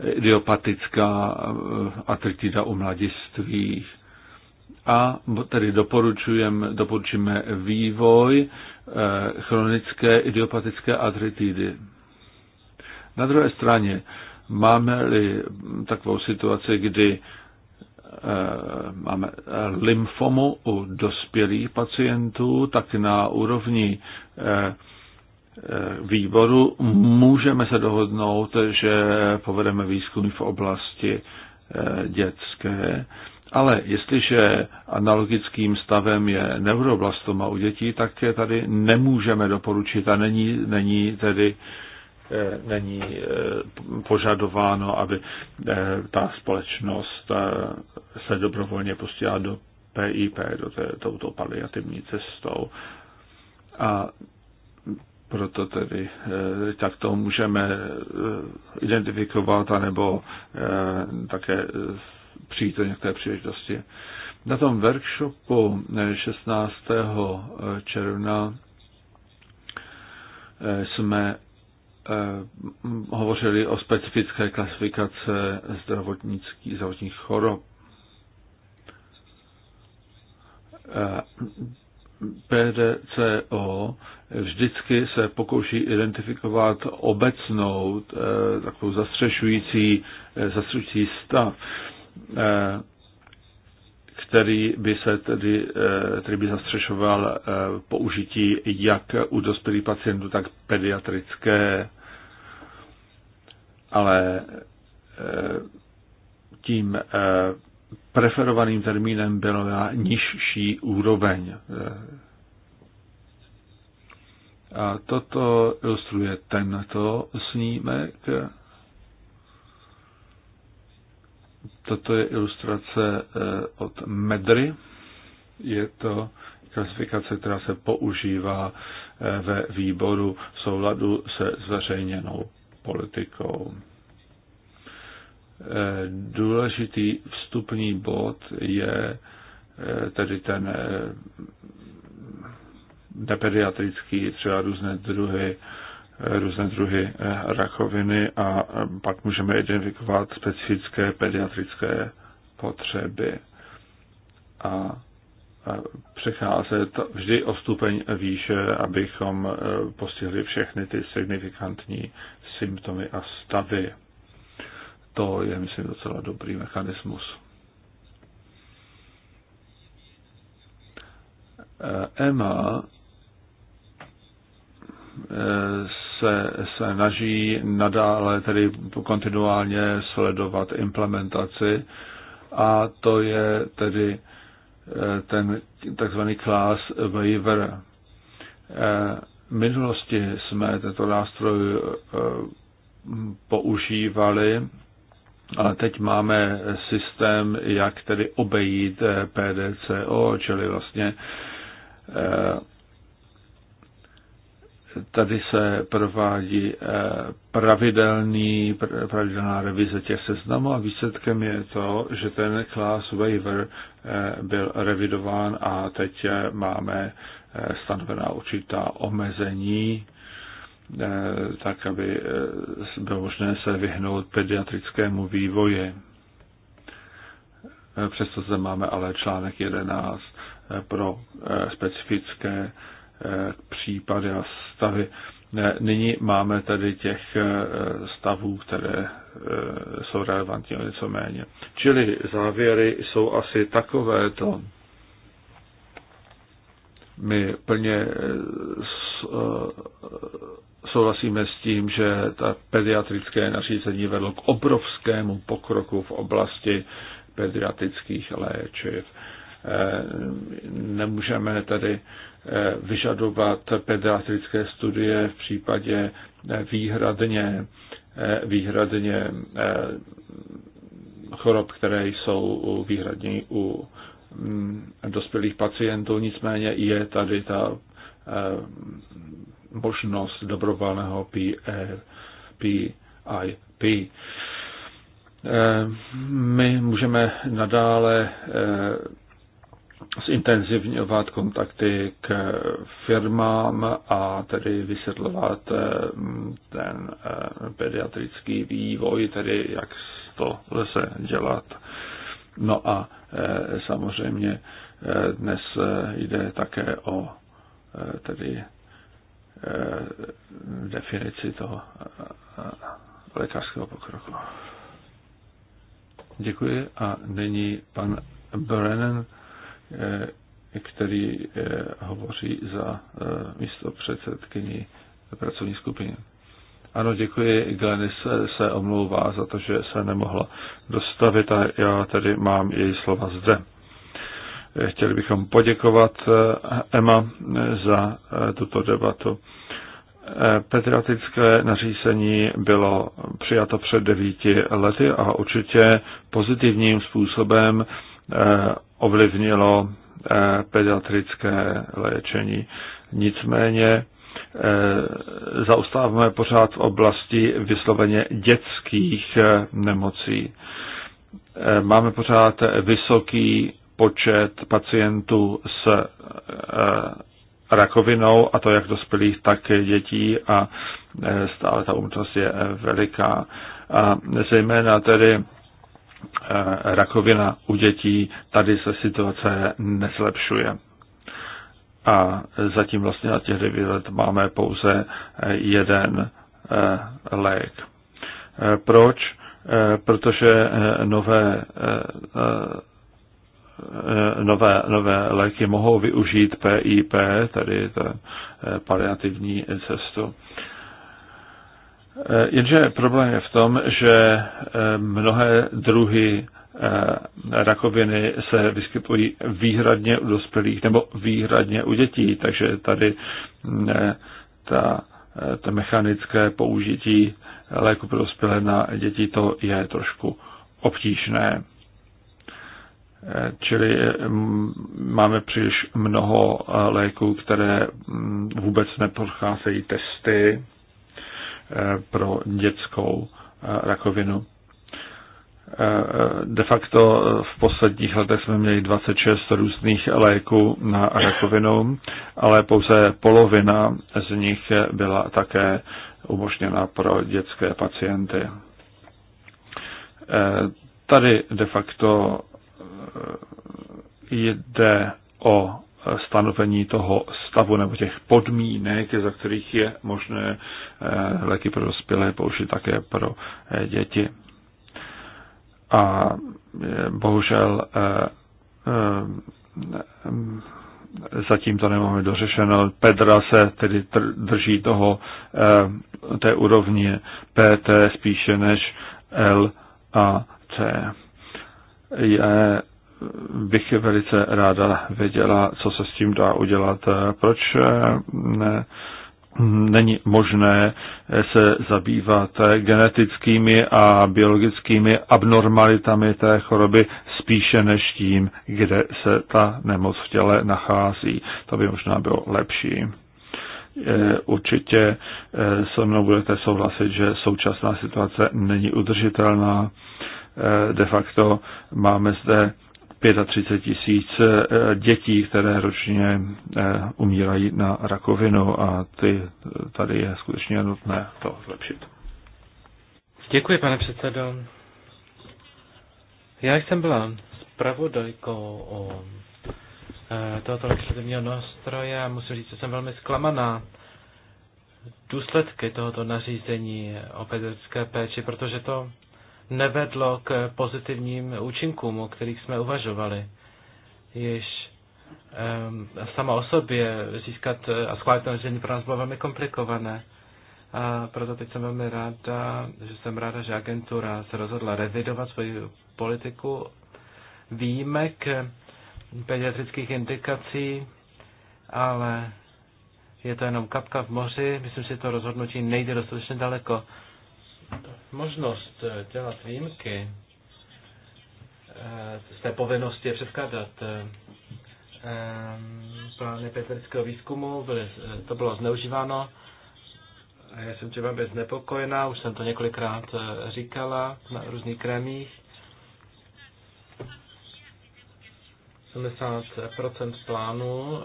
idiopatická eh, atritida u mladistvých. A tedy doporučujeme, doporučíme vývoj eh, chronické idiopatické atritidy. Na druhé straně, máme-li takovou situaci, kdy Eh, máme eh, lymfomu u dospělých pacientů, tak na úrovni eh, výboru můžeme se dohodnout, že povedeme výzkumy v oblasti dětské, ale jestliže analogickým stavem je neuroblastoma u dětí, tak je tady nemůžeme doporučit a není, není tedy Eh, není eh, požadováno, aby eh, ta společnost se dobrovolně pustila do PIP, do té, touto paliativní cestou. A proto tedy tak to můžeme identifikovat anebo také přijít do některé příležitosti. Na tom workshopu 16. června jsme Eh, hovořili o specifické klasifikace zdravotnických, zdravotních chorob. Eh, PDCO vždycky se pokouší identifikovat obecnou, eh, takovou zastřešující, zastřešující stav který by se tedy, eh, který by zastřešoval eh, použití jak u dospělých pacientů, tak pediatrické. Ale eh, tím preferovaným termínem bylo na nižší úroveň. A toto ilustruje tento snímek. Toto je ilustrace eh, od Medry. Je to klasifikace, která se používá eh, ve výboru v souladu se zveřejněnou politikou. Eh, důležitý vstupní bod je tedy ten nepediatrický, třeba různé druhy různé druhy eh, rakoviny a eh, pak můžeme identifikovat specifické pediatrické potřeby a eh, přecházet vždy o stupeň výše, abychom postihli všechny ty signifikantní symptomy a stavy. To je, myslím, docela dobrý mechanismus. Emma se snaží nadále tedy kontinuálně sledovat implementaci a to je tedy eh, ten takzvaný class waiver. Eh, v minulosti jsme tento nástroj eh, používali, ale teď máme systém, jak tedy obejít PDCO, čili vlastně Tady se provádí eh, pravidelný, pravidelná revize těch seznamů a výsledkem je to, že ten class waiver eh, byl revidován a teď eh, máme stanovená určitá omezení, tak aby bylo možné se vyhnout pediatrickému vývoji. Přesto zde máme ale článek 11 pro specifické Eh, případy a stavy. Eh, nyní máme tedy těch eh, stavů, které jsou relevantní o něco méně. Čili závěry jsou asi takovéto. My plně souhlasíme s tím, že ta pediatrické nařízení vedlo k obrovskému pokroku v oblasti pediatrických léčiv. Nemůžeme tedy vyžadovat pediatrické studie v případě eh, výhradně, eh, výhradně eh, chorob, které jsou výhradně u mm, dospělých pacientů. Nicméně je tady ta možnost dobrovolného PIP. My můžeme nadále zintenzivňovat kontakty k firmám a tedy vysvětlovat eh, ten eh, pediatrický vývoj, tedy jak to lze dělat. No a eh, samozřejmě dnes jde také o tedy definici toho lékařského pokroku. Děkuji a nyní pan Brennan Eh, který eh, hovoří za eh, místo předsedkyní pracovní skupiny. Ano, děkuji. Glenis se omlouvá za to, že se nemohla dostavit a já tady mám její slova zde. Chtěli bychom poděkovat Emma za tuto debatu. Pediatrické nařízení bylo přijato před devíti lety a určitě pozitivním způsobem ovlivnilo eh, pediatrické léčení. Nicméně eh, zaustáváme pořád v oblasti vysloveně dětských eh, nemocí. Máme pořád vysoký počet pacientů s rakovinou, a to jak dospělých, tak dětí a stále ta úmrtnost je veliká. A zejména tedy Eh, rakovina u dětí, tady se situace neslepšuje A zatím vlastně na těch 9 let máme pouze eh, jeden eh, lék. Proč? Protože nové, nové, nové léky mohou využít PIP, tedy paliativní cestu. Eh, jenže problém je v tom, že eh, mnohé druhy eh, rakoviny se vyskytují výhradně u dospělých nebo výhradně u dětí, takže tady mm, ta, ta mechanické použití léku pro dospělé na děti to je trošku obtížné. Čili máme příliš mnoho léků, které mm, vůbec neprocházejí testy pro dětskou eh, rakovinu. Eh, de facto v posledních letech jsme měli 26 různých léků na rakovinu, ale pouze polovina z nich byla také umožněna pro dětské pacienty. Eh, tady de facto jde o stanovení toho stavu nebo těch podmínek, za kterých je možné eh, léky pro dospělé použít také pro eh, děti. A eh, bohužel zatím to nemáme dořešeno. Pedra se tedy drží toho, té úrovně PT spíše než L a C. Je bych velice ráda věděla, co se s tím dá udělat. Proč ne, není možné se zabývat genetickými a biologickými abnormalitami té choroby spíše než tím, kde se ta nemoc v těle nachází. To by možná bylo lepší. Eh, určitě eh, se mnou budete souhlasit, že současná situace není udržitelná. Eh, de facto máme zde 35 tisíc eh, dětí, které ročně eh, umírají na rakovinu a ty, eh, tady je skutečně nutné to zlepšit. Děkuji, pane předsedo. Já jsem byla zpravodajkou o tohoto legislativního nástroje a musím říct, že jsem velmi zklamaná důsledky tohoto nařízení o pediatrické péči, protože to nevedlo k pozitivním účinkům, o kterých jsme uvažovali. Jež ehm, sama o sobě získat a schválit to nařízení pro nás bylo velmi komplikované. A proto teď jsem velmi ráda, že jsem ráda, že agentura se rozhodla revidovat svoji politiku výjimek pediatrických indikací, ale je to jenom kapka v moři. Myslím si, že to rozhodnutí nejde dostatečně daleko možnost eh, dělat výjimky eh, z té povinnosti předkládat eh, plány petrického výzkumu, byly, to bylo zneužíváno. Já jsem třeba bez znepokojená, už jsem to několikrát říkala na různých krémích. 70% plánů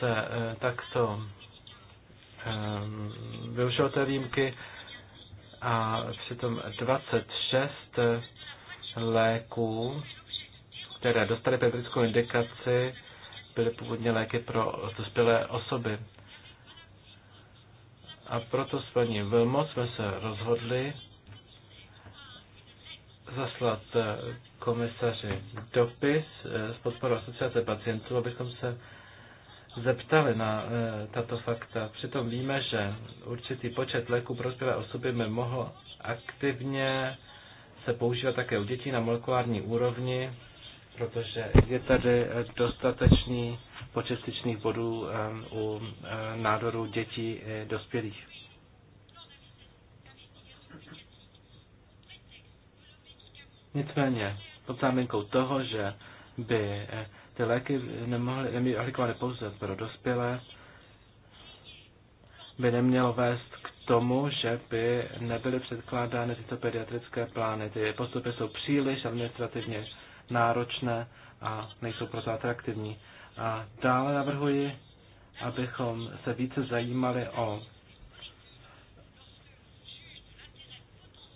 se takto využil té výjimky a přitom 26 léků, které dostaly pediatrickou indikaci, byly původně léky pro dospělé osoby. A proto s paní Vilmo jsme se rozhodli zaslat komisaři dopis s podporou asociace pacientů, abychom se zeptali na eh, tato fakta. Přitom víme, že určitý počet léků pro dospělé osoby by mohl aktivně se používat také u dětí na molekulární úrovni, protože je tady eh, dostatečný počet styčných bodů eh, u nádorů dětí i dospělých. Nicméně, pod záminkou toho, že by ty léky nemohly, neměly aplikovány pouze pro dospělé, by nemělo vést k tomu, že by nebyly předkládány tyto pediatrické plány. Ty postupy jsou příliš administrativně náročné a nejsou proto atraktivní. A dále navrhuji, abychom se více zajímali o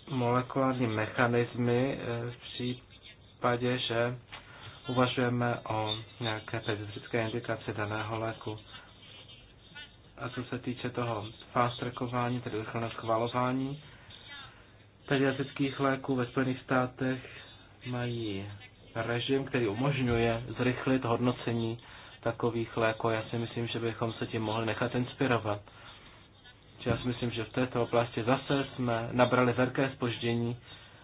molekulární mechanismy eh, v případě, že uvažujeme o nějaké pediatrické indikaci daného léku. A co se týče toho fast trackování, tedy rychlého schvalování pediatrických léků ve Spojených státech, mají režim, který umožňuje zrychlit hodnocení takových léků. Já si myslím, že bychom se tím mohli nechat inspirovat. Já si myslím, že v této oblasti zase jsme nabrali velké spoždění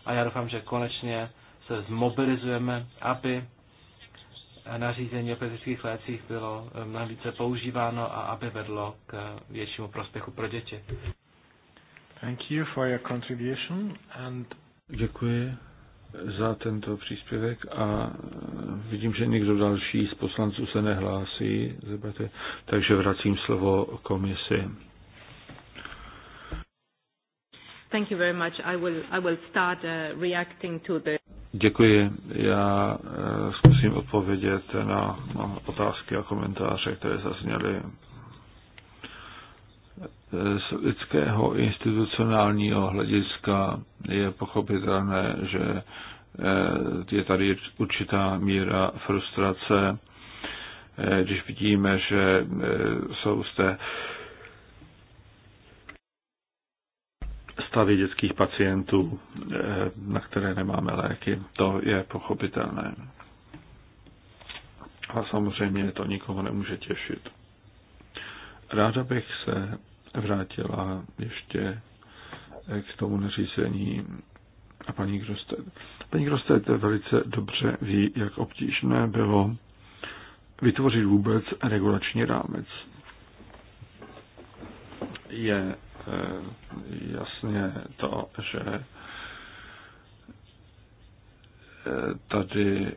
a já doufám, že konečně se zmobilizujeme, aby nařízení o pediatrických lécích bylo eh, mnohem více používáno a aby vedlo k eh, většímu prospěchu pro děti. Thank you for your contribution and... Děkuji za tento příspěvek a eh, vidím, že někdo další z poslanců se nehlásí, zebete, takže vracím slovo komisi. Thank you very much. I will, I will start uh, reacting to the Děkuji. Já eh, zkusím odpovědět na, otázky a komentáře, které zazněly z lidského institucionálního hlediska je pochopitelné, že eh, je tady určitá míra frustrace, eh, když vidíme, že jsou zde stavy dětských pacientů, eh, na které nemáme léky. To je pochopitelné. A samozřejmě to nikoho nemůže těšit. Ráda bych se vrátila ještě eh, k tomu nařízení a paní Grostet. Paní Grostet velice dobře ví, jak obtížné bylo vytvořit vůbec regulační rámec. Je Eh, jasně to, že eh, tady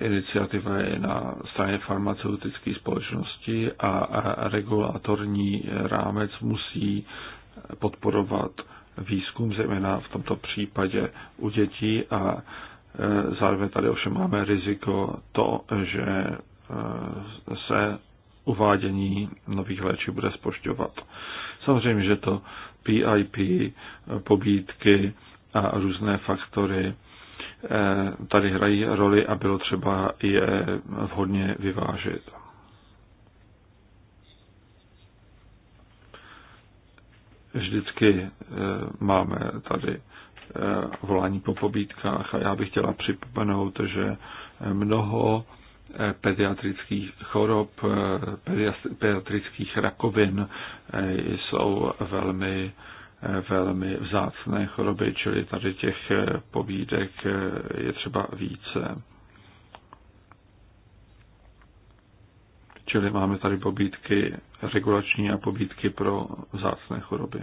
iniciativa je na straně farmaceutických společností a regulatorní rámec musí podporovat výzkum, zejména v tomto případě u dětí a eh, zároveň tady ovšem máme riziko to, že se uvádění nových léčiv bude spošťovat. Samozřejmě, že to PIP, pobídky a různé faktory eh, tady hrají roli a bylo třeba je vhodně vyvážit. Vždycky eh, máme tady eh, volání po pobídkách a já bych chtěla připomenout, že mnoho Eh, pediatrických chorob, eh, pediatrických rakovin eh, jsou velmi, velmi vzácné choroby, čili tady těch povídek je třeba více. Čili máme tady pobídky regulační a pobídky pro vzácné choroby.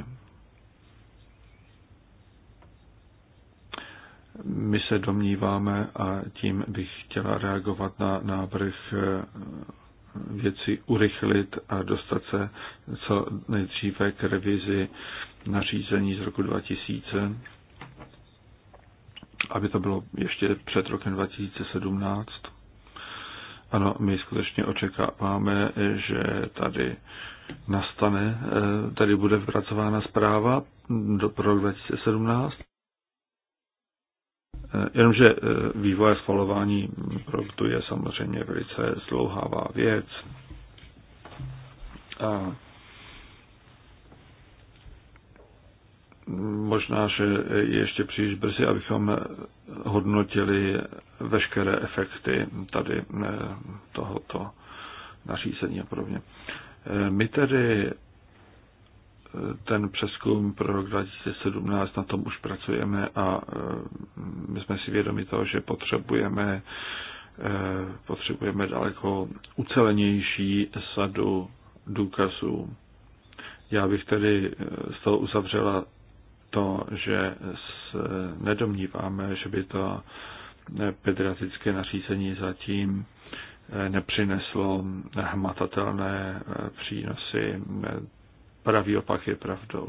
My se domníváme, a tím bych chtěla reagovat na návrh eh, věci urychlit a dostat se co nejdříve k revizi nařízení z roku 2000, aby to bylo ještě před rokem 2017. Ano, my skutečně očekáváme, že tady nastane, eh, tady bude vypracována zpráva do pro 2017 Eh, jenomže eh, vývoj a schvalování produktu je samozřejmě velice zdlouhavá věc. A možná, že je ještě příliš brzy, abychom hodnotili veškeré efekty tady eh, tohoto nařízení a podobně. My tedy ten přeskum pro rok 2017, na tom už pracujeme a e, my jsme si vědomi toho, že potřebujeme, e, potřebujeme daleko ucelenější sadu důkazů. Já bych tedy e, z toho uzavřela to, že se nedomníváme, že by to pediatrické nařízení zatím nepřineslo hmatatelné přínosy pravý opak je pravdou.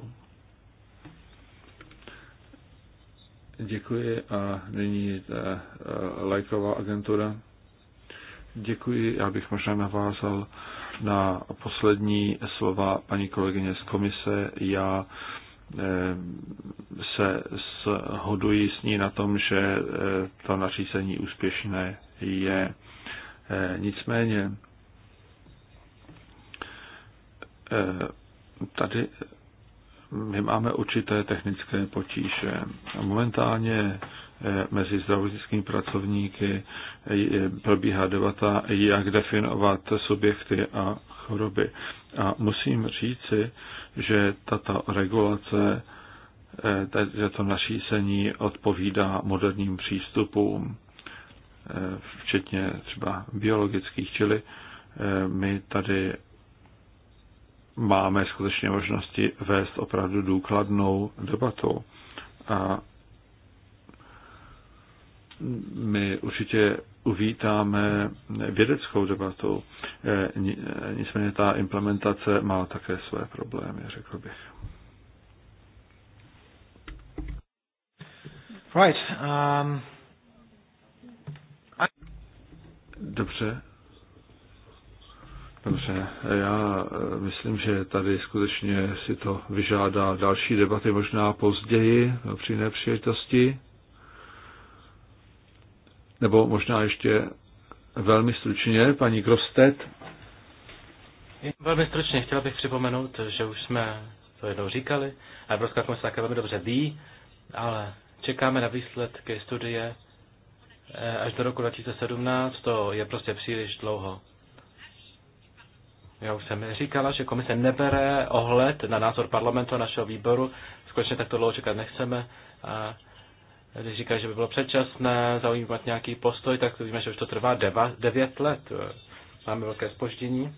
Děkuji a nyní ta eh, eh, lajková agentura. Děkuji, já bych možná navázal na poslední slova paní kolegyně z komise. Já eh, se shoduji s ní na tom, že to nařízení úspěšné je. Nicméně tady eh, my máme určité technické potíže. Momentálně eh, mezi zdravotnickými pracovníky eh, probíhá debata, jak definovat subjekty a choroby. A musím říci, že tato regulace, že to nařízení odpovídá moderním přístupům, včetně třeba biologických, čili my tady máme skutečně možnosti vést opravdu důkladnou debatu. A my určitě uvítáme vědeckou debatu, e, e, nicméně ta implementace má také své problémy, řekl bych. Right. Um, I... Dobře, Dobře, já eh, myslím, že tady skutečně si to vyžádá další debaty, možná později, při jiné příležitosti. Nebo možná ještě velmi stručně, paní Grostet. Velmi stručně, chtěla bych připomenout, že už jsme to jednou říkali, a Evropská komise také velmi dobře ví, ale čekáme na výsledky studie eh, až do roku 2017, to je prostě příliš dlouho. Já už jsem říkala, že komise nebere ohled na názor parlamentu a našeho výboru. Skutečně tak to dlouho čekat nechceme. A když říká, že by bylo předčasné zaujímat nějaký postoj, tak víme, že už to trvá deva, devět let. Máme velké spoždění.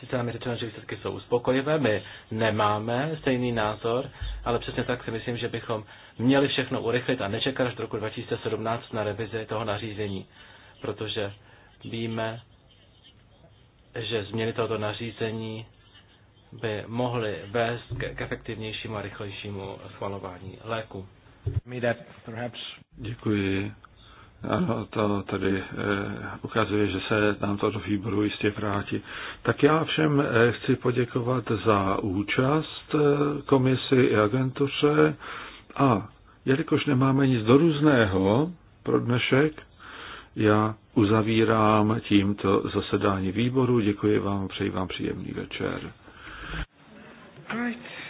Sice nám je řečeno, že výsledky jsou uspokojivé, my nemáme stejný názor, ale přesně tak si myslím, že bychom měli všechno urychlit a nečekat až do roku 2017 na revizi toho nařízení, protože víme, že změny tohoto nařízení by mohly vést k efektivnějšímu a rychlejšímu schvalování léku. Děkuji. Ano, to tady e, eh, ukazuje, že se nám to do výboru jistě vrátí. Tak já všem e, chci poděkovat za účast e, komisi i agentuře a jelikož nemáme nic do různého pro dnešek, já uzavírám tímto zasedání výboru. Děkuji vám, přeji vám příjemný večer. Right.